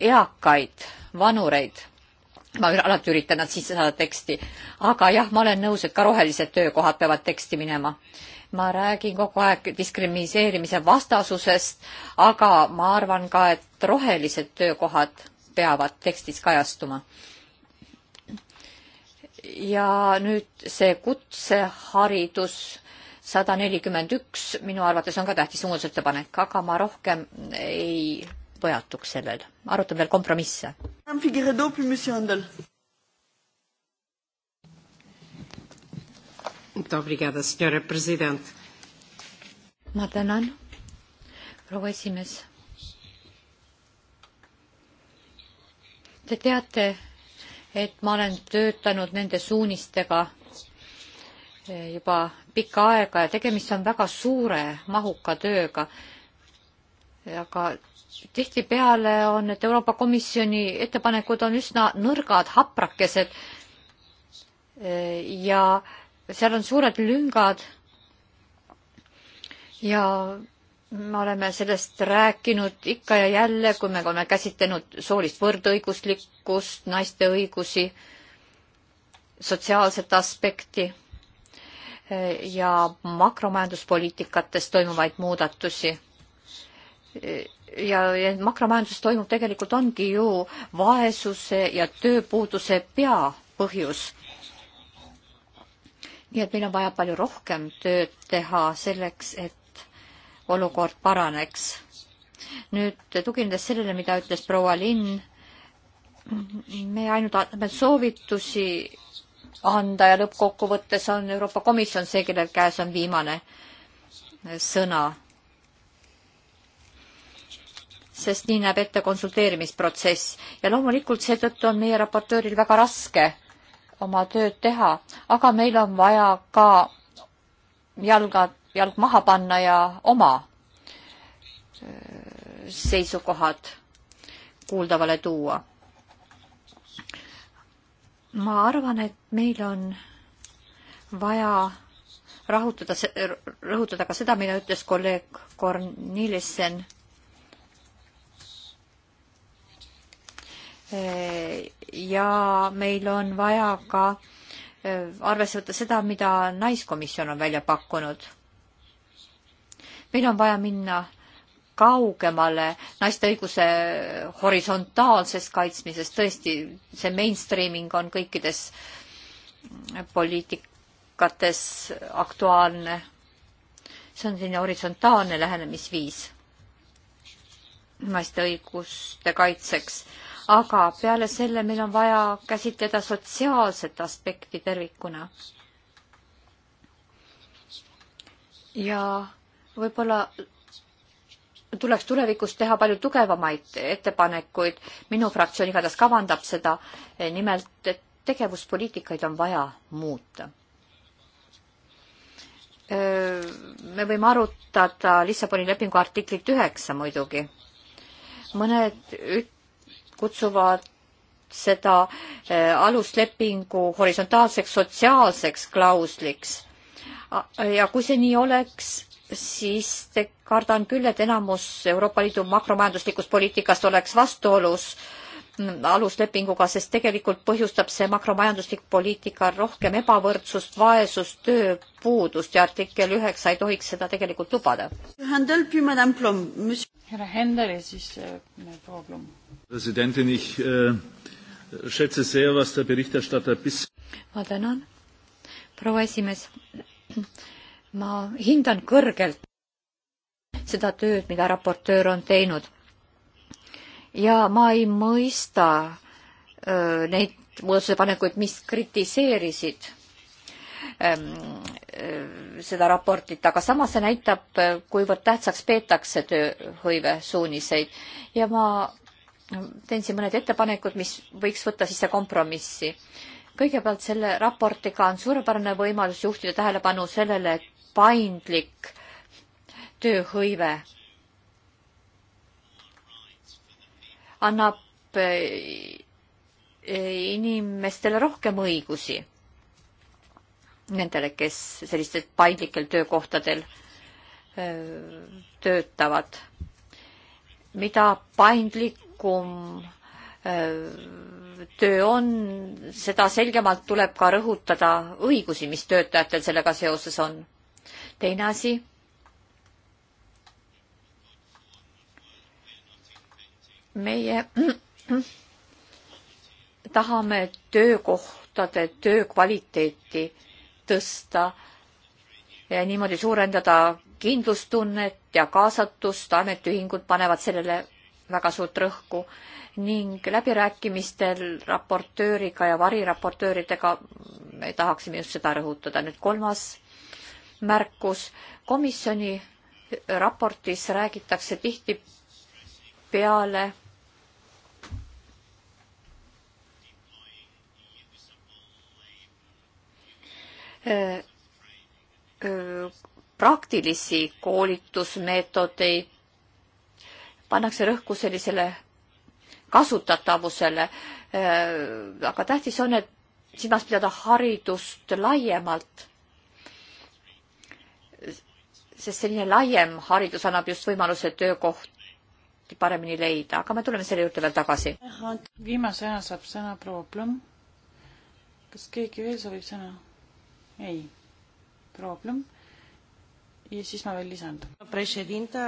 eakaid, vanureid. ma alati üritan nad sisse saada teksti, aga jah, ma olen nõus, et ka rohelised töökohad peavad teksti minema ma räägin kogu aeg diskrimiseerimise vastasusest, aga ma arvan ka, et rohelised töökohad peavad tekstis kajastuma. ja nüüd see kutseharidus sada nelikümmend üks minu arvates on ka tähtis muudatusettepanek, aga ma rohkem ei peatuks sellel, arutame veel kompromisse. Muito obrigada, senhora president. ma tänan, proua esimees. Te teate, et ma olen töötanud nende suunistega juba pikka aega ja tegemist on väga suure mahuka tööga. aga tihtipeale on need Euroopa Komisjoni ettepanekud on üsna nõrgad, haprakesed ja äh, seal on suured lüngad ja me oleme sellest rääkinud ikka ja jälle, kui me oleme käsitlenud soolist võrdõiguslikkust, naiste õigusi, sotsiaalset aspekti ja makromajanduspoliitikates toimuvaid muudatusi. ja, ja makromajanduses toimub tegelikult ongi ju vaesuse ja tööpuuduse peapõhjus ja et meil on vaja palju rohkem tööd teha selleks, et olukord paraneks. nüüd tuginedes sellele, mida ütles proua Linn, me ainult anname soovitusi anda ja lõppkokkuvõttes on Euroopa Komisjon see, kellel käes on viimane sõna. sest nii näeb ette konsulteerimisprotsess ja loomulikult seetõttu on meie raportööril väga raske oma tööd teha, aga meil on vaja ka jalgad, jalg maha panna ja oma äh, seisukohad kuuldavale tuua. ma arvan, et meil on vaja rahutada, rõhutada ka seda, mida ütles kolleeg Kornilissen ja meil on vaja ka äh, arvesse võtta seda, mida Naiskomisjon on välja pakkunud. meil on vaja minna kaugemale naiste õiguse horisontaalsest kaitsmisest, tõesti, see mainstreaming on kõikides äh, poliitikates aktuaalne. see on selline horisontaalne lähenemisviis naiste õiguste kaitseks, aga peale selle meil on vaja käsitleda sotsiaalset aspekti tervikuna. ja võib-olla tuleks tulevikus teha palju tugevamaid ettepanekuid, minu fraktsioon igatahes kavandab seda, nimelt, et tegevuspoliitikaid on vaja muuta. me võime arutada Lissaboni lepingu artiklit üheksa muidugi. mõned üt-, kutsuvad seda eh, aluslepingu horisontaalseks sotsiaalseks klausliks. ja kui see nii oleks, siis te kardan küll, et enamus Euroopa Liidu makromajanduslikust poliitikast oleks vastuolus äh, aluslepinguga, sest tegelikult põhjustab see makromajanduslik poliitika rohkem ebavõrdsust, vaesust, tööpuudust ja artikkel üheksa ei tohiks seda tegelikult lubada. härra Händel ja siis äh, proua Blum. presidentin, ich äh, schätze sehr, was der Berichterstatter bis ma tänan, proua esimees. ma hindan kõrgelt seda tööd, mida raportöör on teinud ja ma ei mõista öö, neid muudatusepanekuid, mis kritiseerisid seda raportit, aga samas see näitab, kuivõrd tähtsaks peetakse tööhõive suuniseid ja ma teen siin mõned ettepanekud, mis võiks võtta sisse kompromissi. kõigepealt selle raportiga on suurepärane võimalus juhtida tähelepanu sellele, et paindlik tööhõive annab eh, inimestele rohkem õigusi. Nendele, kes sellistel paindlikel töökohtadel eh, töötavad. mida paindlikum eh, töö on, seda selgemalt tuleb ka rõhutada õigusi, mis töötajatel sellega seoses on. teine asi meie tahame töökohtade töökvaliteeti tõsta ja niimoodi suurendada kindlustunnet ja kaasatust, ametiühingud panevad sellele väga suurt rõhku ning läbirääkimistel raportööriga ja variraportööridega me tahaksime just seda rõhutada. nüüd kolmas märkus. komisjoni raportis räägitakse tihtipeale Äh, äh, praktilisi koolitusmeetodeid, pannakse rõhku sellisele kasutatavusele. Äh, aga tähtis on, et silmas pidada haridust laiemalt. sest selline laiem haridus annab just võimaluse töökohti paremini leida, aga me tuleme selle juurde veel tagasi. viimasena saab sõna proua Plõmm. kas keegi veel soovib sõna? Ei. Problem. E siis ma veel lisan. Președinte,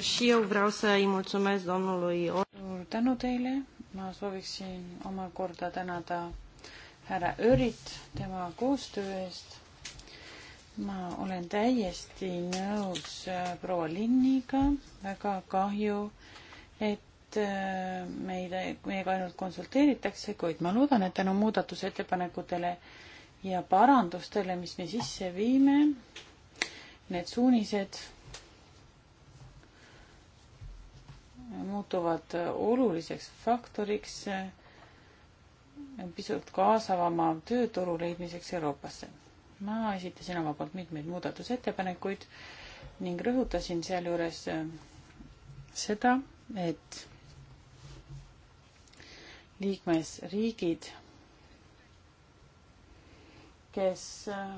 și eu vreau să-i mulțumesc domnului Suur tänu teile. Ma sooviksin omakorda tänada härra Örit tema koostöö eest. Ma olen täiesti nõus äh, proua Linniga. Väga kahju, et äh, meid, meiega ainult konsulteeritakse, kuid ma loodan, et tänu muudatusettepanekutele ettepanekutele ja parandustele, mis me sisse viime, need suunised muutuvad oluliseks faktoriks pisut kaasavama tööturu leidmiseks Euroopasse. ma esitasin oma poolt mitmeid muudatusettepanekuid ning rõhutasin sealjuures seda, et liikmesriigid kes äh,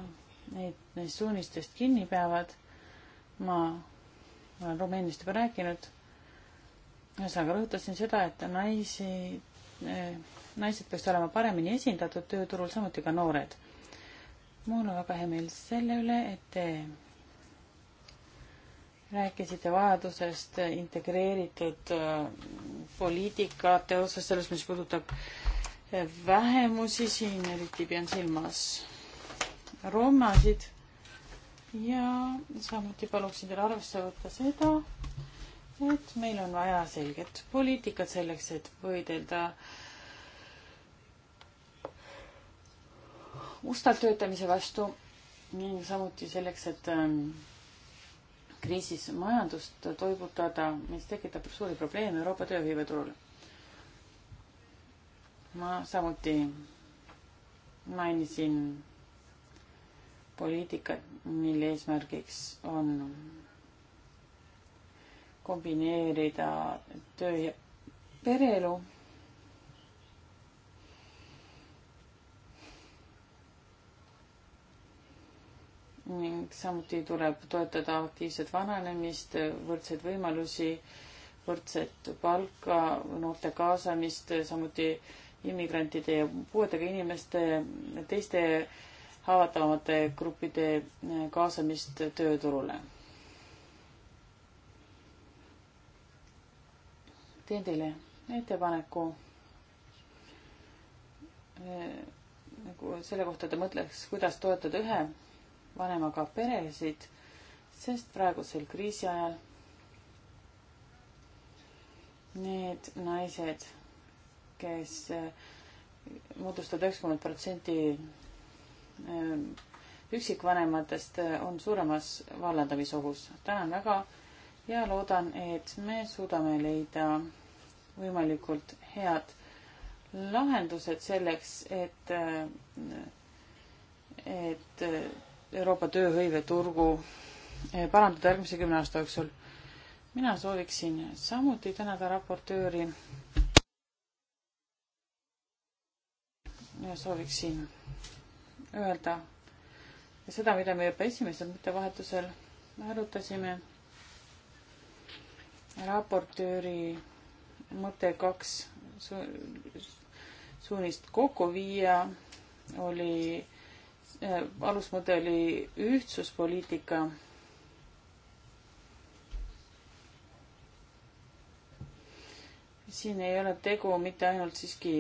neid, neist suunistest kinni peavad. ma olen Rumeeniast juba rääkinud. ühesõnaga rõhutasin seda, et naisi, äh, naised peaks olema paremini esindatud tööturul, samuti ka noored. mul on väga hea meel selle üle, et te rääkisite vajadusest integreeritud äh, poliitikate osas, selles, mis puudutab vähemusi, siin eriti pean silmas rommasid ja samuti paluksin teil arvesse võtta seda, et meil on vaja selget poliitikat selleks, et võidelda mustalt töötamise vastu ning samuti selleks, et ähm, kriisis majandust toibutada, mis tekitab suuri probleeme Euroopa tööhõiveturul. ma samuti mainisin poliitikat, mille eesmärgiks on kombineerida töö ja pereelu. ning samuti tuleb toetada aktiivset vananemist, võrdseid võimalusi, võrdset palka, noorte kaasamist, samuti immigrantide ja puuetega inimeste teiste haavatavamate gruppide eh, kaasamist tööturule. teen teile ettepaneku eh, nagu selle kohta ta mõtleks, kuidas toetada ühe vanemaga peresid, sest praegusel kriisi ajal need naised kes, kes eh, moodustavad üheksakümmend protsenti Ehm, üksikvanematest eh, on suuremas vallandamisohus. tänan väga ja loodan, et me suudame leida võimalikult head lahendused selleks, et, eh, et eh, Euroopa tööhõiveturgu parandada järgmise kümne aasta jooksul. mina sooviksin samuti tänada raportööri. sooviksin öelda. ja seda, mida me juba esimesel mõttevahetusel arutasime. raportööri mõte kaks su suunist kokku viia oli äh,, alusmõte oli ühtsuspoliitika. siin ei ole tegu mitte ainult siiski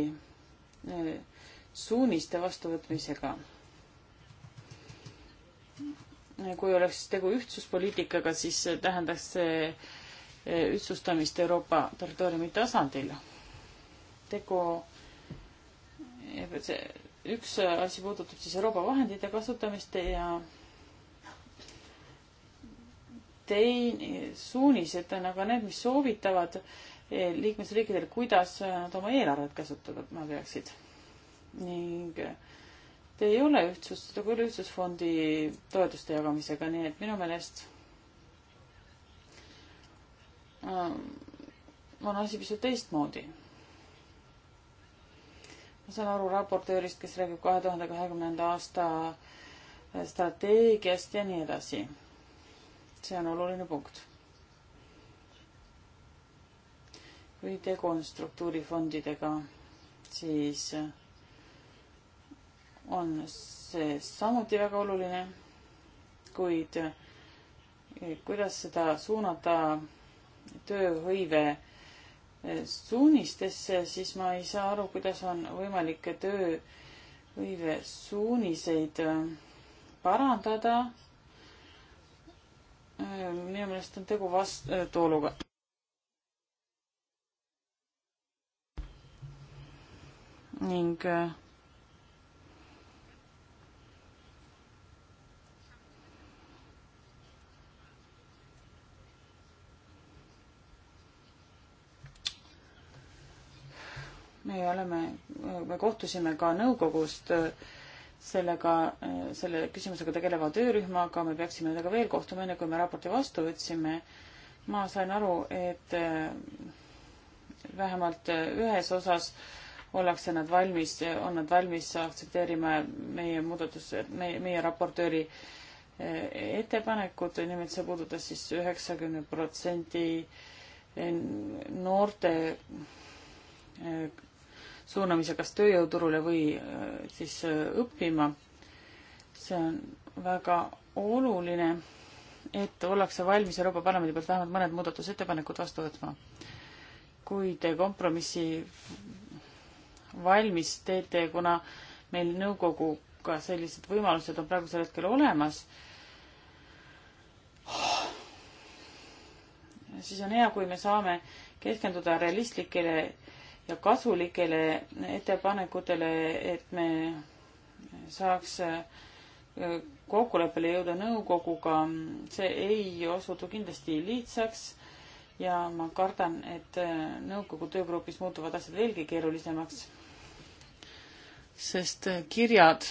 äh, suuniste vastuvõtmisega kui oleks tegu ühtsuspoliitikaga, siis tähendaks see eh, ühtsustamist Euroopa territooriumi tasandil. tegu, eh, see üks asi puudutab siis Euroopa vahendite kasutamist ja teine suunised on aga need, mis soovitavad eh, liikmesriikidele, kuidas nad oma eelarvet kasutada peaksid. ning äh, ei ole ühtsustada küll ühtsusfondi toetuste jagamisega, nii et minu meelest ähm, on asi pisut teistmoodi. ma saan aru raportöörist, kes räägib kahe tuhande kahekümnenda aasta strateegiast ja nii edasi. see on oluline punkt. kui tegu on struktuurifondidega, siis äh, on see samuti väga oluline, kuid eh, kuidas seda suunada tööhõive eh, suunistesse, siis ma ei saa aru, kuidas on võimalik tööhõive suuniseid eh, parandada. minu meelest on tegu vastuoluga. ning äh, me oleme, me kohtusime ka nõukogust äh, sellega, äh, selle küsimusega tegeleva töörühmaga, me peaksime nendega veel kohtuma, enne kui me raporti vastu võtsime. ma sain aru, et äh, vähemalt ühes osas ollakse nad valmis, on nad valmis aktsepteerima meie muudatus, meie, meie raportööri ettepanekut, nimelt see puudutas siis üheksakümne protsendi noorte suunamise kas tööjõuturule või äh, siis äh, õppima. see on väga oluline, et ollakse valmis Euroopa Parlamendi poolt vähemalt mõned muudatusettepanekud vastu võtma. kui te kompromissi valmis teete, kuna meil nõukoguga sellised võimalused on praegusel hetkel olemas, siis on hea, kui me saame keskenduda realistlikele ja kasulikele ettepanekutele, et me saaks äh, kokkuleppele jõuda nõukoguga, see ei osutu kindlasti lihtsaks ja ma kardan, et äh, nõukogu töögrupis muutuvad asjad veelgi keerulisemaks, sest äh, kirjad,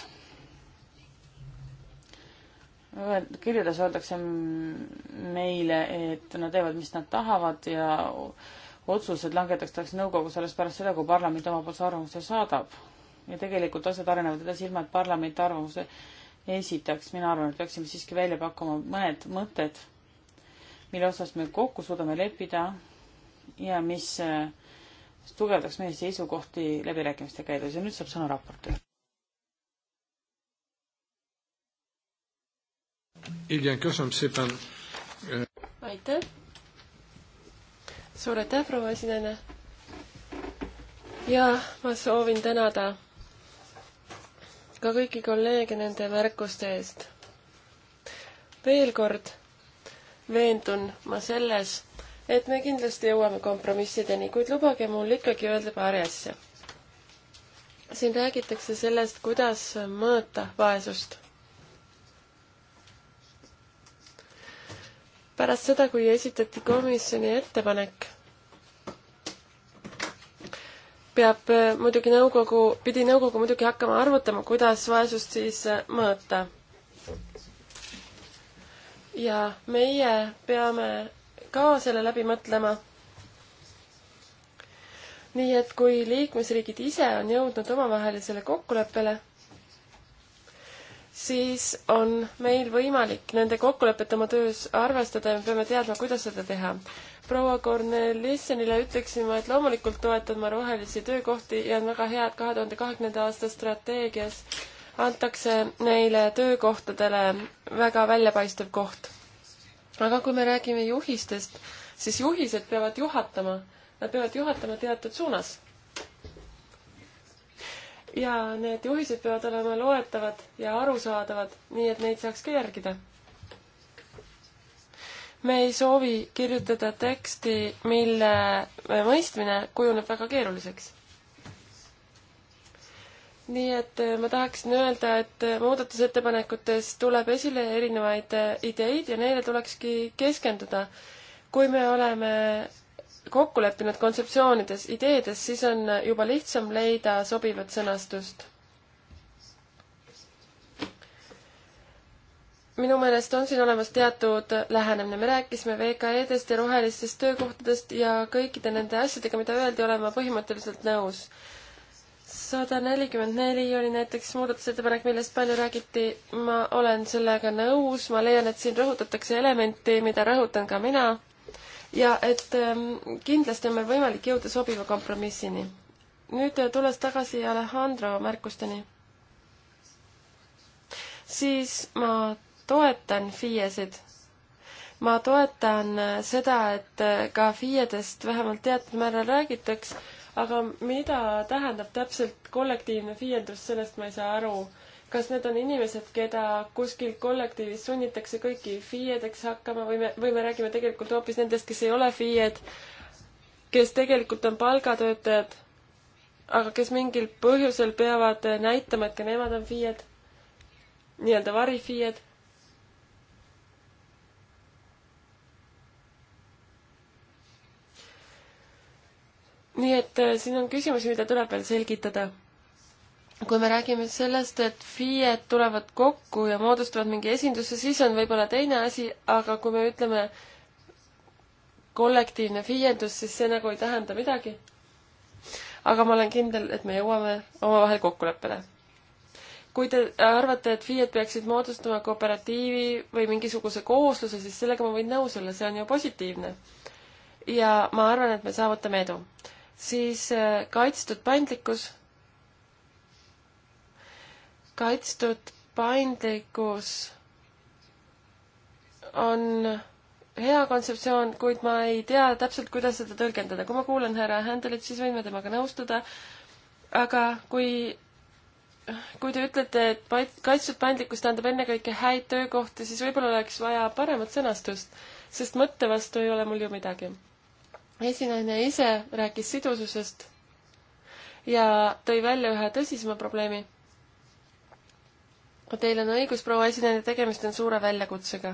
kirjades öeldakse meile, et nad teevad, mis nad tahavad ja otsused langetatakse nõukogu alles pärast seda, kui parlament omapoolse arvamuse saadab. ja tegelikult asjad arenevad edasi ilma, et parlament arvamuse esitaks. mina arvan, et peaksime siiski välja pakkuma mõned mõtted, mille osas me kokku suudame leppida ja mis äh, tugevdaks meie seisukohti läbirääkimiste käigus ja nüüd saab sõna raportöör. Eh eh, aitäh suur aitäh, proua esinaine! ja ma soovin tänada ka kõiki kolleege nende märkuste eest. veel kord veendun ma selles, et me kindlasti jõuame kompromissideni, kuid lubage mul ikkagi öelda paari asja. siin räägitakse sellest, kuidas mõõta vaesust pärast seda, kui esitati komisjoni ettepanek, peab äh, muidugi nõukogu, pidi nõukogu muidugi hakkama arvutama, kuidas vaesust siis äh, mõõta. ja meie peame ka selle läbi mõtlema nii et kui liikmesriigid ise on jõudnud omavahelisele kokkuleppele, siis on meil võimalik nende kokkulepet oma töös arvestada ja me peame teadma, kuidas seda teha. proua Kornelissenile ütleksin ma, et loomulikult toetan ma rohelisi töökohti ja on väga hea, et kahe tuhande kahekümnenda aasta strateegias antakse neile töökohtadele väga väljapaistev koht. aga kui me räägime juhistest, siis juhised peavad juhatama, nad peavad juhatama teatud suunas ja need juhised peavad olema loetavad ja arusaadavad, nii et neid saaks ka järgida. me ei soovi kirjutada teksti, mille mõistmine kujuneb väga keeruliseks nii et eh, ma tahaksin öelda, et eh, muudatusettepanekutes tuleb esile erinevaid eh, ideid ja neile tulekski keskenduda. kui me oleme kokku leppinud kontseptsioonides, ideedes, siis on juba lihtsam leida sobivat sõnastust. minu meelest on siin olemas teatud lähenemine, me rääkisime VKE-dest ja rohelistest töökohtadest ja kõikide nende asjadega, mida öeldi, olen ma põhimõtteliselt nõus. sada nelikümmend neli oli näiteks muudatusettepanek, millest palju räägiti, ma olen sellega nõus, ma leian, et siin rõhutatakse elementi, mida rõhutan ka mina ja et ähm, kindlasti on meil võimalik jõuda sobiva kompromissini. nüüd äh, tulles tagasi Alejandro märkusteni, siis ma toetan FIE-sid. ma toetan äh, seda, et äh, ka FIE-dest vähemalt teatud määral räägitaks, aga mida tähendab täpselt kollektiivne FIE-ndus, sellest ma ei saa aru kas need on inimesed, keda kuskil kollektiivis sunnitakse kõiki FIE-deks hakkama või me, või me räägime tegelikult hoopis nendest, kes ei ole FIE-d, kes tegelikult on palgatöötajad, aga kes mingil põhjusel peavad näitama, et ka nemad on FIE-d, nii-öelda variFIE-d nii et äh, siin on küsimusi, mida tuleb veel selgitada kui me räägime sellest, et FIE-d tulevad kokku ja moodustavad mingi esinduse, siis on võib-olla teine asi, aga kui me ütleme kollektiivne FIE-ndus, siis see nagu ei tähenda midagi. aga ma olen kindel, et me jõuame omavahel kokkuleppele. kui te arvate, et FIE-d peaksid moodustama kooperatiivi või mingisuguse koosluse, siis sellega ma võin nõus olla, see on ju positiivne. ja ma arvan, et me saavutame edu. siis äh, kaitstud paindlikkus kaitstud paindlikkus on hea kontseptsioon, kuid ma ei tea täpselt, kuidas seda tõlgendada. kui ma kuulan härra Händelit, siis võin ma temaga nõustuda, aga kui, kui te ütlete, et kaitstud paindlikkus tähendab ennekõike häid töökohti, siis võib-olla oleks vaja paremat sõnastust, sest mõtte vastu ei ole mul ju midagi. esinaine ise rääkis sidususest ja tõi välja ühe tõsisema probleemi Teil on õigus, proua esineja, tegemist on suure väljakutsega.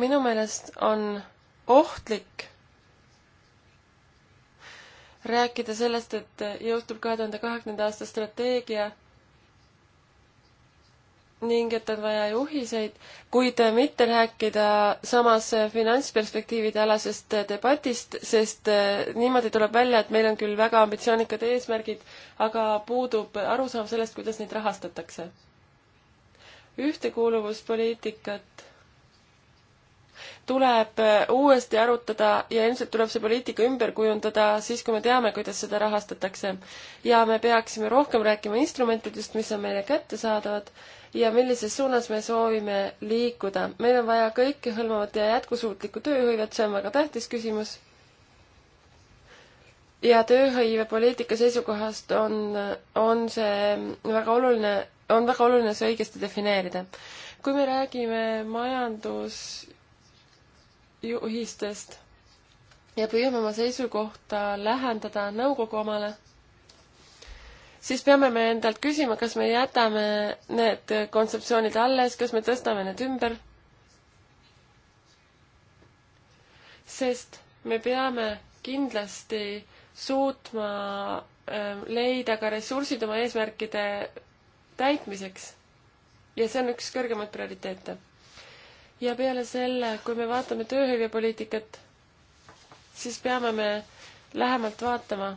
minu meelest on ohtlik rääkida sellest, et jõustub kahe tuhande kahekümnenda aasta strateegia ning et on vaja juhiseid, kuid mitte rääkida samas finantsperspektiivide alasest debatist, sest niimoodi tuleb välja, et meil on küll väga ambitsioonikad eesmärgid, aga puudub arusaam sellest, kuidas neid rahastatakse ühtekuuluvuspoliitikat tuleb uuesti arutada ja ilmselt tuleb see poliitika ümber kujundada siis, kui me teame, kuidas seda rahastatakse. ja me peaksime rohkem rääkima instrumentidest, mis on meile kättesaadavad ja millises suunas me soovime liikuda. meil on vaja kõikehõlmavat ja jätkusuutlikku tööhõivet, see on väga tähtis küsimus. ja tööhõivepoliitika seisukohast on, on see väga oluline on väga oluline see õigesti defineerida. kui me räägime majandusjuhistest ja püüame oma seisukohta lähendada nõukogu omale, siis peame me endalt küsima, kas me jätame need kontseptsioonid alles, kas me tõstame need ümber. sest me peame kindlasti suutma ähm, leida ka ressursid oma eesmärkide täitmiseks. ja see on üks kõrgemaid prioriteete. ja peale selle, kui me vaatame tööhõivepoliitikat, siis peame me lähemalt vaatama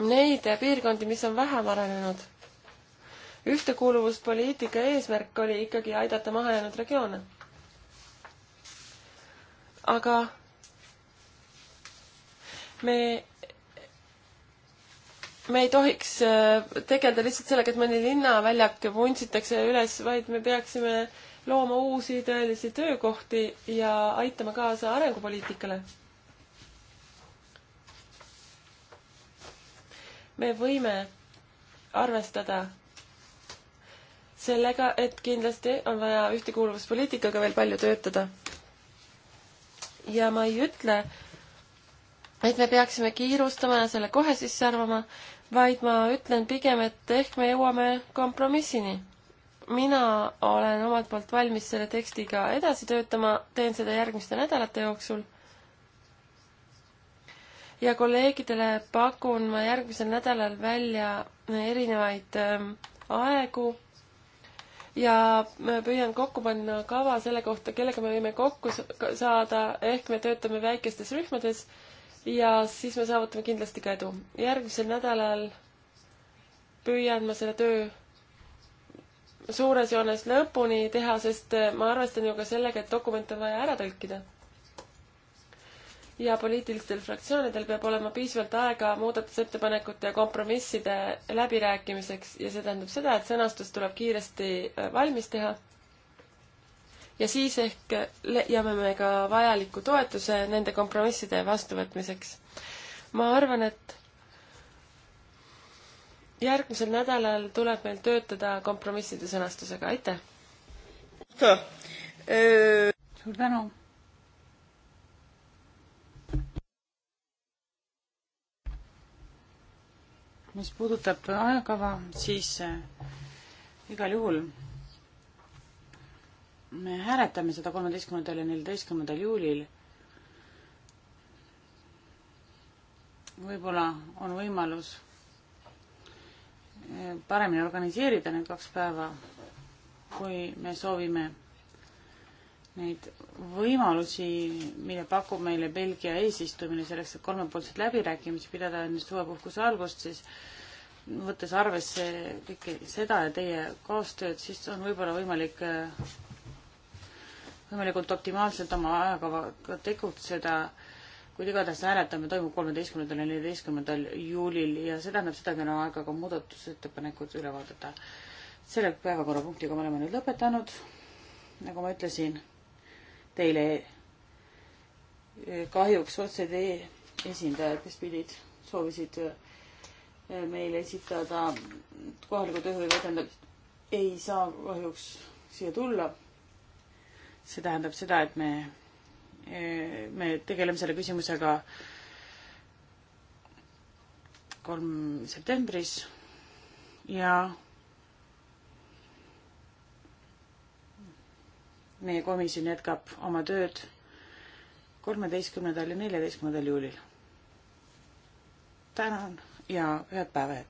neid piirkondi, mis on vähem arenenud. ühtekuuluvuspoliitika eesmärk oli ikkagi aidata mahajäänud regioone. aga me me ei tohiks äh, tegeleda lihtsalt sellega, et mõni linnaväljak vuntsitakse üles, vaid me peaksime looma uusi tõelisi töökohti ja aitama kaasa arengupoliitikale. me võime arvestada sellega, et kindlasti on vaja ühtekuuluvuspoliitikaga veel palju töötada. ja ma ei ütle, et me peaksime kiirustama ja selle kohe sisse arvama, vaid ma ütlen pigem, et ehk me jõuame kompromissini. mina olen omalt poolt valmis selle tekstiga edasi töötama, teen seda järgmiste nädalate jooksul. ja kolleegidele pakun ma järgmisel nädalal välja erinevaid ähm, aegu ja püüan kokku panna kava selle kohta, kellega me võime kokku saada, ehk me töötame väikestes rühmades ja siis me saavutame kindlasti ka edu. järgmisel nädalal püüan ma selle töö suures joones lõpuni teha, sest ma arvestan ju ka sellega, et dokument on vaja ära tõlkida. ja poliitilistel fraktsioonidel peab olema piisavalt aega muudatusettepanekute ja kompromisside läbirääkimiseks ja see tähendab seda, et sõnastus tuleb kiiresti valmis teha ja siis ehk leiame me ka vajaliku toetuse nende kompromisside vastuvõtmiseks. ma arvan, et järgmisel nädalal tuleb meil töötada kompromisside sõnastusega, aitäh! Äh. suur tänu! mis puudutab ajakava, siis äh, igal juhul me hääletame seda kolmeteistkümnendal ja neljateistkümnendal juulil. võib-olla on võimalus eh, paremini organiseerida need kaks päeva, kui me soovime neid võimalusi, mida pakub meile Belgia eesistumine selleks, et kolmepoolseid läbirääkimisi pidada enne suvepuhkuse algust, siis võttes arvesse kõike seda ja teie koostööd, siis on võib-olla võimalik eh, võimalikult optimaalselt oma ajakavaga tegutseda, kuid igatahes hääletamine toimub kolmeteistkümnendal ja neljateistkümnendal juulil ja see tähendab seda, et meil on aega ka muudatusettepanekud üle vaadata. selle päevakorrapunktiga me oleme nüüd lõpetanud. nagu ma ütlesin teile kahjuks OCD esindajad, kes pidid, soovisid eh, meile esitada kohaliku tööhõive edendamist, ei saa kahjuks siia tulla see tähendab seda, et me, me tegeleme selle küsimusega kolm septembris ja meie komisjon jätkab oma tööd kolmeteistkümnendal ja neljateistkümnendal juulil. tänan ja head päeva jätku!